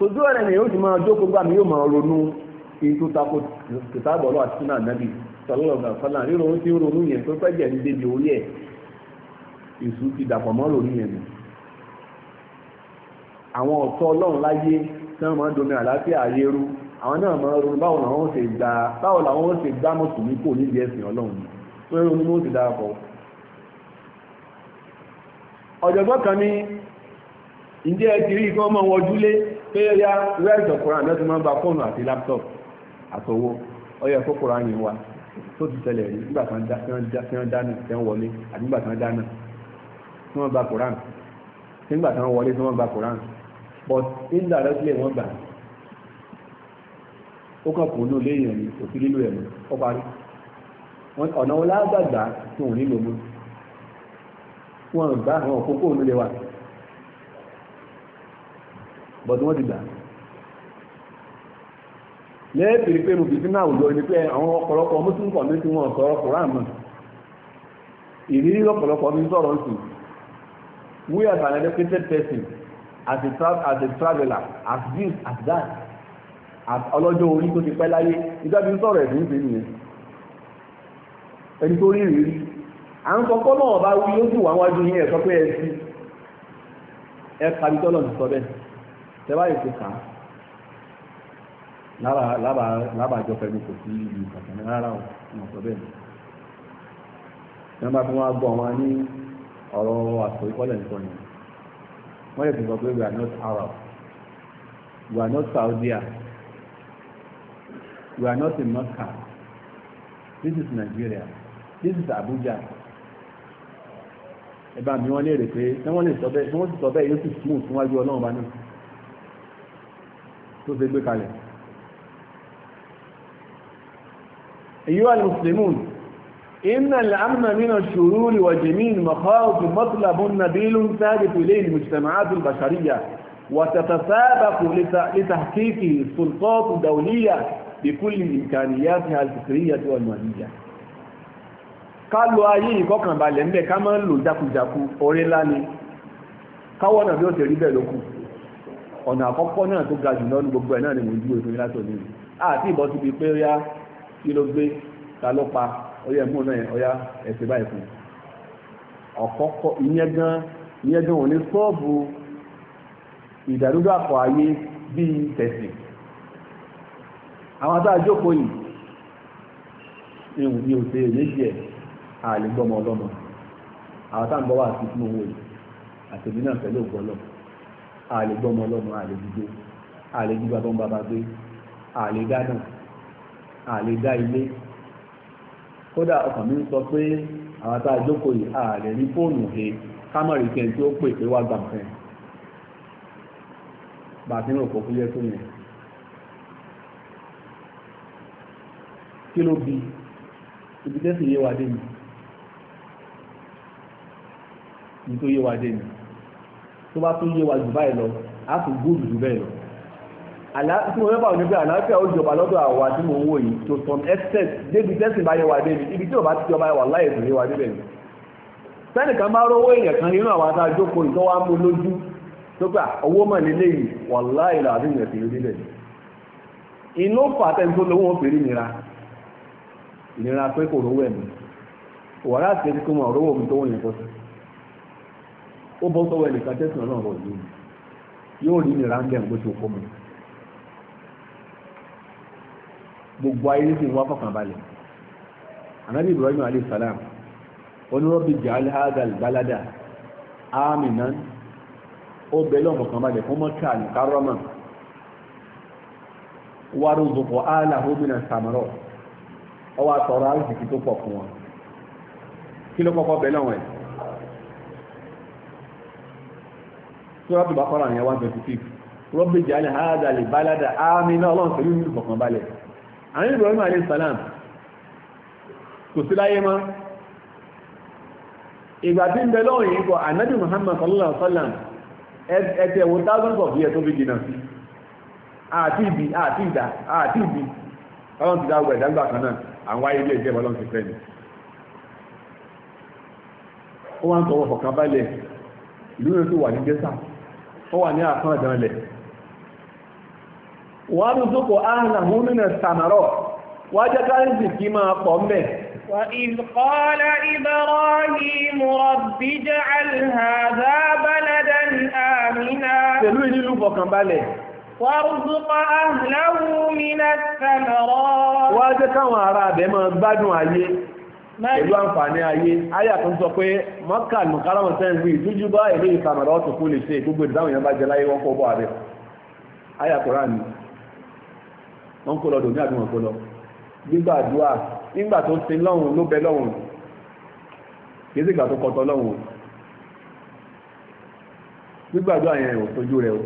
ojú ọ̀rẹ́ ni yóò ti máa jókòó gbà mí yóò máa ronú kí tó tako kìtàbọ̀ lọ́wọ́ àti súnà nàbì sọlọ́lọ́gbà fọlá ríro ó ti ń ronú yẹn tó fẹ́jẹ̀ ní débi orí ẹ̀ ti dàpọ̀ mọ́ lórí yẹn àwọn ọ̀tọ́ ọlọ́run láyé tí wọ́n máa ń domi àlàáfíà ayé àwọn náà máa ń ronú báwo làwọn ó ṣe báwo làwọn ó ṣe kò ẹ̀sìn ọlọ́run ọmọ wọn ojúlé pé ẹyá rẹ́ẹ̀tọ̀ kura náà ti máa ń ba fóònù àti láptọ̀pù àtọwọ́ ọyọ ẹ̀kọ́ kura yẹn wa tó ti ṣẹlẹ̀ rí nígbà tí wọ́n dáná tí wọ́n wọlé àti nígbà tí wọ́n dáná tí wọ́n ba koran nígbà tí wọ́n wọlé tí wọ́n ba koran but indirectly wọ́n gbà ó kàn kó ló léèyàn ni kò sí lílo ẹ̀mí ó parí ọ̀nà wọn lágbàgbà tí òun nílò mú wọn gbà àwọn òkókó òun bọ̀dún wọ́n ti gbà lẹ́ẹ̀kìrì pé mo fìdí náà wùdọ̀ ni pé àwọn ọ̀pọ̀lọpọ̀ muslim kọ̀ọ̀mí tí wọ́n sọ̀rọ̀ koran mọ̀ ìrírí ọ̀pọ̀lọpọ̀ mi sọ̀rọ̀ ń sùn we as an educated person as a tra as a traveler, as this as that as ọlọ́jọ́ orí tó ti pẹ́ láyé ìjọba ń sọ̀rọ̀ ẹ̀dùn sí nìyẹn ẹni tó rí ìrírí à ń sọ kọ́ náà bá wí ó sì wà wájú yẹn ẹ̀ sọ pé ẹ sí ẹ kàbí tọ́lọ̀ ti sọ bẹ́ẹ̀ tẹ́wá yìí ti kà á lábàájọ pẹ̀lú kò sí ibi ìkàtàní rárá o wọn sọ bẹ́ẹ̀ nígbà tí wọ́n gbọ́ wọn ní ọ̀rọ̀ àsọ ìkọ́lẹ̀ nìkan ni wọ́n lè fi sọ pé we are not Arab we are not Saudia we are not in Moscow. this is Nigeria this is Abuja ẹ̀bá mi wọ́n lè rè pé tí wọ́n sì sọ bẹ́ẹ̀ yóò sì smooth níwájú ọlọ́run bá náà tó ṣe gbé kalẹ̀ ayyuha al-muslimun inna al-amna min ash-shururi wa jami'i al-makhawif matlabun nabilun thabit ilayhi al-mujtama'at al-bashariyya وتتسابق لتحقيقه سلطات دولية بكل إمكانياتها الفكرية والمالية ká lo ayé ìkọkànbalẹ̀ ń bẹ ká máa ń ti ọ̀nà àkọ́kọ́ náà tó ga jù lọ́nu gbogbo ẹ̀ náà ni mò ń dúró ìfúnni látò ní àti ìbọn ti di pé ó yá kí ló gbé ta ló pa ọyá ẹ̀mú náà ọyá ẹ̀sẹ̀ báyìí fún ọ̀kọ́kọ́ ìyẹn gan ìyẹn gan ò ní sọ́ọ̀bù ìdàrúdàpọ̀ ayé bíi tẹ̀sìn àwọn àtàwọn àjókòó yìí ní òṣè méjì ẹ̀ àlè gbọ́mọ ọlọ́mọ àwọn táwọn bọ́ wà sí fún owó yìí àtẹ̀mí náà pẹ̀lú ògbọ́lọ́mọ àlè gbọ́mọ ọlọ́mọ àlè gbígbé àlè gbígbà tó ń bàbá gbé àlè dáná àlè dá ilé kódà ọkàn mi ń sọ pé àwọn tá a jókòó yìí àlè rí fóònù he kámọ̀rì kẹ́ tí ó pè pé wá gbà fẹ́ bàtí ń rò fúyẹ́ tó yẹn kí ló bi ibi tẹ́sí yé wa dé mi ibi yé wa dé mi tó bá tún yé wa jù báyìí lọ á tún gúdù jù bẹ́ẹ̀ lọ àlàáfíà mo mẹ́fà òní pé àlàáfíà ó jọba lọ́dọ̀ àwa tí mo ń wò yìí to some extent débi tẹ́sìn bá yẹ wa débi ibi tí ò bá ti jọba wà láyè tó yé wa débẹ̀ ni sẹ́nìkan bá rówó èèyàn kan nínú àwọn ata jókòó ìtọ́ wa mú lójú tó gbà owó mọ̀ nílé yìí wà láyè làbí ìyẹn fi rí lẹ̀ inú fàtẹ́ tó lówó ń fèrè nira ìnira pé kò rówó ẹ̀mí wàrà àti ẹni tó mọ̀ rówó mi tó wọ́n yẹn kọ́ sí ó bọ́ sọ́wọ́ ẹnìkan tẹ́sán náà rọ̀ yìí yóò rí ní ráńgẹ̀ ń gbóṣe òkú mu gbogbo ayé sì ń wá fọkànbalẹ̀ anabi ibrahim alayhi salam onírọ́bì jẹ́ alhadal balada aminan ó bẹ̀rẹ̀ ọ̀fọ̀kànbalẹ̀ fún mọ́tà ní kárọ́mà wàrúzùkọ̀ aláhùmínà sàmọ́rọ̀ ọwọ́ àtọ̀rọ̀ àrùsìkì tó pọ̀ fún wọn kí ló kọ́kọ́ bẹ̀rẹ̀ wọn yìí sọ́rọ̀ tó bá kọ́ra ní 126 rọ́bì jẹ́ alẹ́ àádà lè báládà àmì náà ọlọ́run pẹ̀lú ìlú kọ̀kan balẹ̀ àwọn Ibrahim alayhi salam kò sí láyé mọ́ ìgbà tí ń bẹ lọ́rùn yìí thousands of years tọwọ́ balẹ̀ ó wà ní àtún àdánlẹ̀ wà ní zókò áhànà húnmínà sàmàrọ̀ wà jẹ́ káyìsì kí máa pọ̀ mẹ́ wà ìzkọ́lá Ibrahim rabbi ja'al hadha أهله من الثمرات wá jẹ́ káwọn ará bẹ̀ gbádùn ayé pẹ̀lú àǹfààní ayé ayà tó ń sọ pé mọ́kàn mọ̀káràmọ̀ sẹ́ńgbì ìtújú bá ìlú ìkàmọ̀lá ọ̀tún kú lè ṣe gbogbo ìdáhùn yẹn bá jẹ láyé wọ́n kọ́ bọ́ ààrẹ ayà kọ́ra ni wọ́n kó lọ dòmí àbí wọn kó lọ gbígbà dùà nígbà tó sin lọ́hùn ló bẹ lọ́hùn kìí sígbà tó kọtọ lọ́hùn gbígbà dùà yẹn ò tójú rẹ o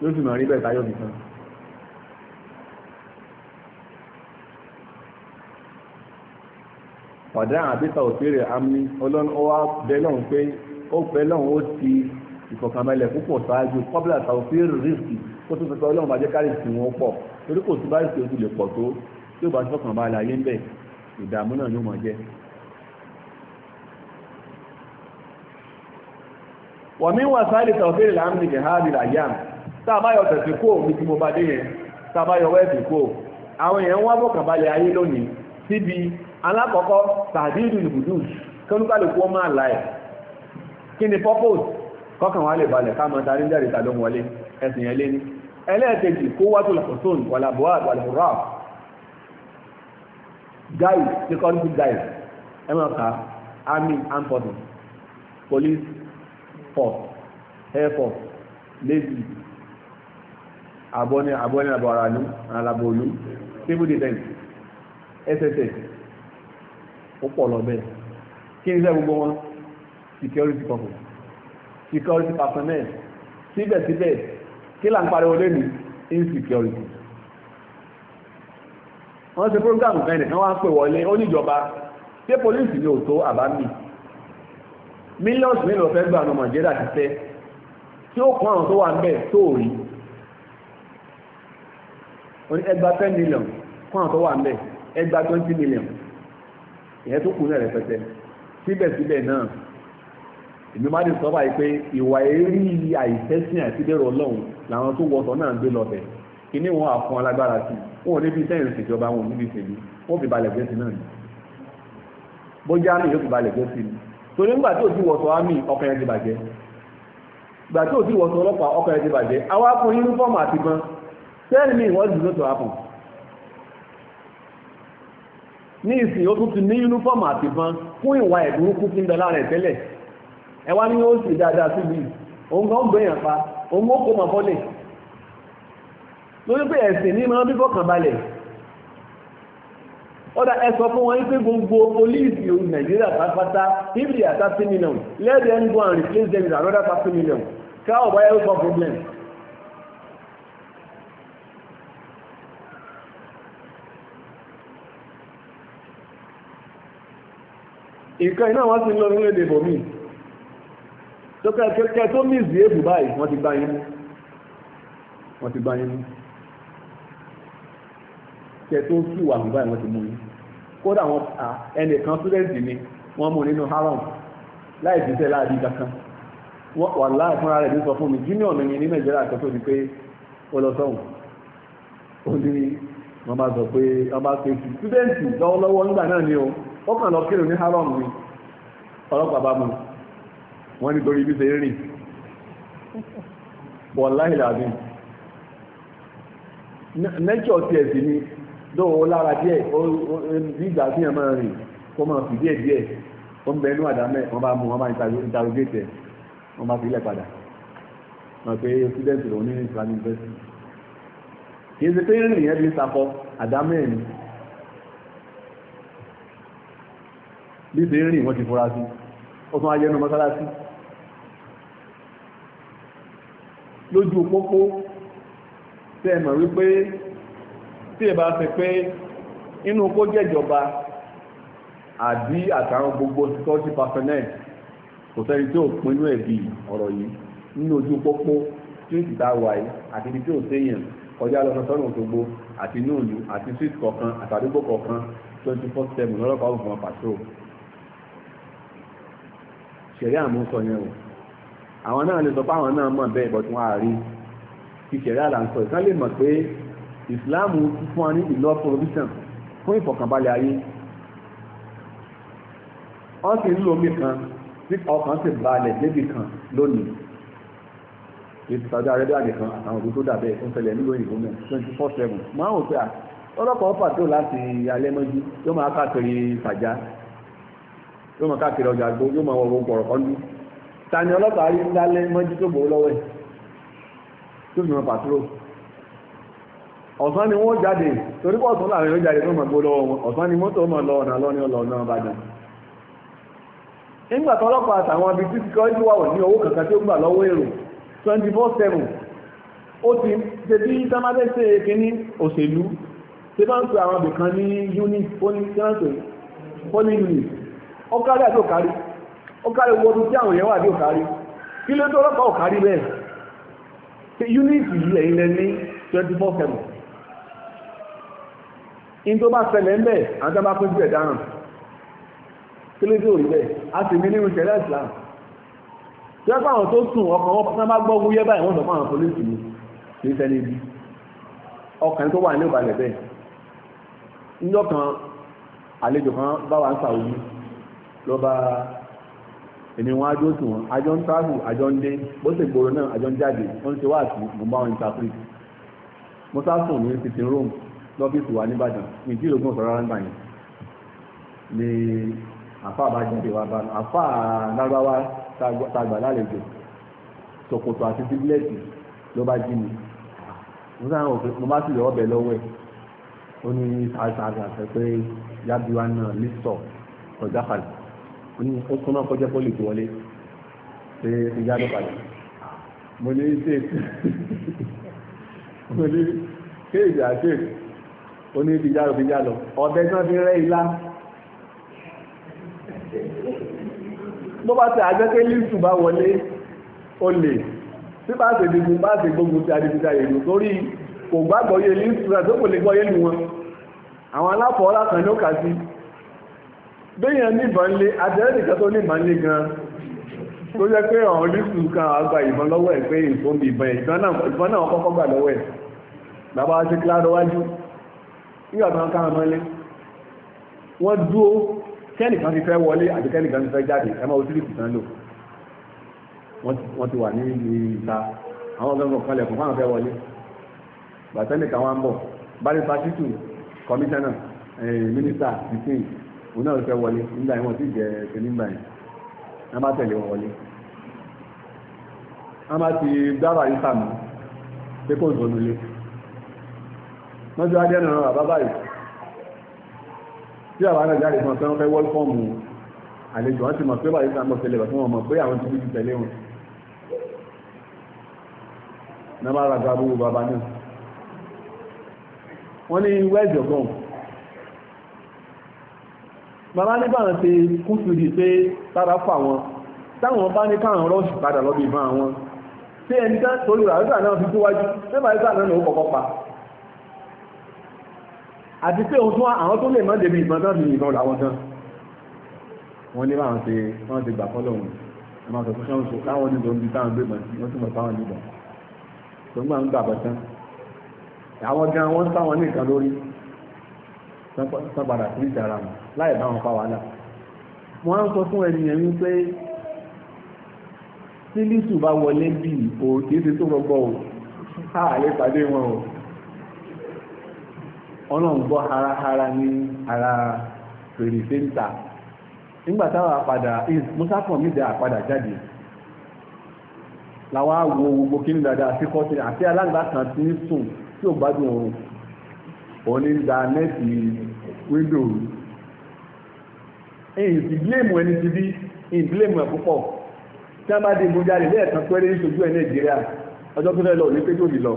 ló sì mọ̀ rí bẹ́ẹ̀ fàdá àbíta òfèrè amí ọlọ́run ó wá bẹ lọ́hùn pé ó bẹ lọ́hùn ó ti ìfọ̀kànbalẹ̀ púpọ̀ ṣáájú kọ́bílà tàòfèrè rìsì kó tó sọ ọlọ́run bá jẹ́ kárí sí wọn pọ̀ torí kò sí báyìí tó lè pọ̀ tó tí ó bá fọkànbalẹ̀ ayé ń bẹ̀ ìdààmú náà ló mọ̀ jẹ́. wọ̀mí wà sáàlì tàòfèrè láàmì jẹ̀háàbì làyàm tábáyọ tẹ̀sí kó omi tí mo bá alákọ̀ọ́kọ́ tàbíìdù ìbùdó kọ́lùkálùkù ọmọ àláì kí ni purpose kọ́kàn wà lè balẹ̀ ká máa darí jáde tàbí wọlé ẹ̀sìn ẹlé ní ẹlẹ́ẹ̀kejì kó wá tó lọ́sọ̀tún wàlàbọ̀ àgbàlẹ̀rọ̀ guide security guide ẹmọ̀ká army armed forces police force air force navy abọ́ni abọ́ni àbọ̀ ara ní alábòlú civil defense sss ó pọ̀ lọ bẹ́ẹ̀ kí ní sẹ́ gbogbo wọn security company security personnel síbẹ̀síbẹ̀ kí là ń pariwo lé ní insecurity wọ́n ṣe program kan nìkan wá ń pè wọlé ó níjọba pé polisi ni ò tó àbámi millions mélòó fẹ́ gbà ní nàìjíríà ti tẹ́ tí ó kún àwọn tó wà ń bẹ̀ tó rí ẹgbà 10 million kún àwọn tó wà ń bẹ̀ ẹgbà 20 million ìyẹn tó kù náà rẹpẹtẹ síbẹ̀síbẹ̀ náà èmi má lè sọ báyìí pé ìwà eré àìsẹ́sìn àti bẹ̀rù ọlọ́run làwọn tó wọṣọ náà ń gbé lọ́bẹ̀ kíní wọn àfọn alágbára sí wọn ò níbi sẹ́yìn ìṣèjọba wọn ò níbi ìṣèlú wọn fi balẹ̀ gẹ́sì náà ni bójá àmì yóò fi balẹ̀ gẹ́sì ni torí ńgbà tí ò sí wọṣọ àmì ọkàn yẹn ti bàjẹ́ gbà tí ò sí wọṣọ ọlọ́pàá ọkàn yẹn ti bàjẹ́ àwa fún yúnífọ́ọ̀mù àti gan sẹ́ẹ̀lì mi ìwọ́n dùn lóṣù àpọ̀n ní ìsìn ó tún ti ní yúnífọ́ọ̀mù àtìbọn fún ìwà ẹ̀dúnkú tí ń bẹ lára ẹ̀ tẹ́lẹ̀ ẹ wá ní ó sì dáadáa síbi òun gan gbẹ̀yàn pa òun ó kó mọ̀ fọ́lẹ̀ lórí pé ẹ̀sìn ní máa ń bí fọ́kàn balẹ̀ ọ̀dà ẹ sọ fún wọn pé gbogbo pólíìsì nàìjíríà pátápátá ibi àtàtì mílíọ̀nù let them go and replace them with another thirty million ká ọ̀bá yẹn problem nǹkan iná wọ́n ti lọ nílé dèbò míì tó kẹ́kẹ́ tó mí ìzì èbù báyìí wọ́n ti gbá yín mú wọ́n ti gbá yín mú kẹ́ tó sì wà mú báyìí wọ́n ti mú yín kódà wọn ẹnìkan túdẹ́ǹtì ni wọ́n mú nínú haram láì jíṣẹ́ láàbí kankan wà láì fúnra rẹ̀ ló sọ fún mi junior mi ní nàìjíríà kan tó di pé ó lọ sọ́hùn ó ní wọ́n bá sọ pé wọ́n bá ṣe túdẹ́ǹtì lọ́wọ́lọ́wọ́ nígbà náà ni o ó kàn lọ kírun ní haram ni ọlọ́pàá bá mú wọ́n nítorí ibi ṣe rìn wọ̀láhì làbí nature ti ẹ̀sìn ni dóò lára díẹ̀ bí ìgbà tí yẹn máa rìn kó máa fi díẹ̀ díẹ̀ ó ń bẹ inú àdámẹ́ wọ́n bá mú wọ́n bá interrogate wọ́n bá fi padà wọ́n pe student lòun ní Islamic university kì í ṣe pé rìn yẹn bí àdámẹ́ ni bí ṣe ń rìn wọ́n ti fura sí ó tún ayẹnu mọ́sálásí lójú pópó tẹ́ ẹ mọ̀ wípé tí ẹ bá fẹ́ pé inú kó jẹ́jọba àbí àtàwọn gbogbo security personnel kò sẹ́ni tí ò pinnu ẹ̀bi ọ̀rọ̀ yìí nínú ojú pópó tí ó sì dá wa yìí àti ibi tí ò séyàn kọjá lọ sọ́nà Òṣogbo àti inú ìlú àti street kọ̀ọ̀kan àtàdúgbò kọ̀ọ̀kan twenty four seven lọ́lọ́pàá òfin ọ̀pàṣọ ìṣẹ̀rí àmúsọ yẹn o àwọn náà lè sọ pé àwọn náà mọ̀ bẹ́ẹ̀ bọ́tún wá rí ìṣẹ̀rí àlàǹsọ ìkan lè mọ̀ pé ìsìláàmù fún wa ní ìlọ provision fún ìfọ̀kànbalẹ̀ ayé wọ́n sì ń lo omi kan tí ọkàn sì balẹ̀ débi kan lónìí ètò ìtajà arẹ́bíà nìkan àtàwọn òbí tó dàbẹ̀ ń ṣẹlẹ̀ nílùú òyìnbó náà twenty four seven máa ń wò pé ọlọ́pàá ọ̀pàtó láti alẹ́ mọ́jú yóò máa káàkiri yóò mọ̀ káàkiri ọjà gbó yóò mọ̀ ọ̀rọ̀ pọ̀rọ̀ kan dú ta ni ọlọ́pàá rí lálẹ́ mọ́jú tó gbòó lọ́wọ́ ẹ̀ tó fi mọ̀ pàtúrò ọ̀sán ni wọ́n jáde torí pọ̀ ọ̀sán làwọn èèyàn jáde tó mọ̀ gbó lọ́wọ́ wọn ọ̀sán ni mọ́tò mọ̀ lọ ọ̀nà lọ́ní ọlọ́ọ̀nà ọbàdàn lọ́wọ́ ní unit ó ní ó kárí àti òkárí ó kárí owó ọdún tí àwọn èèyàn wà ní òkárí kí ló tó ọlọ́pàá òkárí bẹ́ẹ̀ ṣe yúnìtì yìí ẹ̀yìn lẹ ní twenty four seven in tó bá ṣẹlẹ̀ ń bẹ̀ àti àbá pín sílẹ̀ dáràn kí ló dé òrí bẹ́ẹ̀ a sì ní nínú ìṣẹ̀lẹ̀ Islam tí wọ́n pàwọn tó sùn ọkàn wọn pátá bá gbọ́ wúyẹ́ báyìí wọ́n sọ fún àwọn polisi ní kì í ṣẹlẹ̀ ibi ọkàn tó wà ní ìbàlẹ̀ bẹ́ẹ̀ níjọ́ kan àlejò kan bá wa ń sàwọ́ ló bá èmi wọn ajó tù wọn àjọ ń travel àjọ ń dé bó sì gbòòrò náà àjọ ń jáde ó ń ṣe wá àti mo bá wọn interpret mo sá ní sitting room lọ́fíìsì wa nìbàdàn ní ìdí ìlógún ọ̀sán rárá ń gbà yẹn ni àfa àbájáde wa bá àfa lágbáwá tagbà lálejò ṣòkòtò àti bíbélẹ̀tì ló bá jí mi mo sáà rò pé mo bá sì lọ ọbẹ̀ lọ́wọ́ ẹ̀ ó ní sàásàásà pé yábíwá náà lè sọ ọjà kalẹ̀ ní ó súnmọ́ kọjá pọ́lì tó wọlé ṣe ti já ló padà mo ní ṣe mo ní kéèjì àṣẹ ó ní ti já ló fi já lọ ọ̀bẹ tí wọ́n fi rẹ́ ilá bó bá ti àjẹ́kẹ́ lísù bá wọlé ó lè tí bá ṣe dìbò bá ṣe gbógun ti adìbìta èrò torí kò gbàgbọ́ yé lísù rẹ̀ tó kò lè gbọ́ yé lu wọn àwọn aláfọ̀ọ́ lákan ló kà sí i béèyàn ní ìbọn lé àtẹ́rẹ́ nìkan tó ní ìbọn lé gan tó jẹ́ pé ọ̀hún lísù kan àgbà ìbọn lọ́wọ́ ẹ̀ pé ìfòmì ìbọn ìbọn náà kọ́kọ́ gbà lọ́wọ́ ẹ̀ bàbá ti kíláàrọ̀ wájú nígbà tó ń ká ọmọ lé wọ́n dúó kẹ́nìkan ti fẹ́ wọlé àti kẹ́nìkan ti fẹ́ jáde ẹ máa òtílì kùtàn lò wọ́n ti wà ní ìta àwọn ọgbẹ́gbọ̀n kan lẹ̀kùn fáwọn fẹ́ wọlé bàtẹ́nìkan wá ń bọ̀ bá lè fa títù kọmíṣánná eh, mínísítà ìsìn òun náà fẹ́ wọlé nígbà yẹn wọ́n ti jẹ sinimá yẹn wọ́n bá tẹ̀lé wọn wọlé wọ́n bá ti dábà yìí sàmù pé kò zọnù lé wọ́n ti wá jẹ́ nìran bàbá báyìí tí àwọn náà jáde fún ọ pé wọ́n fẹ́ wọ́l fọ́ọ̀mù àlejò wọn ti mọ̀ pé báyìí sàmù tẹ̀lé bàtí wọ́n mọ̀ pé àwọn ti fi tẹ̀lé wọn náà bá ra gbàgbó bàbá náà wọ́n ní wẹ́ẹ̀dì ọgọ́rùn bàbá nígbà wọn ṣe kún fìdí pé lára fún àwọn táwọn bá ní káwọn rọ́ọ̀ṣì padà lọ́bí ìbọn àwọn tí ẹni tán torí rà rẹ́sà náà fi síwájú sẹ́bà rẹ́sà náà ló kọ́kọ́ pa àti pé òun tún àwọn tó lè má débi ìbọn tán fi ìbọn làwọn tán wọ́n ní báwọn ṣe wọ́n ti gbà fọ́lọ̀ wọn wọ́n máa sọ fún ṣáwùsọ láwọn nílò ń bi táwọn gbé mọ̀ sí tún mọ̀ táwọn níbọn tó ń gbà ń gbà bọ̀ tán àwọn gan wọ́n sáwọn ní ìkan lórí sábàdà sí ìdára wọn láì bá wọn pa wàhálà wọn ń sọ fún ènìyàn wípé tí lítù bá wọlé bí o kìí ṣe tó gbogbo o a lè pàdé wọn o ọlọ́run gbọ́ harahara ní ara fèrèsé ń ta nígbà táwa padà musa pọ̀ mí dẹ́ àpadà jáde làwọn àwo gbogbo kí ni dáadáa sí kọ́sílẹ̀ àti alágbàkan ti ń sùn tí ò gbádùn oorun onídà nẹ́ẹ̀tì wíńdò èyí ti bílèmù ẹni ti bí èyí bílèmù ẹ̀ púpọ̀ tí wọ́n bá dé ìbò jáde lẹ́ẹ̀kan pẹ́rẹ́ ìṣojú ẹ̀ nàìjíríà ọjọ́ tó fẹ́ lọ ní péjò lì lọ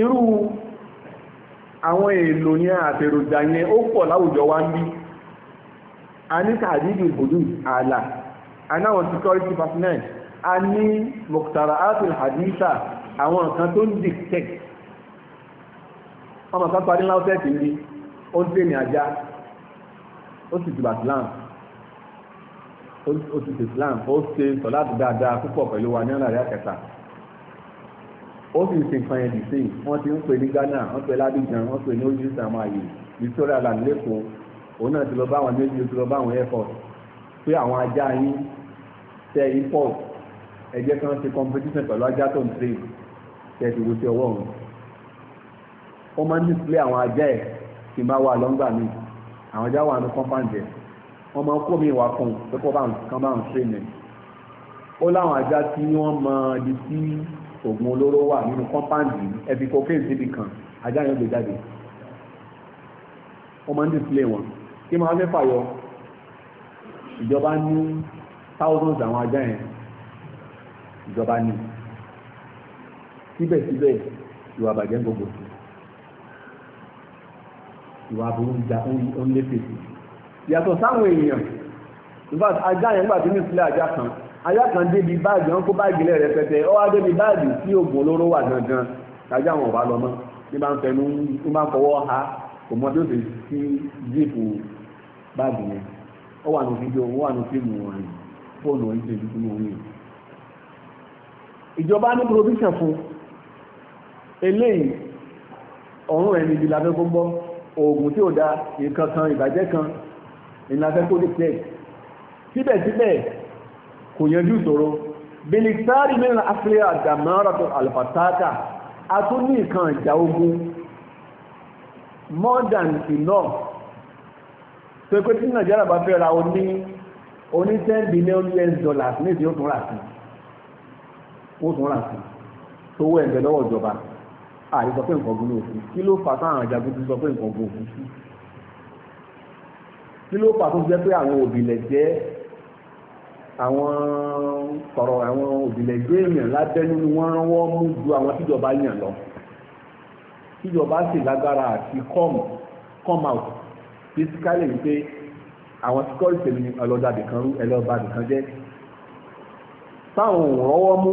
irú àwọn èèlò ní àtèròjà yẹn ó pọ̀ láwùjọ wa ń bí a ní tàbí ìbòjú ààlà a náwọn security personnel a ní muqtara'atul haditha àwọn nǹkan tó ń dìtẹ̀ ọmọ kan parí láwùsẹ̀ tì ní ó ń tẹ̀mí ajá ó sì ti bàtìláàmù ó ti ti islam ó ṣe sọláàtì dáadáa púpọ̀ pẹ̀lú wa ní ọ̀làrí àkẹta ó sì ṣe nǹkan ẹ̀dì sí i wọ́n ti ń pè ní Ghana wọ́n pè ládìjan wọ́n pè ní ojú àwọn àyè Victoria land òun náà ti lọ bá àwọn méjì ó ti lọ bá àwọn airport pé àwọn ajá yín tẹ import ẹjẹ́ kan ṣe competition pẹ̀lú ajá tó ń tré tẹ̀sí wo sí ọwọ́ òun ó máa ń display àwọn ajá ẹ̀ tí máa wà lọ́ngbà mi àwọn ajá wà ní compound ẹ̀ wọ́n máa ń kó mi wá fún un pé kó bá nǹkan bá ń tré mi ó láwọn ajá tí wọ́n máa di sí oògùn olóró wà nínú compound yìí ẹbí cocaine síbi kan ajá yẹn gbé jáde ó máa ń display wọn kí máa fẹ́ fàyọ ìjọba ní thousands àwọn ajá yẹn ìjọba ní síbẹ̀síbẹ̀ ìwà àbàjẹ́ ń gbogbo sí ìwà àbúrú ìjà ó ń lé pèsè yàtọ̀ sáwọn èèyàn nígbàtí ajá yẹn gbà tí ní ìsílẹ̀ ajá kan ajá kan débi báàgì wọn kó báàgì lẹ̀ rẹpẹtẹ ó wá débi báàgì tí oògùn olóró wà gangan ajá wọn ò bá lọ mọ́ ní bá ń fẹnu ní bá ń fọwọ́ ha kò mọ bí ó ti sí jíìpù báàgì yẹn ó wà ní fídíò ó wà ní fíìmù wọn fóònù oníṣẹ́ ìdúgbò wọn yìí ìjọba ní provision fún eléyìí ọ̀run ẹni ibi lábẹ́ gbogbo oògùn tí ó da nǹkan kan ìbàjẹ́ kan ìlàfẹ́ kó lè tẹ̀ síbẹ̀síbẹ̀ kò yanjú ìṣòro belisari mẹ́rin afirika àdàmọ́ràn alfataka a tún ní nǹkan ìjà ogun more than enough tó pé tí nàìjíríà bá fẹ́ ra oní oní ten billion us dollars ní ìdí ó tún rà sí i ó tún rà sí tó wọ ẹ̀bẹ̀ lọ́wọ́ ìjọba àyè sọ pé nǹkan gun ní òfin kí ló fà táwọn ajagun ti sọ pé nǹkan gun òfin sí kí ló fà tó jẹ́ pé àwọn òbílẹ̀ jẹ́ àwọn sọ̀rọ̀ àwọn òbílẹ̀ jẹ́ èèyàn lábẹ́nú ni wọ́n rán wọ́n mú ju àwọn tíjọba yàn lọ tíjọba sì lágbára àti come come out physically wípé àwọn security ni ọlọ́dà bìkan rú ẹlọ́ba bìkan jẹ́ táwọn ò rọ́wọ́ mú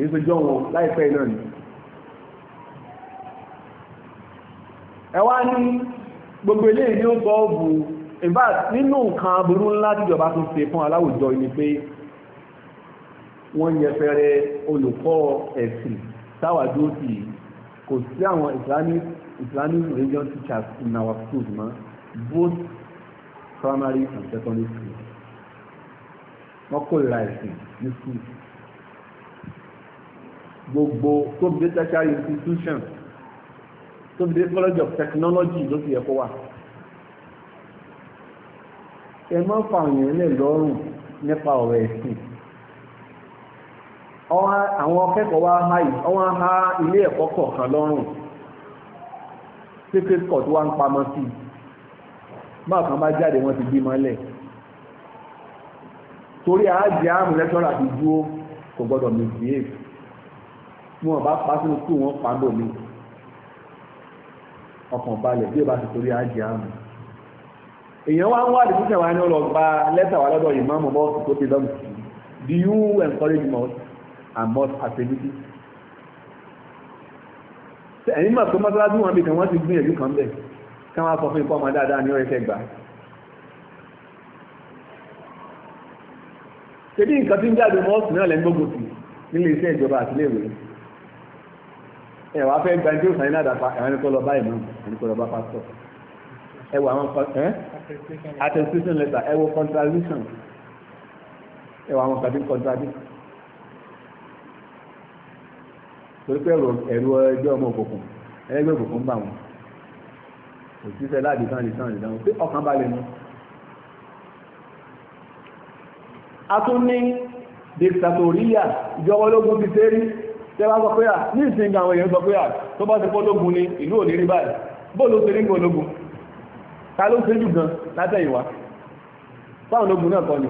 kìí sojọ́ wọn láìpẹ́ náà ni ẹ wá ní gbogbo ilé ní ó sọ ọ̀bù ìbá nínú nǹkan aburú ńlá tíjọba tún ṣe fún aláwùjọ ni pé wọ́n yẹfẹrẹ olùkọ́ ẹ̀sìn táwàdó sí kò sí àwọn islamic islamic religion teachers in our schools mọ́ both primary and secondary school wọ́n kórìíra ẹ̀sìn ní school gbogbo tó fi dé tertiary institution tó fi dé college of technology ló fi ẹ̀kọ́ wà ẹ má fa àwọn èèyàn lọ́rùn nípa ọ̀rọ̀ ẹ̀sìn àwọn akẹ́kọ̀ọ́ wa ha ọwọ́n ha ilé ẹ̀kọ́ kọ̀ọ̀kan lọ́rùn secret court wá ń pamọ́ sí báà kan bá jáde wọ́n ti bí mọ́lẹ̀ torí àájì àrùn lẹ́tọ́rà ti dúó kò gbọ́dọ̀ misbehave wọn bá pa sínú kú wọn pa bò mí ọkàn balẹ̀ bí o bá ti torí ajé àmì èèyàn wá ń wá àdìsí tẹ̀wá ní ọlọ́ gba lẹ́tà wà lọ́dọ̀ yìí máàmù bọ́ọ̀sì tó ti lọ́mù sí do you encourage must and must as a meeting ẹ̀yìn mọ̀ tó mọ́sálásí wọn bí kan wọ́n ti gbìyànjú kan bẹ̀ ká wọ́n sọ fún ikú ọmọ dáadáa ní ọ̀rẹ́kẹ́ gbà ṣe bí nǹkan tí ń jáde mọ́ọ̀sì náà lẹ́gbọ́gbòsì nílé iṣẹ́ ìjọba àtìlẹ́wẹ̀ẹ́ ẹ̀wà fẹ́ gba ẹgbẹ́ òsàn iná àdàpá ẹ̀wà ní kó lọ bá ìmọ̀ ẹni kó lọ bá pásítọ̀ ẹwà àwọn attestation letter ẹwọ contradiction ẹwà àwọn kàbí contradict torí pé ẹ̀rù ẹgbẹ́ ọmọ òkùnkùn ẹgbẹ́ òkùnkùn bá wọn òṣìṣẹ́ láàbí sáà lè sáà lè dáhùn pé ọkàn balẹ̀ ni. a tún ní dictatorial ìjọba ológun ti ṣe rí tẹ́wà sọ pé à ní ìsìnkà àwọn èèyàn sọ pé à tó bá ti pọ́lógún ní ìlú òní báyìí bóòlù ti rí ta ló ṣe jù gan látẹ̀yìnwá fáwọn ológun náà kọ́ ni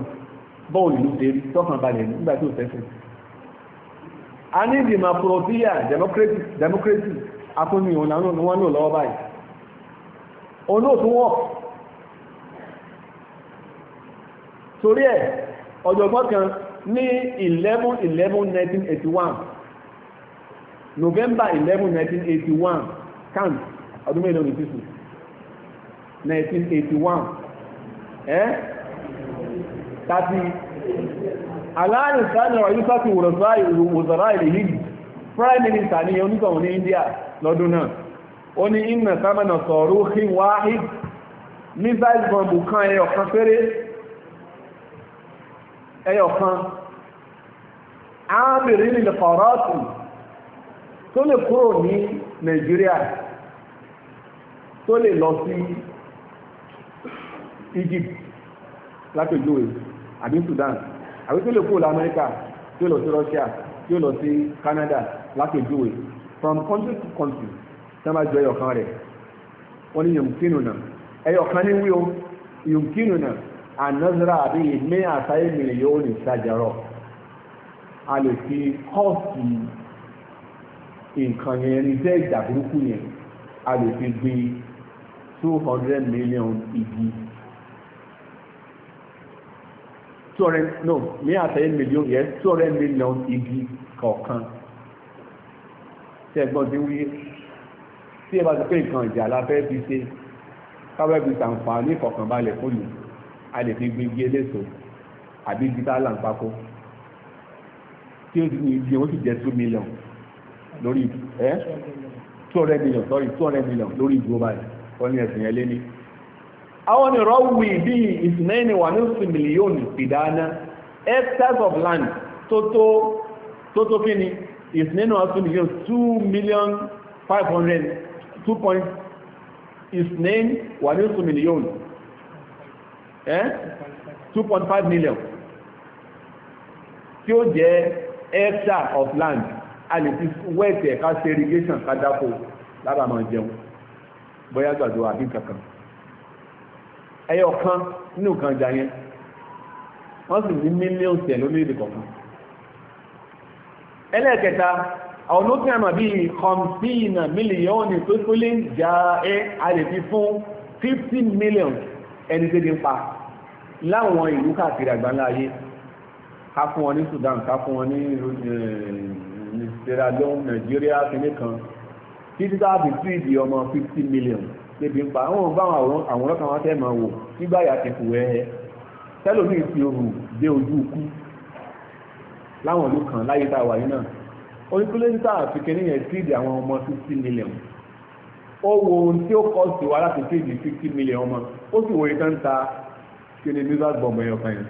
bóòlù rí tọ́kàn balẹ̀ nígbà tí ó a ní ìdìmọ̀ democracy wọn báyìí 11 11 1981 November eleven nineteen 11 1981 count ọdún mẹ́rin ní sísù 1981 ẹ́ tàbí aláàrin sáàlẹ̀ wà yíò sáàkì wòsàrá ilẹ̀ yìí prime minister ní onítọ̀wọ̀n ní India lọ́dún náà ó ní iná sámẹ́nà sọ̀rọ̀ kí wáhid missile bomb kan ẹyọkan péré ẹyọkan ábìrin ilẹ̀ fọ̀rọ̀tù tó lè kúrò ní nàìjíríà tó lè lọ sí Egypt lápèjúwe àbí Sudan àbí tó lè kúrò lamẹ́ríkà tí ó lọ sí Russia tí ó lọ sí Canada lápèjúwe from country to country tí wọ́n bá jọ ẹyọ̀kan rẹ̀ wọ́n ní yomkinu náà ẹyọ̀kan ní wíwọ́ yomkinu náà anazara àbí ìmí àtàyè mìíràn yóò ní ìsàjàrọ̀ a lè fi kọ́ọ̀sì nǹkan yẹn ní jẹ́ ìjà burúkú yẹn a lè fi gbin two hundred million igi two hundred no ní àtẹ̀yẹ million yẹn two hundred million igi kọ̀ọ̀kan tí ẹgbọ́n ti wí tí ẹ bá ti pé nǹkan ìjà la fẹ́ fi ṣe káwẹ́ fi ṣàǹfààní ìfọ̀kànbalẹ̀ fún mi a lè fi gbin igi eléso àbí igi tá a là ń pákó tí ó ti ní igi wọn sì jẹ́ two million lórí ẹ́ 200 million sorry 200 million lórí ìdúró báyìí wọ́n ní ẹ̀sìn yẹn lé ní. àwọn ni rọ́wì bí ìsìnẹ́ni wà ní oṣù mílíọ̀nù ìdáná excess of land tó tó kí ni ìsìnẹ́ni wà ní oṣù mílíọ̀nù 2 million 500 2 point ìsìnẹ́ni wà ní oṣù mílíọ̀nù ẹ́ 2.5 million tí ó jẹ́ hectare of land a lè fi wẹ́ẹ̀tì ẹ̀ka ṣe irrigation ká dáko lábàá máa jẹun bóyá gbàdo àbí kankan ẹyọ kan nínú kan jà yẹn wọ́n sì ní mílíọ̀nù tẹ̀ lórílẹ̀-èdè kọ̀ọ̀kan ẹlẹ́ẹ̀kẹta àwọn olókè àmà bí i kọmpínà mílíọ̀nù tó tó lè jà ẹ́ a lè fún 15 million ẹni tó ti ń pa láwọn ìlú káàkiri àgbáńlá ayé ká fún wọn ní Sudan ká fún wọn ní eh, ìlera lóhun nàìjíríà kìíní kan títí táàbì tí ìdí ọmọ fifty million ṣèbí ń pa àwọn òun báwọn àwòrán kan wọn fẹ́ máa wò nígbà yà ti kù ẹ́ tẹ́lómìn ti òhù dé ojú ikú láwọn ìlú kan láyé tá a wà yìí náà oníkúlẹ́ńtà àti kìíní yẹn tí ìdí àwọn ọmọ fifty million ó wo ohun tí ó kọ́ sí wa láti tí ìdí fifty million ọmọ ó sì wo ìtàn ta kí ni mizas bọ̀mọ̀ ẹ̀yọ̀ kan yẹn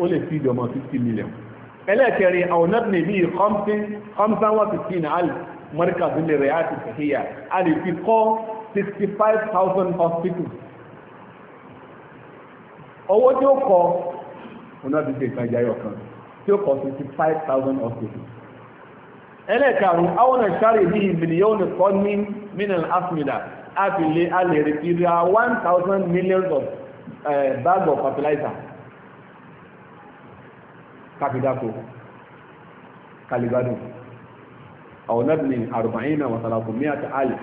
ó lè tí ìdí ọmọ fifty million ẹlẹ́ẹ̀kẹrin àwọnàbìnì bíi khamsanwafitina alif markazin lè rẹ̀ àti fìhíyà a lè fi kọ́ 65,000 hospitals owó tí ó kọ ọ̀nàbìnì ìtajà yọkan tí ó kọ 65,000 hospitals ẹlẹ́ẹ̀karùn àwọn ìṣàrí ní mílíọ̀nù kan ní mineral afmida a fi lè a lè rí 1000 millions of uh, eh, bags of fertilizer káfídákò kaligbadun àwọn nabni arba'ina wa salatu mi'at alif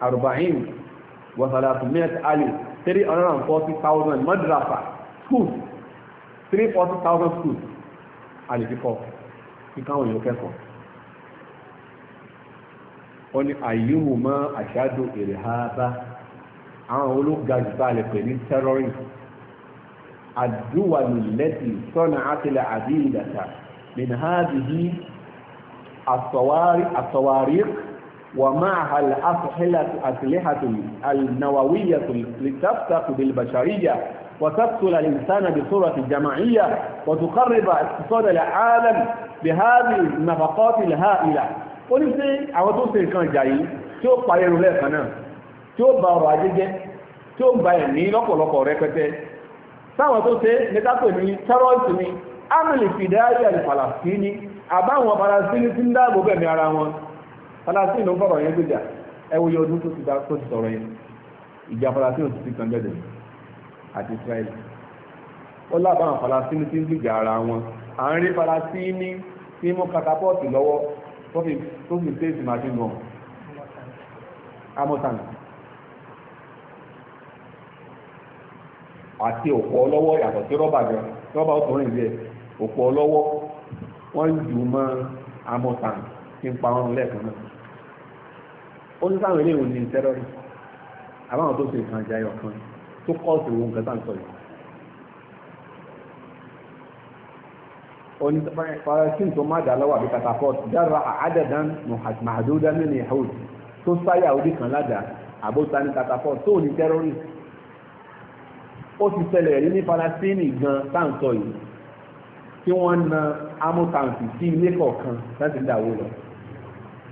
arba'in wa salatu mi'at alif 340,000 madrasa schools 340,000 schools alifikọ́ kíkáwọn èèyàn kẹ́kọ̀ọ́ ó ní àyíwò mọ́ àṣádò èrè ha bá àwọn olóògùn àjùbá alẹ́ pẹ̀lú terrorism الدول التي صنعت العديدة من هذه الصواريخ, الصواريخ ومعها الأسلحة الأسلحة النووية لتفتق بالبشرية وتقتل الإنسان بصورة جماعية وتقرب اقتصاد العالم بهذه النفقات الهائلة ونفسي أعوضوسي كان جاي شو قايروا لك أنا شو بارو عجيجي شو بايني لقو لقو ركتي sáwọn tó ṣe nítàpẹ̀ ní tẹ́rọ̀tì ni amìlì fìdáyà ní Palestini àbáwọn Palestini tí ń dáàbò bẹ̀mí ara wọn Palestini ló ń fọ̀rọ̀ yẹn gbèjà ẹwọ yọ ọdún tó ti dá tó ti sọ̀rọ̀ yẹn ìjà Palestini ti ti kan bẹ̀rẹ̀ àti Israel ó lábàwọn Palestini tí ń gbèjà ara wọn à ń rí Palestini tí mú katapọ́ọ̀tì lọ́wọ́ tó fi tó fi tẹ́sí amọ̀tàn àti òpó ọlọ́wọ́ yàtọ̀ sí rọ́bà gan rọ́bà ọkùnrin rẹ̀ òpó ọlọ́wọ́ wọ́n jù mọ́ amọ̀tàn tí onye pa ọrùn lẹ́ẹ̀kan náà ó ní sáwọn eléyìí ní tẹ́rọ̀rì àbáwọn tó ṣe nǹkan àjàyọ̀ kan tó kọ́ sí ohun kẹta ń sọ yìí. tó má lọ́wọ́ àbí dára àádẹ́dán ìhòòdì tó ó ti ṣẹlẹ̀ rí ní Palestine gan táǹtọ̀ yìí tí wọ́n na amútàǹtì sí ilé kọ̀ọ̀kan láti dàwó lọ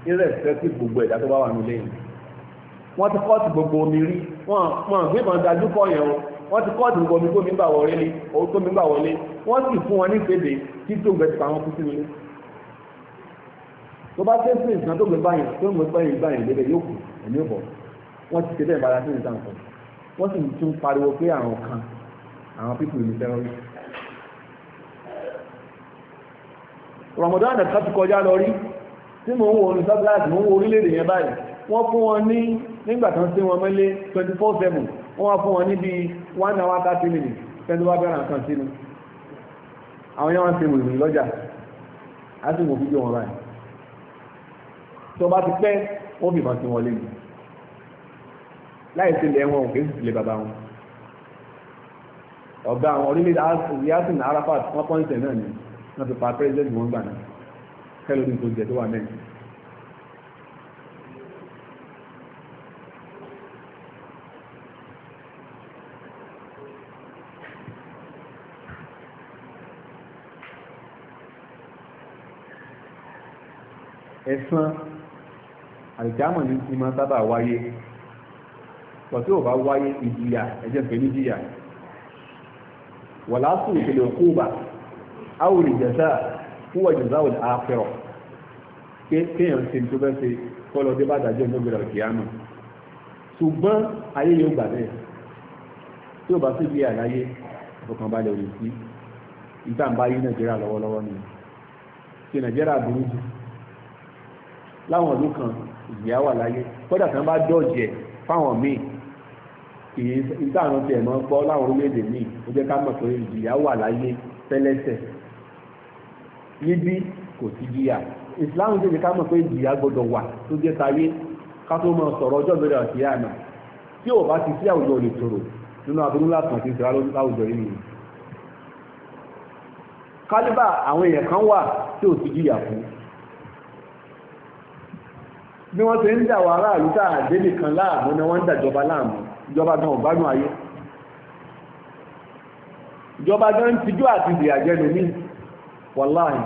irrespective gbogbo ẹ̀dá tó bá wà nílé yìí wọ́n ti kọ́ọ̀tù gbogbo omi rí wọ́n wọ́n gbébọn dájú kọ́ yẹn o wọ́n ti kọ́ọ̀tù gbogbo omi tómi gbà wọlé ní owó tómi gbà wọlé wọ́n sì fún wọn ní ìpèdè tí tó gbẹ ti pa wọn kú sí nílé tó bá tẹ́ sí ìsìn tó gbé báyìí tó gbé báyìí báyìí lébẹ̀ yóò kù ẹ̀mí ò wọ́n sì tún pariwo pé àwọn kan àwọn pípù ìlú terrorist Ramadan ẹ̀ka ti kọjá lọ rí tí mò ń wo orin sọ́gbàláàsì mò ń wo orílẹ̀-èdè yẹn báyìí wọ́n fún wọn ní nígbà tán sí wọn mẹ́lé 24/7 wọ́n wá fún wọn ní bíi 1 hour 30 minutes pẹ̀lú wá bẹ̀rẹ̀ nǹkan sínú àwọn yẹn wọ́n ti mùsùlùmí lọ́jà á sì mọ̀ fídíò wọn báyìí tó bá ti pẹ́ wọ́n fìbọn sí wọn lé láì sí ilẹ̀ wọn kì í sì tilẹ̀ bàbá wọn ọ̀gá àwọn orílẹ̀-èdè yasin arafat wọ́n pọ́ńtẹ̀ náà ni wọ́n ti pa president wọn gbà náà kẹ́lò ní ìtòjẹ̀ tó wà náà ẹ̀sán àìjámọ̀ ní ti sábà wáyé pọ̀tí ò bá wáyé ìjìyà ẹ̀jẹ̀ pé ní jìyà wọ̀lá sùn ìpele òkúba áwùrì jẹ̀sà fún ọ̀jẹ̀sà òdì àfẹ́rọ̀ kéèyàn ṣe tó bẹ́ẹ̀ ṣe kọ́lọ́ dé bá dájọ́ ní ògbèrè òkè àmọ́ ṣùgbọ́n ayé yóò gbà bẹ́ẹ̀ tí ò bá sì bí àláyé ìfọkànbalẹ̀ òdì sí ìtàǹbá yí nàìjíríà lọ́wọ́lọ́wọ́ ni ṣe nàìjíríà burú jù láwọn ìlú kan ìyá wà láyé kódà kan bá dọ̀jẹ̀ fáwọn míì èyí níta àwọn tiẹ̀ máa ń gbọ́ láwọn orílẹ̀-èdè míì ó jẹ́ ká mọ̀ pé ìjìyà wà láyé tẹ́lẹ̀tẹ̀ níbí kò sí jìyà ìsìláàmù ti jẹ́ ká mọ̀ pé ìjìyà gbọ́dọ̀ wà tó jẹ́ tayé ká tó mọ̀ sọ̀rọ̀ ọjọ́ ìbẹ̀rẹ̀ àti àná tí ò bá ti sí àwùjọ lè tòrò nínú aburú látàn ti sọ̀rọ̀ láwùjọ yìí nìyí kálíbà àwọn èèyàn kan wà tí ò sí jìyà fún bí wọ́n ti ń dà wàhálà àlùtà àdébì kan láàmú ni wọ́n ń dàjọba láàmú ìjọba gan ọ̀gbádùn ayé ìjọba gan ń tijú àti ìdè àjẹ́ lómi wàláhì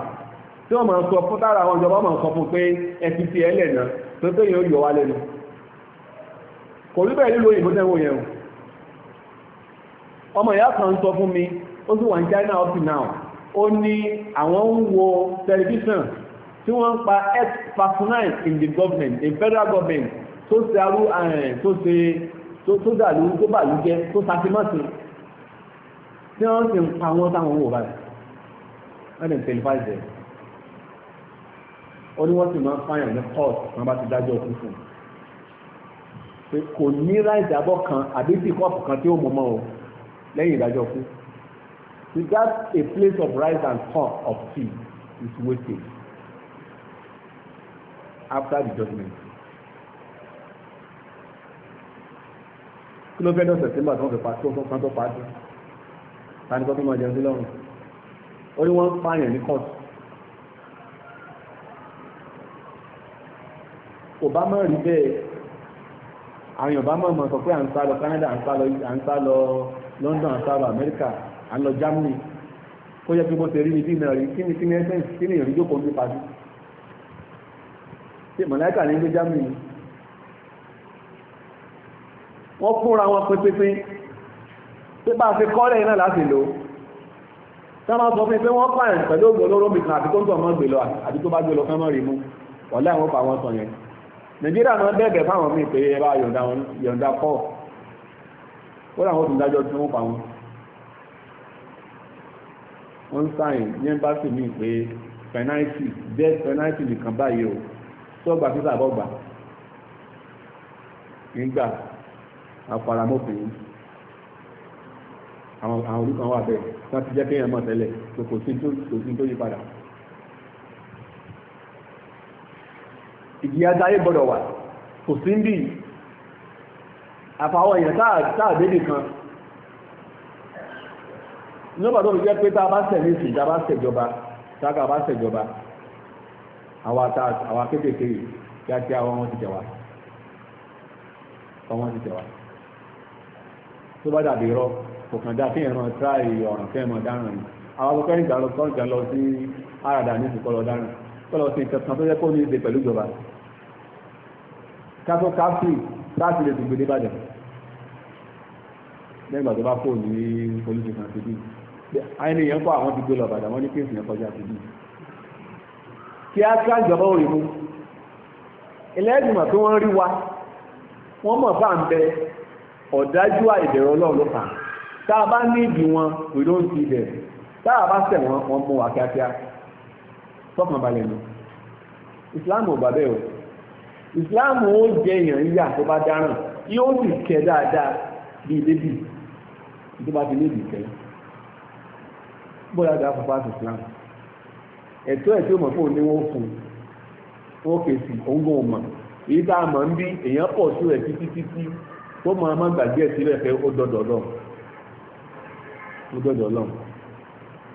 tí wọ́n máa ń sọ fún tára àwọn ìjọba máa ń sọ fún pé ẹ ti ti ẹlẹ̀ náà tó pé yẹn ó yọ wá lẹ́nu kò rí bẹ́ẹ̀ nílò òyìnbó tẹ́wọ́ yẹn o ọmọ ìyá kan sọ fún mi ó sì wà ní China up to now ó ní àwọn ń wo tẹlifíṣàn tí wọ́n ń pa ex-personnel in the government in federal government tó ṣe arú ààrẹ eh, tó ṣe tó tó dàlú tó bàlú jẹ tó sasimọ́sìn tí wọ́n sì ń pa wọ́n táwọn wò báyìí wọ́n lè tẹ̀lé fáìsì ẹ̀ ó ní wọ́n sì máa ń fáyàn ní court wọ́n bá ti dájọ́ òkú fún un pé kò ní ráìsì abọ́ kan àbí tí kọ́ọ̀pù kan tí ó mọ̀ mọ́ o lẹ́yìn ìdájọ́ òkú to get a place of rice and cup of tea is wasted after the judgment. kí ló fẹ́ dọ̀sẹ̀ tí màtí wọ́n fi pàtó tó kan tó pàtó tani kọ́ tó máa jẹun sí lọ́rùn ó ní wọ́n pààyàn ní kọ́ọ̀tù kò bá mọ̀ rí bẹ́ẹ̀ àwọn Yorùbá mọ̀ mọ̀ sọ pé à ń sá lọ Canada à ń sá lọ à ń sá lọ London à ń sá lọ America à ń lọ Germany kó yẹ kí mo ṣe rí ní bíi náà rí kí ni kí ni ẹsẹ̀ kí ni ìrìn jókòó ń bí pàdé ṣé mọ̀láìkà ní gbé Germany ni wọ́n fúnra wọn pínpínpín tí bá fi kọ́lẹ̀ iná láti lò tánà sọ fún pé wọ́n pààyàn pẹ̀lú ògbò olóró mi kan àti tó ń tọ̀ mọ́ gbé lọ àti tó bá gbé lọ kán mọ́ rí mú wọ̀lẹ́ àwọn pa wọn sọ yẹn nàìjíríà náà bẹ̀bẹ̀ fáwọn míì pé ẹ bá yọ̀ǹda pọ̀ ó làwọn òfin dájọ́ tí wọ́n pa wọn wọ́n ń sáyìn àfaramọ́bìnrin àwọn orúkọ wà bẹ́ẹ̀ láti jẹ́ kéèyàn mọ̀ tẹ́lẹ̀ tó kò sí tó yí padà ìjìyà dáyé gbọ́dọ̀ wà kò sí ń bí àfàwọn èèyàn táàdébì kan nígbà tó fi jẹ́ pé tá a bá sẹ̀mí sí tá a bá sẹ̀jọba tá a bá sẹ̀jọba àwọn akékèké kíákíá wọn ti jẹ̀wà tó bá dàbí rọ kò kàn dá kéèyàn máa tra èèyàn ọ̀ràn kéèyàn máa dáràn ni àwọn akọ́kọ́ ìgbà lọ kọ́ ìgbà lọ sí àràdà ní ìsìnkọ́ lọ dáràn kọ́ lọ sí nǹkan kan tó yẹ kó ní ìdè pẹ̀lú ìjọba kátó káfí láti lè dùgbò débàdàn lẹ́gbà tó bá kò ní polisi kan ti bí àìní èèyàn kọ́ àwọn ti gbé lọ bàdàn wọ́n ní kéèsì yẹn kọjá ti kí á ká ìjọba ò rí mú tó wọ́n rí wa wọ́n mọ̀ bá ń bẹ ọ̀dájú àìbẹ̀rẹ̀ ọlọ́run ló fà á tá bá ní wọn we don't see tá bá ṣẹ̀ wọn wọ́n mú wa kíákíá tọkàn balẹ̀ nù ìsìláàmù ò o ìsìláàmù ó jẹ èèyàn yíyà tó bá dáràn yóò sì kẹ dáadáa bíi débì tó bá ti ní kẹ bóyá ẹ̀tọ́ ẹ̀ tí ó mọ̀ fún un kèsì òun mọ̀ èyí kó máa má gbàgbé ẹ̀ síbẹ̀ pé ó dọ̀dọ̀ lọ ó dọ̀dọ̀ lọ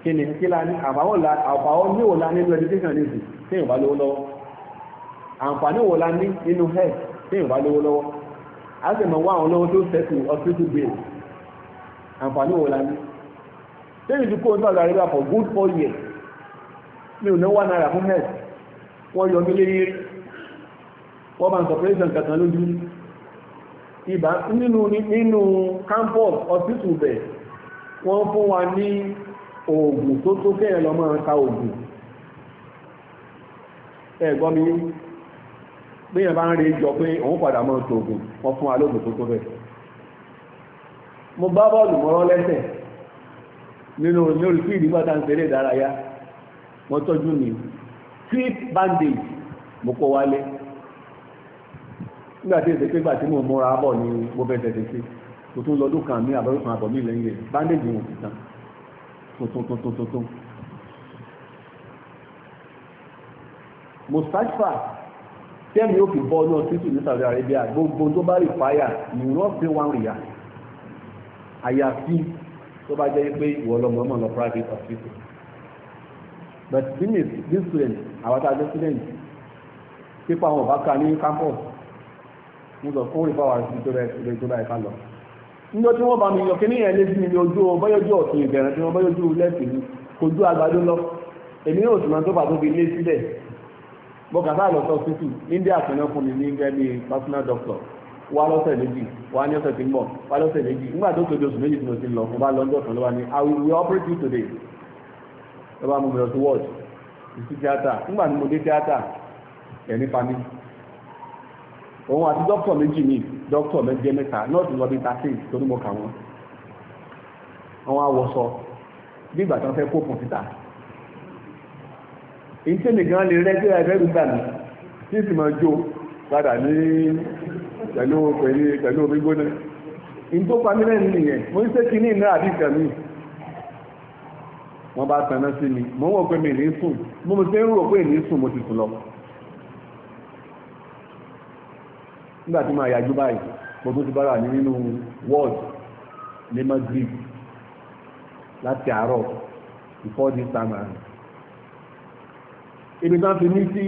kí ni kí la ní àbáwọ̀ ní òla nínú education ní ìsìn tí ìwà lówó lọ́wọ́ àǹfààní òla ní inú health tí ìwà lówó lọ́wọ́ a sì mọ̀ wá àwọn olówó tó sẹ́kù hospital bill àǹfààní òla ní tí ìdíkò ń tọ́jú àríwá for good four years mi ò náwó náírà fún health wọ́n yọ mí lérí wọ́n máa ń sọ pé ìsàn kankan lójú ibà nínú nínú campus hospital bẹ̀ wọ́n fún wa ní oògùn tó tó kẹ́yẹ̀ lọ máa ta oògùn ẹ̀gbọ́n mi bíyàn bá ń rí jọ pé òun padà mọ́ tó oògùn wọ́n fún wa lóògùn tó tó bẹ̀ mo bá bọ́ọ̀lù mọ́rọ́ lẹ́sẹ̀ nínú lórí fíìdì gbọ́ta ń ṣeré ìdárayá wọ́n tọ́jú mi trip bandage mo kó nígbà tí èsè pé gbà tí mò ń múra bọ̀ ni mo fẹ́ tẹ̀sẹ̀ sí kò tún lọ́dún kan ní àbọ̀rún kan àbọ̀ mí lẹ́yìn rẹ̀ bandage wọn ti tán tuntun tuntun tuntun. mustapha tẹ́mi ó fi bọ́ ọ́ náà ní Saudi Arabia gbogbo tó bá rí fáyà ìwúrọ̀ sí wọn rìyà àyàfi tó bá jẹ́ pé ìwọ lọ́mọ ọmọ lọ private hospital but this student àwọn tá a jẹ́ student pípa àwọn ọ̀bá ká ní campus mo sọ fún ìfọwọ́ àti ìjọba ìjọba ẹ̀ka lọ níjọ́ tí wọ́n bá mi yọ kí níyẹn lé sí mi ojú o bọ́yọ́jú ọ̀sìn ìbẹ̀rẹ̀ tí wọ́n bọ́yọ́jú lẹ́sìn mi kò ju àgbàdo lọ èmi náà tùmọ̀ tó bá tó fi lé sílẹ̀ bọ́kàtà lọ sọ sísù India kanáà fún mi ní gẹ́gẹ́ bí personal doctor wá lọ́sẹ̀ méjì wá ní ọ̀sẹ̀ tí ń bọ̀ wá lọ́sẹ̀ méjì nígbà tó tóbi oṣù méjì tí mo ti lọ mo bá lọ́jọ́ kan ló wá ní I will operate you today ló bá mú mi lọ sí ward sí tíátà nígbà tí mo dé tíátà òun àti dókítà méjì mi dókítà méjì mẹ́ta nọ́ọ̀sì lọ́bí tàṣí tó ní mo kà wọ́n àwọn awọ̀sọ bí ìgbà tí wọ́n fẹ́ kó kọ̀ǹpútà ìtẹ́mi gan lè rẹ́ gbéra ẹgbẹ́ gbígbà mi tí sì máa jó padà ní pẹ̀lú pẹ̀lú pẹ̀lú omi gbóná ìtò pamílẹ̀ nìyẹn mo ń ṣe kínní náà àbí ìtẹ̀mí wọ́n bá taná sí mi mo ń wọ̀ pé mi ní sùn mo ti ń rò pé ní sùn mo ti sùn lọ nígbà máa yàjú báyìí mo ti bára ní nínú world láti àárọ̀ before this time around ibi fi ní sí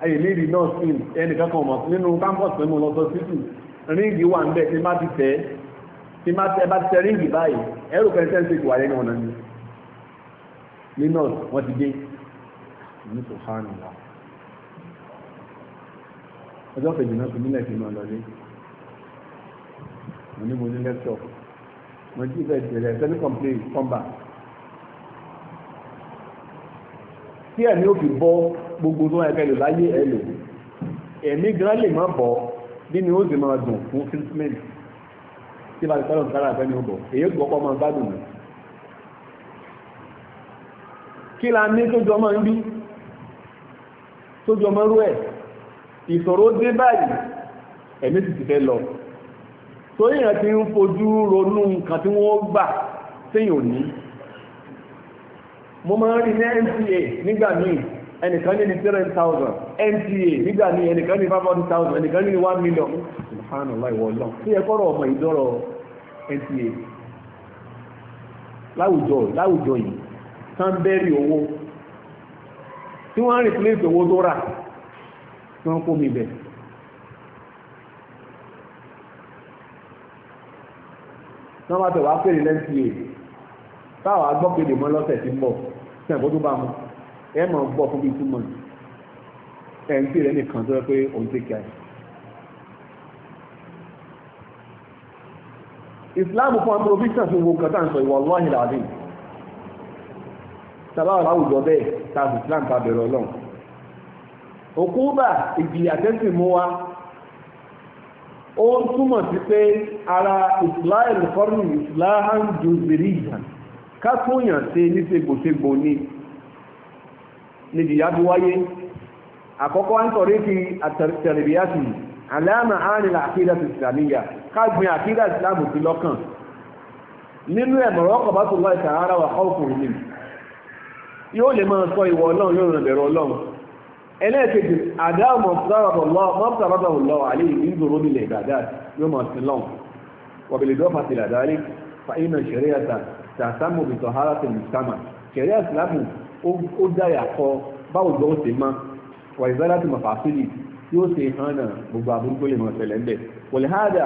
ayè náà sí ẹnìkan kan mọ̀ nínú campus pé mo lọ sọ ríǹgì wà ń tí má ti tí má tẹ bá ti tẹ ríǹgì báyìí ẹrù ọjọ́ kejì náà fi nílẹ̀ kí n máa lọlé mo ní mo ní lẹ́tọ̀ mo jí bẹ́ẹ̀ bẹ̀rẹ̀ ẹ̀sẹ̀ ní complain come back tí ẹ̀mí ó fi bọ́ gbogbo tó ẹgbẹ́ lò láyé ẹ lò ẹ̀mí gan lè má bọ̀ nínú ó sì máa dùn fún treatment tí bá ti sọ́dọ̀ nǹkan àgbẹ̀ ni ó bọ̀ èyí gbọ́kọ́ máa bá dùn kí la ní tó jọ ń bí tó jọ rú ẹ̀ ìṣòro dé báyìí ẹ̀mí sì ti fẹ́ lọ torí èèyàn ti ń fojú ronú nǹkan tí wọ́n gbà séèyàn ní mo máa ń rí ní NTA nígbà míì ẹnìkan ní ní seven thousand NTA nígbà míì ẹnìkan ní five hundred thousand ẹnìkan ní one million subhanallah ìwọ lọ kí ẹ kọ́rọ̀ ọmọ ìdọ́rọ̀ NTA láwùjọ láwùjọ yìí tán bẹ́ẹ̀rì owó tí wọ́n ń rìpléṣì owó tó rà tí wọ́n kó mi bẹ̀. wọ́n máa tẹ̀wá pèrè lẹ́ńtì èyí táwọn agbọ́pẹ̀lẹ̀ mọ́ lọ́sẹ̀ tí ń bọ̀ tí ẹ̀kọ́ tó bá mu ẹ mọ̀ ń bọ̀ fún bíi two months ẹ̀ ń pèrè nìkan tó yẹ pé òun ti kíá. ìsìláàmù fún aprovisian fún gbogbo kàtà ń sọ ìwọ lọ́hìn làdín tàbá àwùjọ bẹ́ẹ̀ tá a sì ìsìláàmù ta bẹ̀rẹ̀ ọlọ́run òkúbà ìjìyà tẹ́sì mú wa ó ń túmọ̀ sí pé ara islam kọ́rin islam jùzìrí ìyàn kákúnyàn ṣe níṣegbòṣegbò ni nídìyà bí wáyé àkọ́kọ́ ń sọ̀rọ̀ èkì àtẹ̀rẹ̀bíyàtì àlàmà àrìnlá àkídà ìsìlámíyà kágbin àkídà ìsìlámù sí lọ́kàn nínú ẹ̀mọ̀rọ̀ ọkọ̀ bá tó láì sàárà wà ọkùnrin yóò lè máa sọ ìwọ ọlọ́run yóò rẹ̀ bẹ̀rẹ̀ ọlọ́run ẹlẹ́ẹ̀kejì àdáhùn mọ̀sárábọ̀ lọ́wọ́ àlẹ́ yìí ń dòrò nílẹ̀ ìgbàdá yóò mọ̀ sí lọ́wọ́ wọ̀bìlì dọ́fà ti làdárí fàínà ṣẹ̀ríà tàṣàmù bìtọ̀ hara ti mùsàmà ṣẹ̀ríà ìsìlámù ó dáyà kọ báwo gbọ́ ṣe má wà ìzára ti màfàṣílì tí ó ṣe hànà gbogbo àbúrúkọ lè mọ̀ ṣẹlẹ̀ ńbẹ̀ wọ̀lẹ̀ hádà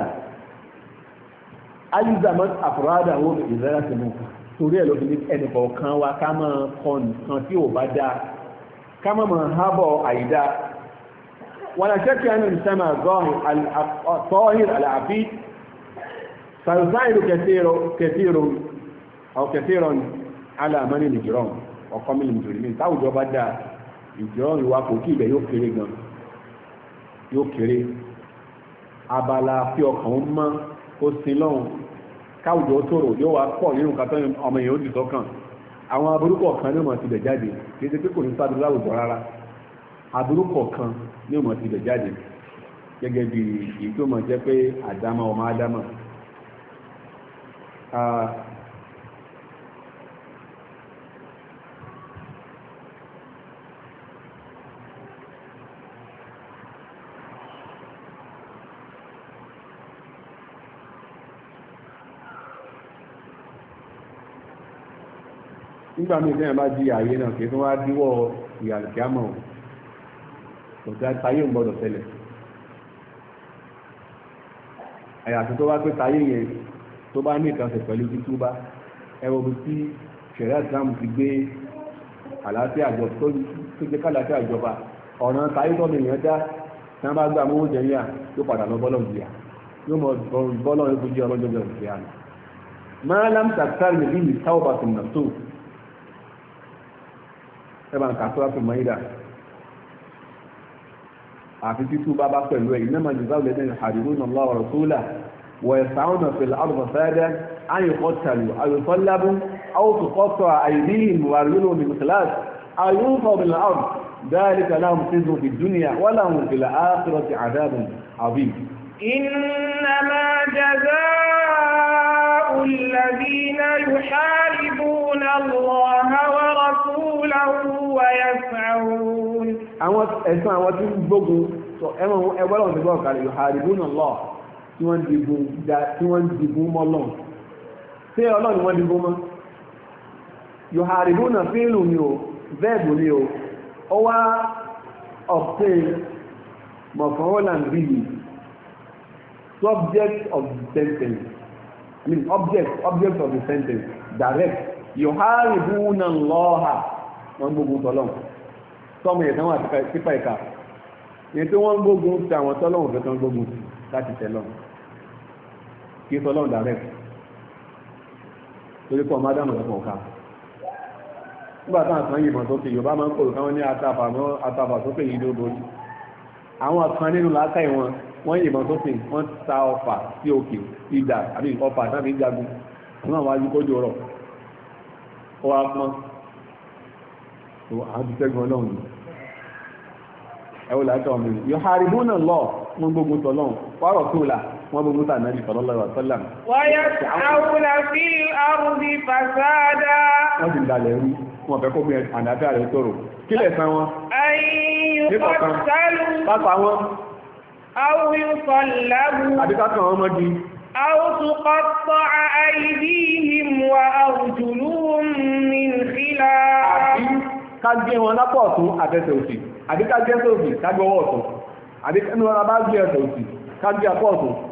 alìzàmọ́ àfúrádà ìzára ti mọ̀ torí ẹ̀ ló ní ẹnì wa ká máa kọ nǹkan tí ò bá dáa kama mahabo aida wala shaki ana msema zahir al-tahir al-afid sayusaidu kathiru kathiru au kathirun ala mani al-jiran wa qamil al-mujrimin tawjo bada ìjọ́rin wa kò kí ibẹ̀ yóò kéré gan yóò kéré abala fi ọkàn mọ́ kó sin lọ́hùn káwùjọ tòrò yóò wá pọ̀ nínú kàtọ́ ọmọ àwọn aburúkọ kan ní ọmọ tibẹ̀ jáde kì í ṣe pé kò ní sábẹ́ láwùjọ rárá aburúkọ kan ní ọmọ tibẹ̀ jáde gẹ́gẹ́ bí ìtòmọ̀ jẹ́ pé àdámọ̀ ọmọ ádámọ̀ ah, nígbà míì tẹ́yìn bá di ààyè náà kì í tún wá díwọ́ ìyàlùkíámọ̀ o òtí àtayé ń gbọ́dọ̀ tẹ́lẹ̀ àyàfi tó bá pé tayé yẹn tó bá ní ìkànsẹ pẹ̀lú títúbá ẹwọ bí tí ṣẹ̀rẹ́ ìsìlámù ti gbé àlàáfíà àjọ tó gbé kálàáfíà àjọba ọ̀ràn tayé tọ́nu èèyàn dá tí wọ́n bá gbà mọ́ oúnjẹ yà tó padà lọ bọ́lọ̀ jìyà yóò mọ bọ́lọ̀ ẹgbẹ́ jẹ́ ọlọ́jọ́ máa lámsà sáré níbi táwọn bá ẹ̀bà ń kàtó láti mọ ìdá àfi títú bá bá pẹ̀lú ẹ̀yìn náà màjú báwo lẹ́dẹ̀ àdìgún náà lọ́wọ́ rẹ̀ tóólà wọ̀ ẹ̀sà ọ̀nà fèlè àrùbọ̀ fẹ́ẹ́dẹ́ ayùkọ́ tàlù ayùkọ́ lábún àwòkọ́ tọ́ àìdíyìn wàrúnú mi kìláàsì ayùkọ́ mi làwọn dáàlì kàláàmù sí ìdùn ìdúnìyà wọ́làwọn fèlè àkìrọ̀tì àdáàbùn àbí. ìnnàmà jazaa الذين يحاربون الله ورسوله ويسعون àwọn ẹ̀sán àwọn tí ń gbógun sọ ẹ̀wọ̀n ẹgbẹ́rún ọ̀sẹ̀ gbọ́ kàlẹ̀ yuharibuna Allah tí wọ́n dìbùn dá tí wọ́n dìbùn mọ́ lọ́n ṣé ọlọ́run ni wọ́n dìbùn mọ́ yuharibuna fílù ni o bẹ́ẹ̀bù ni o ó wá obtain mọ̀fọ́wọ́lá bíi subject of sentence mean object, object of the sentence, direct. You have who na Allah. Wọ́n gbógun tọ́lọ́n. Sọ́mọ ìyẹn táwọn àti pípa ìka. Ìyẹn tí wọ́n gbógun ti àwọn tọ́lọ́n òfin tán gbógun ti láti tẹ̀lọ́n. Kí tọ́lọ́n direct. Torí pọ̀ má dànù lọ́pọ̀ ká. Nígbà táwọn kan yìnbọn sókè, Yorùbá máa ń kọ̀rọ̀ káwọn ní atàbà sókè yìí ló borí. Àwọn kan nínú làákàyè wọn wọ́n yìnbọn tó sìn wọ́n ta ọfà sí òkè ìdà àbí ọfà sábì jagun wọn àwọn ayíkójò rọ̀ ó wá pọ́n tó àádùsẹ́gun ọlọ́run ni ẹwọ́ làákà ọmọ yìí yọ̀hárìbó náà lọ wọn gbogbo tọ́lọ́run wárọ̀ tó là wọ́n gbogbo tà náà ìfọ̀rọ̀ lọ́wọ́ sọ́là. wáyà àwùlà fi àrùbí fàṣáàdá. wọ́n ti dalẹ̀ rú wọn fẹ́ kó mi Awin sọ̀lábù. Àdíkàkàn ọmọdé. Àwùtùkọ́tọ̀ àìdíhìm wa àwùjùlúhùn min khilá. Àbí ká gbé wọn lápọ̀ ọ̀tún àtẹ́sẹ̀ òsì. Àbí ká gbé ẹsẹ̀ òsì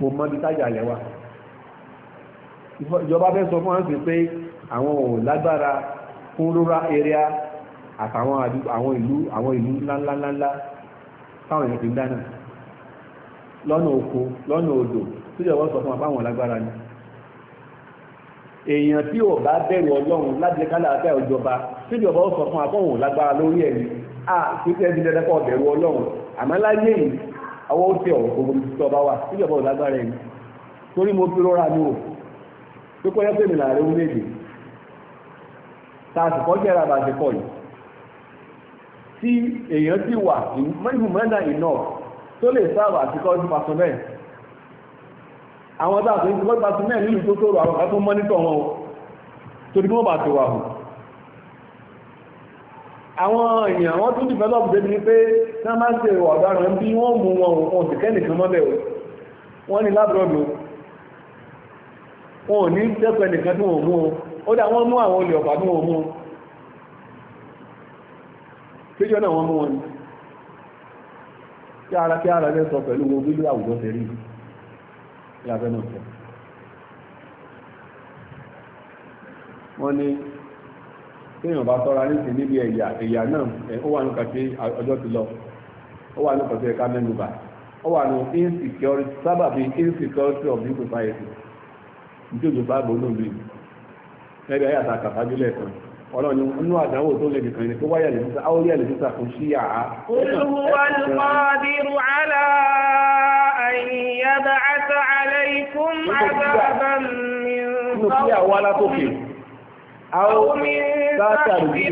kò mọ ibi tájà yẹn wà ìjọba fẹ́ sọ fún wa sí pé àwọn ò lágbára fún rural area àtàwọn àwọn ìlú àwọn ìlú ńláńláńlá táwọn èèyàn ti ń dáná lọ́nà oko lọ́nà odò tó jẹ́ wọ́n sọ fún wa báwọn lágbára ni èèyàn tí ò bá bẹ̀rù ọlọ́run láti kálá abẹ́ ìjọba tí ìjọba ó sọ fún akọ́wọ̀n lágbára lórí ẹ̀mí à kí tẹ́ ti dẹ́dẹ́kọ̀ bẹ̀rù ọlọ́run àmọ́ láyé yìí àwọn ó tẹ ọ̀rọ̀ gbogbo ibi tó ọba wà síjọba òlágbára ẹni torí mo fi rọra ní o pé kọ́ yẹ́pẹ́ mi làárẹ̀ orílẹ̀-èdè tààsì kọ́ jẹ́ra bàjẹ́ pọ̀ yìí tí èèyàn ti wà mọ́nìmù mẹ́ta ìnà tó lè sáàbà àti kọ́jú pàṣọmẹ́ àwọn táàsì kọ́jú pàṣọmẹ́ nílùú tó tó rọ àwọn kan tó mọ́nítọ̀ wọn o torí bí wọ́n bá ti wà hù àwọn èèyàn wọ́n tún develop débi ní pé náà máa ṣe ìwà ọ̀daràn bí wọ́n mú wọn òun sì nìkan mọ́lẹ̀ o wọ́n ní wọn ò ní tẹ́pẹ́ nìkan tí mú o ó dá wọ́n mú àwọn olè ọ̀pá tí mú o wọn ni kí téèyàn bá tọ́ra ní ìsìn níbi ẹ̀yà ẹ̀yà náà ó wà nǹkan tí ọjọ́ ti lọ ó wà nǹkan tí ẹ̀ka mẹ́nu bà ó wà ní insecurity sábàbí insecurity of the society nítorí ayé àtàkà fájú lẹ́ẹ̀kan inú àdánwò tó lè ni tó wáyà lè sí àá. àlà àlẹ́ ikú Àwòmí sáàtàrí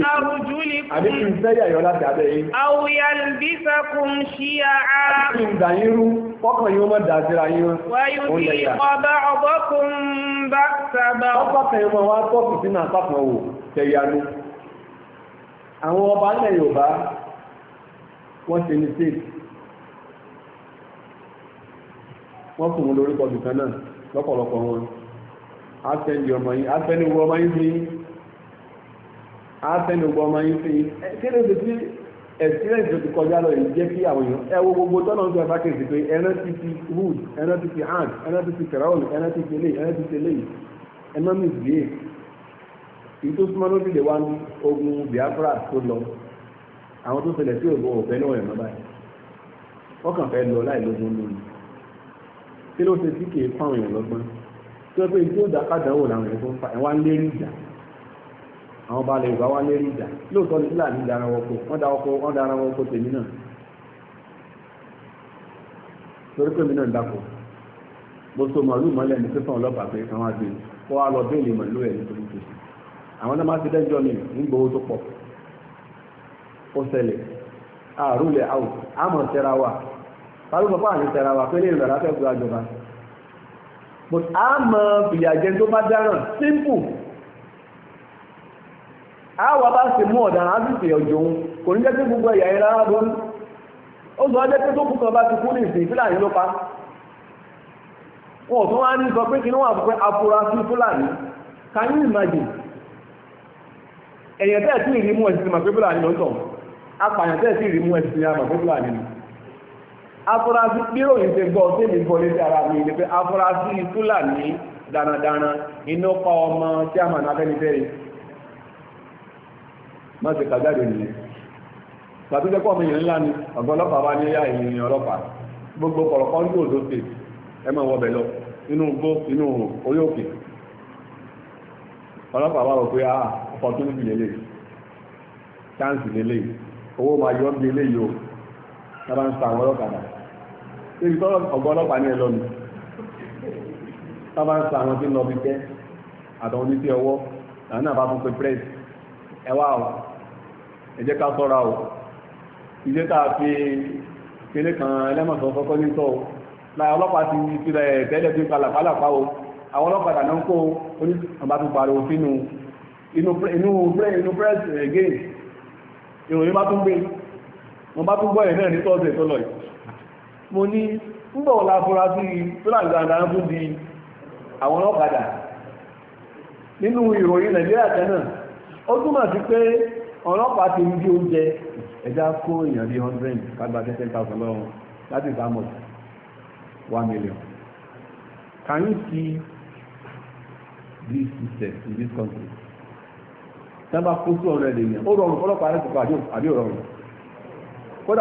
àbí kí n sẹ́yà yọ láti abẹ́ yìí. Àwòyà bísà kún sí àá. Kí n dà yín rú, kọ́kàn yín mọ́ dà síra yín. Wáyú sí ọba ọ̀bọ́kùn bá sábà. Ọkọ̀ kan mọ̀ Àwọn ọba ilẹ̀ Yorùbá wọ́n ṣe ní sèkì. Wọ́n kùn mú lórúkọ bìkan náà lọ́pọ̀lọpọ̀ wọn. Á sẹ́ni ọmọ yín, á sẹ́ni wọ ọmọ yín sí yín àátẹ́nu gbọ́ ọmọ yín sí kílódé tí experience tó ti kọjá lọ yìí jẹ́ kí àwọn èèyàn ẹ wo gbogbo tọ́nà tó ẹ̀fà kejì pé ẹran ti ti wood ẹran ti ti hand ẹran ti ti kẹrọ́ọ̀lù ẹran ti ti eléyìí ẹran ti ti eléyìí economics lè èyí tó súnmọ́ lórí lè wá ní ogun Biafra tó lọ àwọn tó ṣẹlẹ̀ sí ògbó ọ̀fẹ́ lọ́wọ́ ẹ̀ mọ́báyé wọ́n kàn fẹ́ lọ láì lógun lórí kí ló ṣe sí kì í fáwọn èèyàn lọ́gbọ́n tó yẹ pé ìdí òdà kádàáwò làwọn èèyàn tó ń fa ẹ̀wá ń lérí ìjà àwọn balẹ̀ yorùbá wá lérí ìjà lóòótọ́ ní fúlàní dara wọ́pọ̀ wọ́n da ọkọ̀ wọ́n dara wọ́pọ̀ tèmi náà torí pé mi náà ń dapò mo so màálù mọ́lẹ̀ ní pípọ̀n ọlọ́pàá pé àwọn àgbè kó wa lọ béèlì màálù ẹ̀ nítorí tó ṣe àwọn náà máa ti dẹ́jọ́ mi ń gbowó tó pọ̀ ó ṣẹlẹ̀ àrùlẹ̀ àwò àmọ̀ tẹ́ra wa parí pọ̀pọ̀ àní tẹ́ra wa pé lè rẹ̀ láfẹ́ gbọ́ àjọba àmọ̀ fìyàjẹ tó bá dáràn simple àwa bá sì mú ọ̀daràn àtìsí ọjọ́ òun kò ní jẹ́ gbogbo ẹ̀yà ẹ̀rọ arábọ́n ó sọ jẹ́ pé tó bá ti kú ní ìsìn fúlàní ló pa wọn ò wá ní sọ pé kí ni wọn àpò afurasí fúlàní can you ẹ̀yẹ̀ tẹ́ẹ̀ tí ìrí mú ẹ̀sìn màpé fúlàní ló tọ̀ apàyàn tẹ́ẹ̀ tí ìrí mú ẹ̀sìn màpé fúlàní ni afurasí bírò ṣe gbọ́ sí létí mi ni pé a má ti kàjáde nìyẹn tàbí jẹ́ pọ̀ míyàn ńlá ni ọ̀gá ọlọ́pàá wá ní yá ìyìn ọlọ́pàá gbogbo kọ̀rọ̀kọ́ ní òdó ṣe ẹ máa wọbẹ̀ lọ inú gbó inú orí òkè ọlọ́pàá wá rò pé ah ọkọ̀ tó níbi lélẹ̀ chance lélẹ̀ owó máa yọ bí eléyìí o tábà ń sa àwọn ọlọ́kadà ebi tọ́lọ́ ọ̀gá ọlọ́pàá ní ẹlọ́ni tábà ń sa àwọn tí ń lọ bí tẹ́ àtàwọn ẹ jẹ́ ká sọ́ra o ilé tàà fi kéré kan ẹlẹ́mọ̀sán kọ́kọ́ ní tọ́ o ọlọ́pàá ti fi rẹ̀ tẹ́lẹ̀ fi palà pálàpá o àwọn ọlọ́pàá dàná ń kó oní ọba tó pariwo sínú inú inú press again ìròyìn bá tún gbé wọn bá tún gbọ́ ẹ̀ náà ní tọ́sẹ̀ tó lọ nínú ìròyìn nàìjíríà tẹ́nà ó túmọ̀ sí pé ọlọ́pàá ti ń bí oúnjẹ ẹja kó èèyàn hundred kágbá ten thousand lọ́wọ́ that is how much one million can you see this system in this country tí kó two èèyàn ó rọrùn ọlọ́pàá rẹ̀ kò àbí ò rọrùn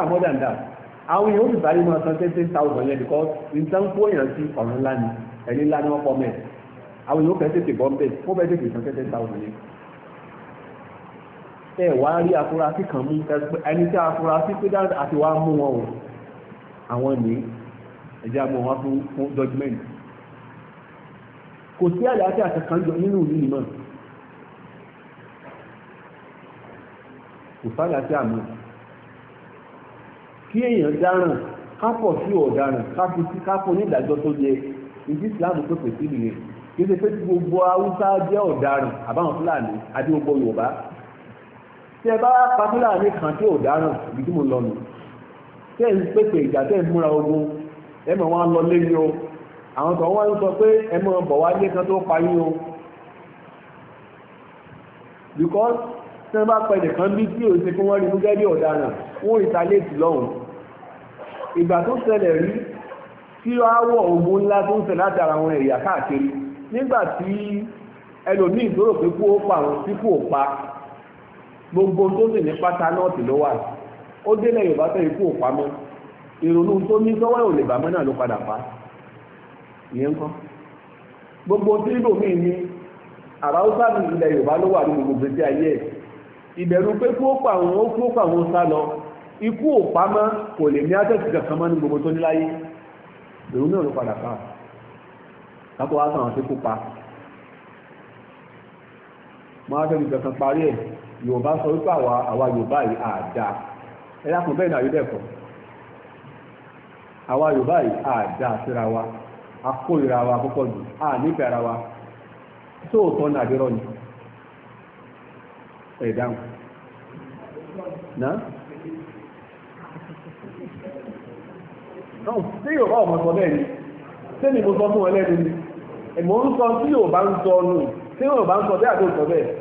more than that àwọn èèyàn ó sì because nǹkan kó èèyàn sí ńlá ni ẹni ńlá ni wọ́n pọ̀ àwọn èèyàn ó fẹ́ ẹ wá rí afurasí kan mú ẹni tí afurasí pé dáadáa àti wá mú wọn o àwọn ní ẹjẹ́ àmọ́ wọn fún fún judgement kò sí àlàáfíà kankan jọ nínú ìlú náà kò sálàáfíà mọ́ kí èèyàn dáràn kápọ̀ sí ọ̀daràn kápọ̀ sí kápọ̀ nídàjọ́ tó yẹ ìdí ìsìláàmù tó pèsè nìyẹn kí ṣe pé gbogbo haúsá jẹ́ ọ̀daràn àbáwọn fúlàní àti gbogbo yorùbá tí ẹ bá pamílà ní kan tí ò dáràn ibi tí mo lọ nù tí ẹ ń pèpè ìjà tẹ́ ń múra ogun ẹ mọ̀ wọn lọ léyìn o àwọn kan wọ́n sọ pé ẹ mọ̀ bọ̀ wá lé kan tó pa yín o because tí wọ́n bá pa ẹnìkan bí tí ò ṣe fún wọn rí gẹ́gẹ́ bí ọ̀daràn wọ́n rí ta léètì lọ́hùn ìgbà tó ṣẹlẹ̀ rí tí ó áwọ̀ ogun ńlá tó ń ṣẹlẹ̀ látara àwọn ẹ̀yà káàkiri nígbà tí ẹlòmíì tó pé kú ó pa àwọn tí kú ò pa gbogbo tó sì ní pátá nọ́ọ̀tì ló wà ó délẹ̀ yorùbá tó ikú òpamọ́ ìrònú tó ní sọ́wọ́ ò lè bàmọ́ náà ló padà pa ìyẹn ń kọ́ gbogbo tí ibòmíì ní àràúsá ní ilẹ̀ yorùbá ló wà ní gbogbo gbèsè ayé ẹ̀ ìbẹ̀rù pé kú ó pa àwọn ó kú ó pa àwọn sá lọ ikú òpamọ́ kò lè ní àtẹ̀sí kankan mọ́ ní gbogbo tó ní láyé ìrònú náà ló padà pa kápọ̀ wá sàn àwọn tó kópa mo á fẹ́ yorùbá sọ wípé àwa àwa yorùbá yìí àdá ẹ dákun bẹ́ẹ̀ náà yóò àwa yorùbá yìí àdá síra wa akóyèrè àwa púpọ̀ jù à ara wa sóòótọ́ ẹ̀ dáhùn tí ọmọ sọ bẹ́ẹ̀ ni tí mo sọ fún ẹlẹ́ni ni ẹ̀mọ́ ń sọ tí yóò ń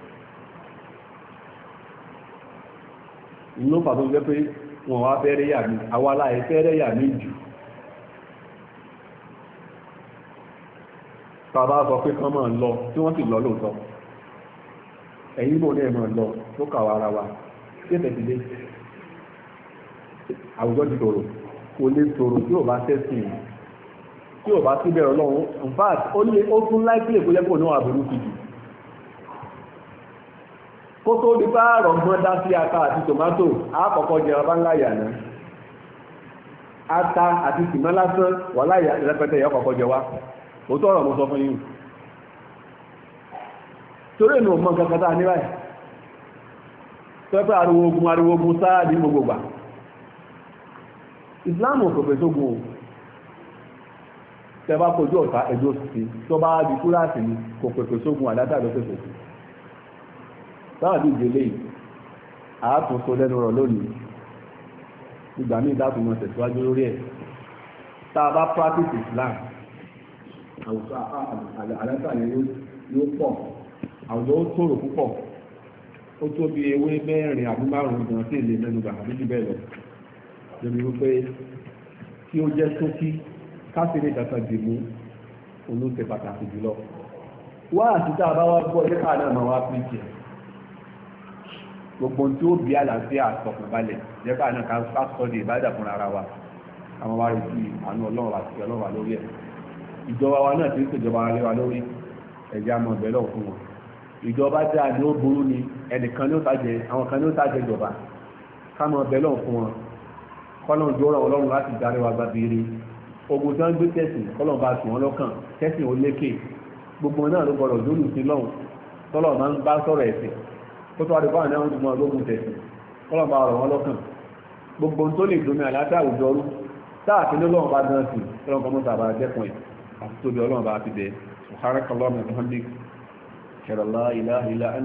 inú pàtó jẹ́ pé wọn wá fẹ́rẹ́ yà mí àwa láì fẹ́rẹ́ yà mí jù bàbá sọ pé kán máa lọ tí wọ́n sì lọ lóòótọ́ ẹ̀yìn bò ní ẹ̀mọ̀ lọ tó kà wá ara wa tí ètò ìdílé àwùjọ ti tòrò kò lè tòrò tí ò bá tẹ́sìn tí ò bá síbẹ̀ ọlọ́run in fact ó tún láìpẹ́ ìpínlẹ̀ kò ní wà burú kìjì kó tó di bá rọ̀gbọ́n dá sí ata àti tòmátò àkọ́kọ́ jẹ ọba ńlá yàná ata àti tìmọ́ lásán wà láyà rẹpẹtẹ yẹ ọkọ̀kọ́ jẹ wá òótọ́ ọ̀rọ̀ mo sọ fún yín torí èmi ò mọ nǹkan kan tá a ní báyìí pẹ́pẹ́ ariwo ogun ariwo ogun sáà ní gbogbo gbà ìsìláàmù kò fẹ́ sógun o tẹ bá kojú ọ̀tá ẹjọ́ sí tó bá di kúláàsì ni kò pèpè sógun àdátà ló pèpè sí sáàdì ìdílé àátúnso lẹ́nu rọ̀ lónìí ìgbà míì dákùn mọ̀ tẹ̀síwájú lórí ẹ̀ tá a bá practice Islam àwùjọ àlàáfà yẹn ó pọ̀ àwùjọ ó tòrò púpọ̀ ó tó bí ewé mẹ́rin àbí márùn-ún gan sí ilé mẹ́nu gbà àbí lọ lórí wípé kí ó jẹ́ sókí káfíńdé pàtàkì jùlọ wá àti tá gbogbo tí ó bí àlàáfíà àtọ̀kùnbalẹ̀ jẹ́pà náà ká sọ́dọ̀ ìbádà fún ara wa àwọn wa rí sí àánú ọlọ́run àti ọlọ́run wa lórí ẹ̀ ìjọba wa náà ti ń pèjọba wa lé wa lórí ẹ̀jẹ̀ àmọ́ ìbẹ̀ lọ́wọ́ fún wọn ìjọba dáa ni ó burú ni ẹnìkan ni ó tàjẹ àwọn kan ni ó tàjẹ ìjọba kámọ́ ìbẹ̀ lọ́wọ́ fún wọn kọ́lọ́n jọ ràn ọlọ́run láti darí wa gba bèrè ogun tí wọ́n gbé tẹ̀sìn kọ́lọ́n bá sùn wọn lọ́kàn tẹ̀sìn ó lékè gbogbo náà ló gbọdọ̀ lólùsí lọ́hùn tọ́lọ̀ máa ń bá sọ̀rọ̀ ẹ̀sìn ó tó àdúgbò àwọn ọdún mọ́ ológun tẹ̀sí ọlọ́mọ ọ̀rọ̀ wọn lọ́kàn gbogbo tó lè domi àlàáfíà àwùjọ rú táàfin lọ́wọ́ bá dán sí ọlọ́mọ mọ́ta bá dẹ́kun ẹ̀ àti tóbi ọlọ́mọ bá fi bẹ subhanaka Allahumma wa bihamdik, la ilaha